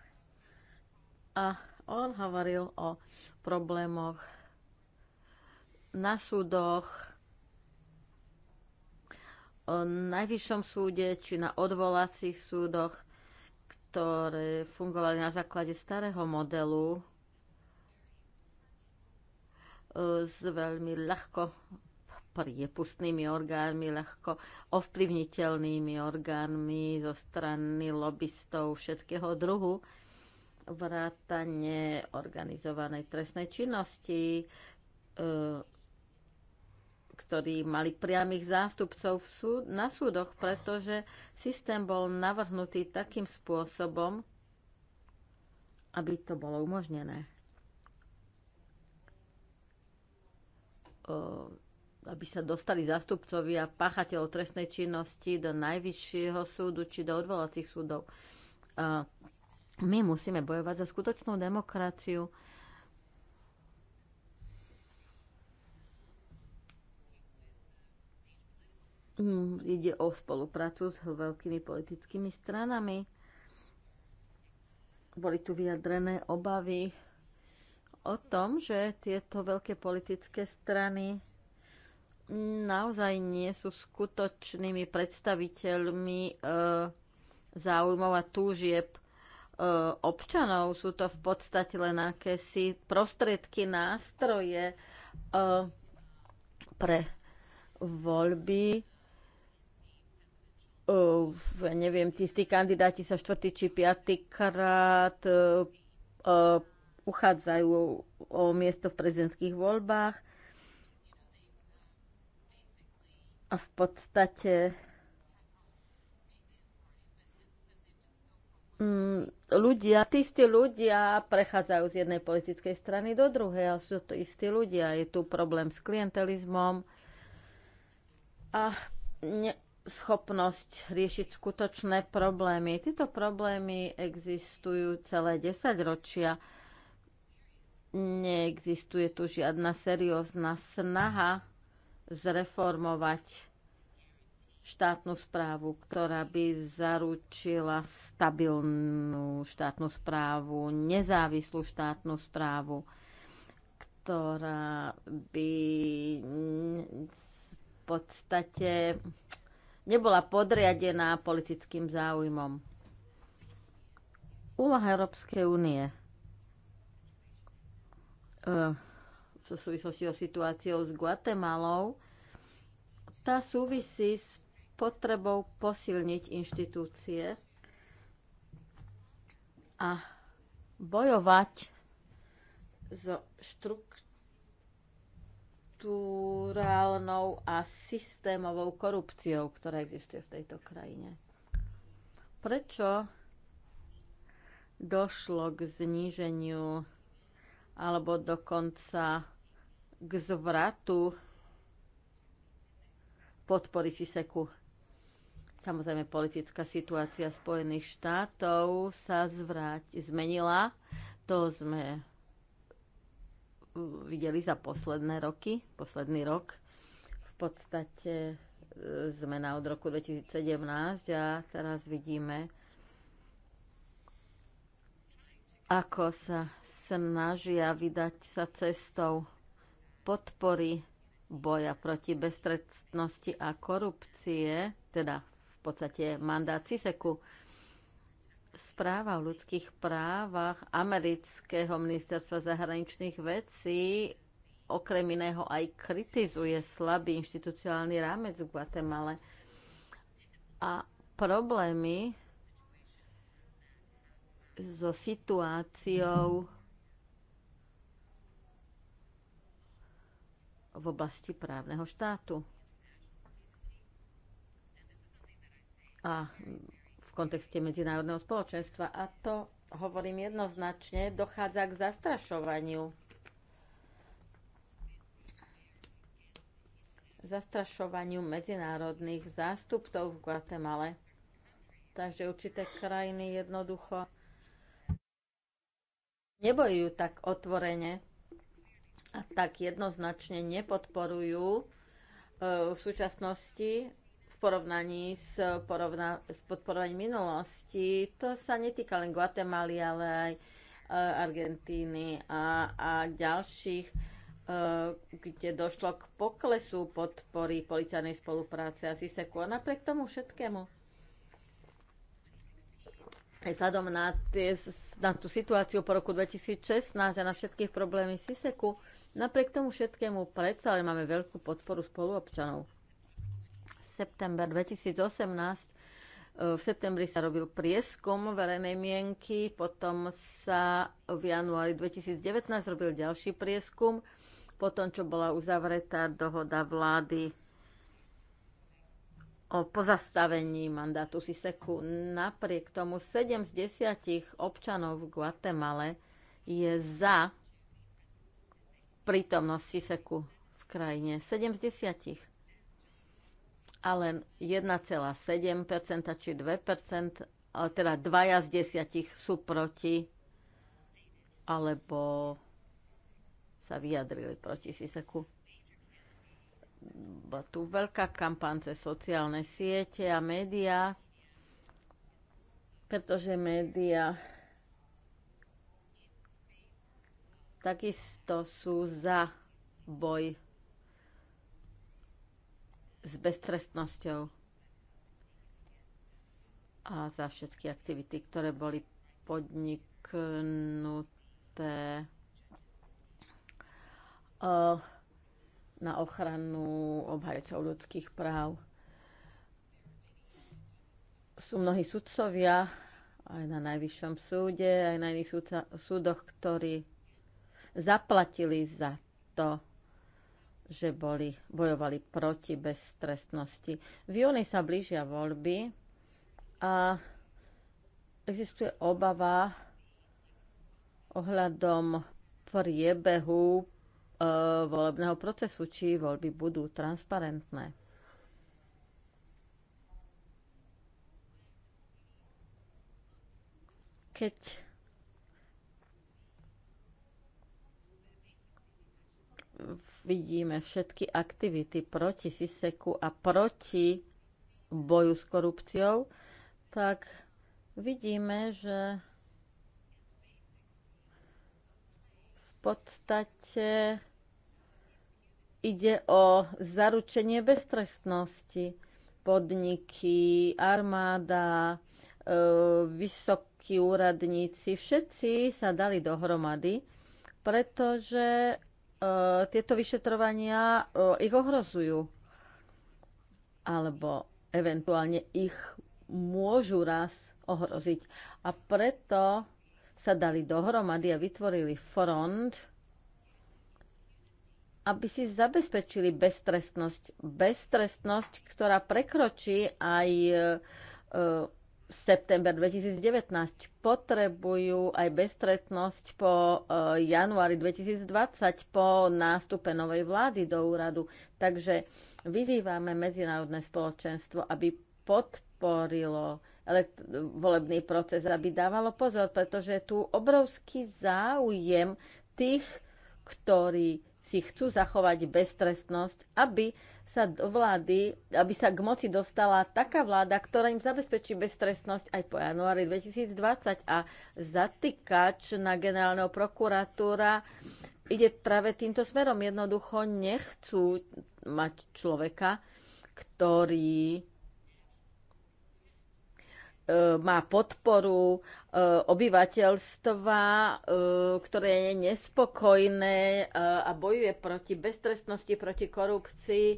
a on hovoril o problémoch na súdoch, o najvyššom súde či na odvolacích súdoch, ktoré fungovali na základe starého modelu e, s veľmi ľahko priepustnými orgánmi, ľahko ovplyvniteľnými orgánmi zo strany lobbystov všetkého druhu, vrátane organizovanej trestnej činnosti, e, ktorí mali priamých zástupcov v súd, na súdoch, pretože systém bol navrhnutý takým spôsobom, aby to bolo umožnené. O, aby sa dostali zástupcovi a páchateľov trestnej činnosti do najvyššieho súdu či do odvolacích súdov. my musíme bojovať za skutočnú demokraciu, Mm, ide o spoluprácu s veľkými politickými stranami. Boli tu vyjadrené obavy o tom, že tieto veľké politické strany naozaj nie sú skutočnými predstaviteľmi e, záujmov a túžieb e, občanov. Sú to v podstate len akési prostriedky, nástroje e, pre voľby uh, neviem, tí, tí kandidáti sa štvrtý či piatý krát uh, uchádzajú o, miesto v prezidentských voľbách. A v podstate um, ľudia, tí istí ľudia prechádzajú z jednej politickej strany do druhej a sú to istí ľudia. Je tu problém s klientelizmom a ne, schopnosť riešiť skutočné problémy. Tieto problémy existujú celé desaťročia. Neexistuje tu žiadna seriózna snaha zreformovať štátnu správu, ktorá by zaručila stabilnú štátnu správu, nezávislú štátnu správu, ktorá by v podstate nebola podriadená politickým záujmom. Úloha Európskej únie e, v súvislosti so situáciou s Guatemalou tá súvisí s potrebou posilniť inštitúcie a bojovať so štruktúrou štruktúrálnou a systémovou korupciou, ktorá existuje v tejto krajine. Prečo došlo k zníženiu alebo dokonca k zvratu podpory Siseku? Samozrejme, politická situácia Spojených štátov sa zmenila. To sme videli za posledné roky, posledný rok. V podstate zmena e, od roku 2017 a teraz vidíme, ako sa snažia vydať sa cestou podpory boja proti beztrestnosti a korupcie, teda v podstate mandát CISEKu správa o ľudských právach amerického ministerstva zahraničných vecí okrem iného aj kritizuje slabý inštitucionálny rámec v Guatemale a problémy so situáciou v oblasti právneho štátu. A kontexte medzinárodného spoločenstva. A to, hovorím jednoznačne, dochádza k zastrašovaniu. Zastrašovaniu medzinárodných zástupcov v Guatemale. Takže určité krajiny jednoducho nebojujú tak otvorene a tak jednoznačne nepodporujú e, v súčasnosti porovnaní s, porovna, s podporovaním minulosti. To sa netýka len Guatemaly, ale aj e, Argentíny a, a ďalších, e, kde došlo k poklesu podpory policajnej spolupráce a SISEKu. A napriek tomu všetkému, aj vzhľadom na, na tú situáciu po roku 2016 a na všetkých problémy SISEKu, napriek tomu všetkému predsa ale máme veľkú podporu spoluobčanov september 2018 e, v septembri sa robil prieskum verejnej mienky, potom sa v januári 2019 robil ďalší prieskum, potom čo bola uzavretá dohoda vlády o pozastavení mandátu Siseku. Napriek tomu 7 z 10 občanov v Guatemale je za prítomnosť Siseku v krajine. 7 z 10 a len 1,7% či 2%, ale teda dvaja z desiatich sú proti alebo sa vyjadrili proti Siseku. Bola tu veľká kampance sociálne siete a médiá, pretože médiá takisto sú za boj s beztrestnosťou a za všetky aktivity, ktoré boli podniknuté na ochranu obhajcov ľudských práv. Sú mnohí sudcovia, aj na Najvyššom súde, aj na iných súdoch, ktorí zaplatili za to, že boli, bojovali proti beztrestnosti. V júni sa blížia voľby a existuje obava ohľadom priebehu e, volebného procesu, či voľby budú transparentné. Keď v vidíme všetky aktivity proti Siseku a proti boju s korupciou, tak vidíme, že v podstate ide o zaručenie beztrestnosti. Podniky, armáda, e, vysokí úradníci, všetci sa dali dohromady, pretože E, tieto vyšetrovania e, ich ohrozujú. Alebo eventuálne ich môžu raz ohroziť. A preto sa dali dohromady a vytvorili front, aby si zabezpečili beztrestnosť. Beztrestnosť, ktorá prekročí aj e, september 2019 potrebujú aj bezstretnosť po eh, januári 2020 po nástupe novej vlády do úradu. Takže vyzývame medzinárodné spoločenstvo, aby podporilo volebný proces, aby dávalo pozor, pretože je tu obrovský záujem tých, ktorí si chcú zachovať beztrestnosť, aby sa do vlády, aby sa k moci dostala taká vláda, ktorá im zabezpečí bezstresnosť aj po januári 2020 a zatýkač na generálneho prokuratúra ide práve týmto smerom. Jednoducho nechcú mať človeka, ktorý E, má podporu e, obyvateľstva, e, ktoré je nespokojné a bojuje proti beztrestnosti, proti korupcii.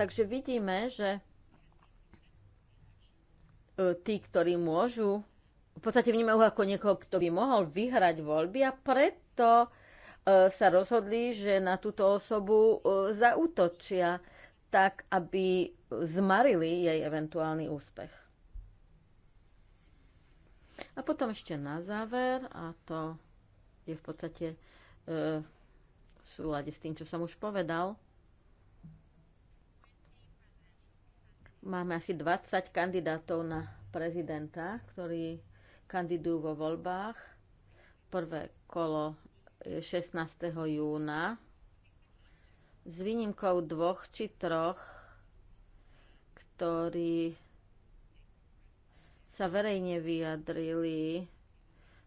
Takže vidíme, že tí, ktorí môžu, v podstate vnímajú ako niekoho, kto by mohol vyhrať voľby a preto sa rozhodli, že na túto osobu zautočia tak, aby zmarili jej eventuálny úspech. A potom ešte na záver, a to je v podstate e, v súlade s tým, čo som už povedal, máme asi 20 kandidátov na prezidenta, ktorí kandidujú vo voľbách. Prvé kolo je 16. júna. S výnimkou dvoch či troch, ktorí sa verejne vyjadrili,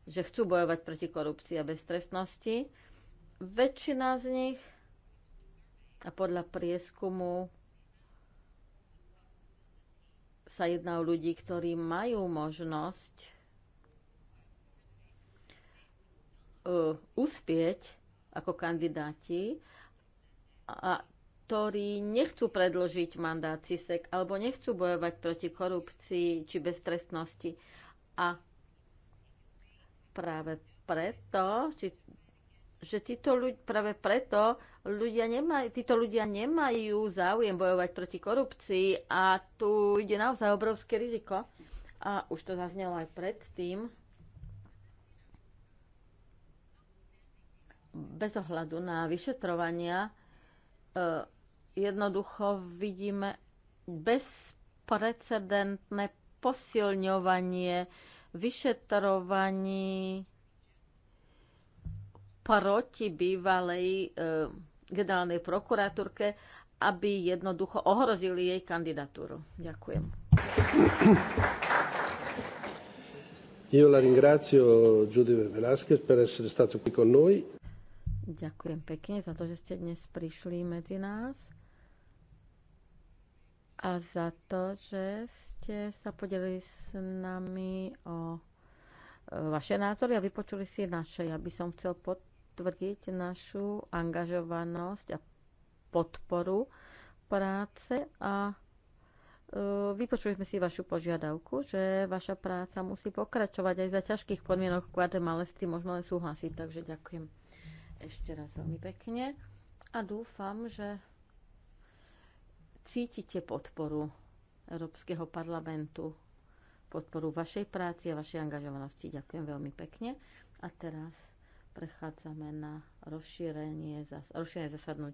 že chcú bojovať proti korupcii a beztrestnosti. Väčšina z nich a podľa prieskumu sa jedná o ľudí, ktorí majú možnosť uh, uspieť ako kandidáti a ktorí nechcú predložiť mandát CISEK alebo nechcú bojovať proti korupcii či beztrestnosti. A práve preto, či, že títo ľudia, práve preto ľudia nemaj, títo ľudia nemajú záujem bojovať proti korupcii a tu ide naozaj obrovské riziko. A už to zaznelo aj predtým. Bez ohľadu na vyšetrovania, E, jednoducho vidíme bezprecedentné posilňovanie vyšetrovaní proti bývalej e, generálnej prokuratúrke, aby jednoducho ohrozili jej kandidatúru. Ďakujem. Io la ringrazio Giudice Velasquez per essere stato qui con noi. Ďakujem pekne za to, že ste dnes prišli medzi nás a za to, že ste sa podelili s nami o e, vaše názory a vypočuli si naše. Ja by som chcel potvrdiť našu angažovanosť a podporu práce a e, vypočuli sme si vašu požiadavku, že vaša práca musí pokračovať aj za ťažkých podmienok v Guatemala. S tým možno len súhlasiť, takže ďakujem ešte raz veľmi pekne a dúfam, že cítite podporu Európskeho parlamentu, podporu vašej práci a vašej angažovanosti. Ďakujem veľmi pekne. A teraz prechádzame na rozšírenie, rozšírenie zasadnutia.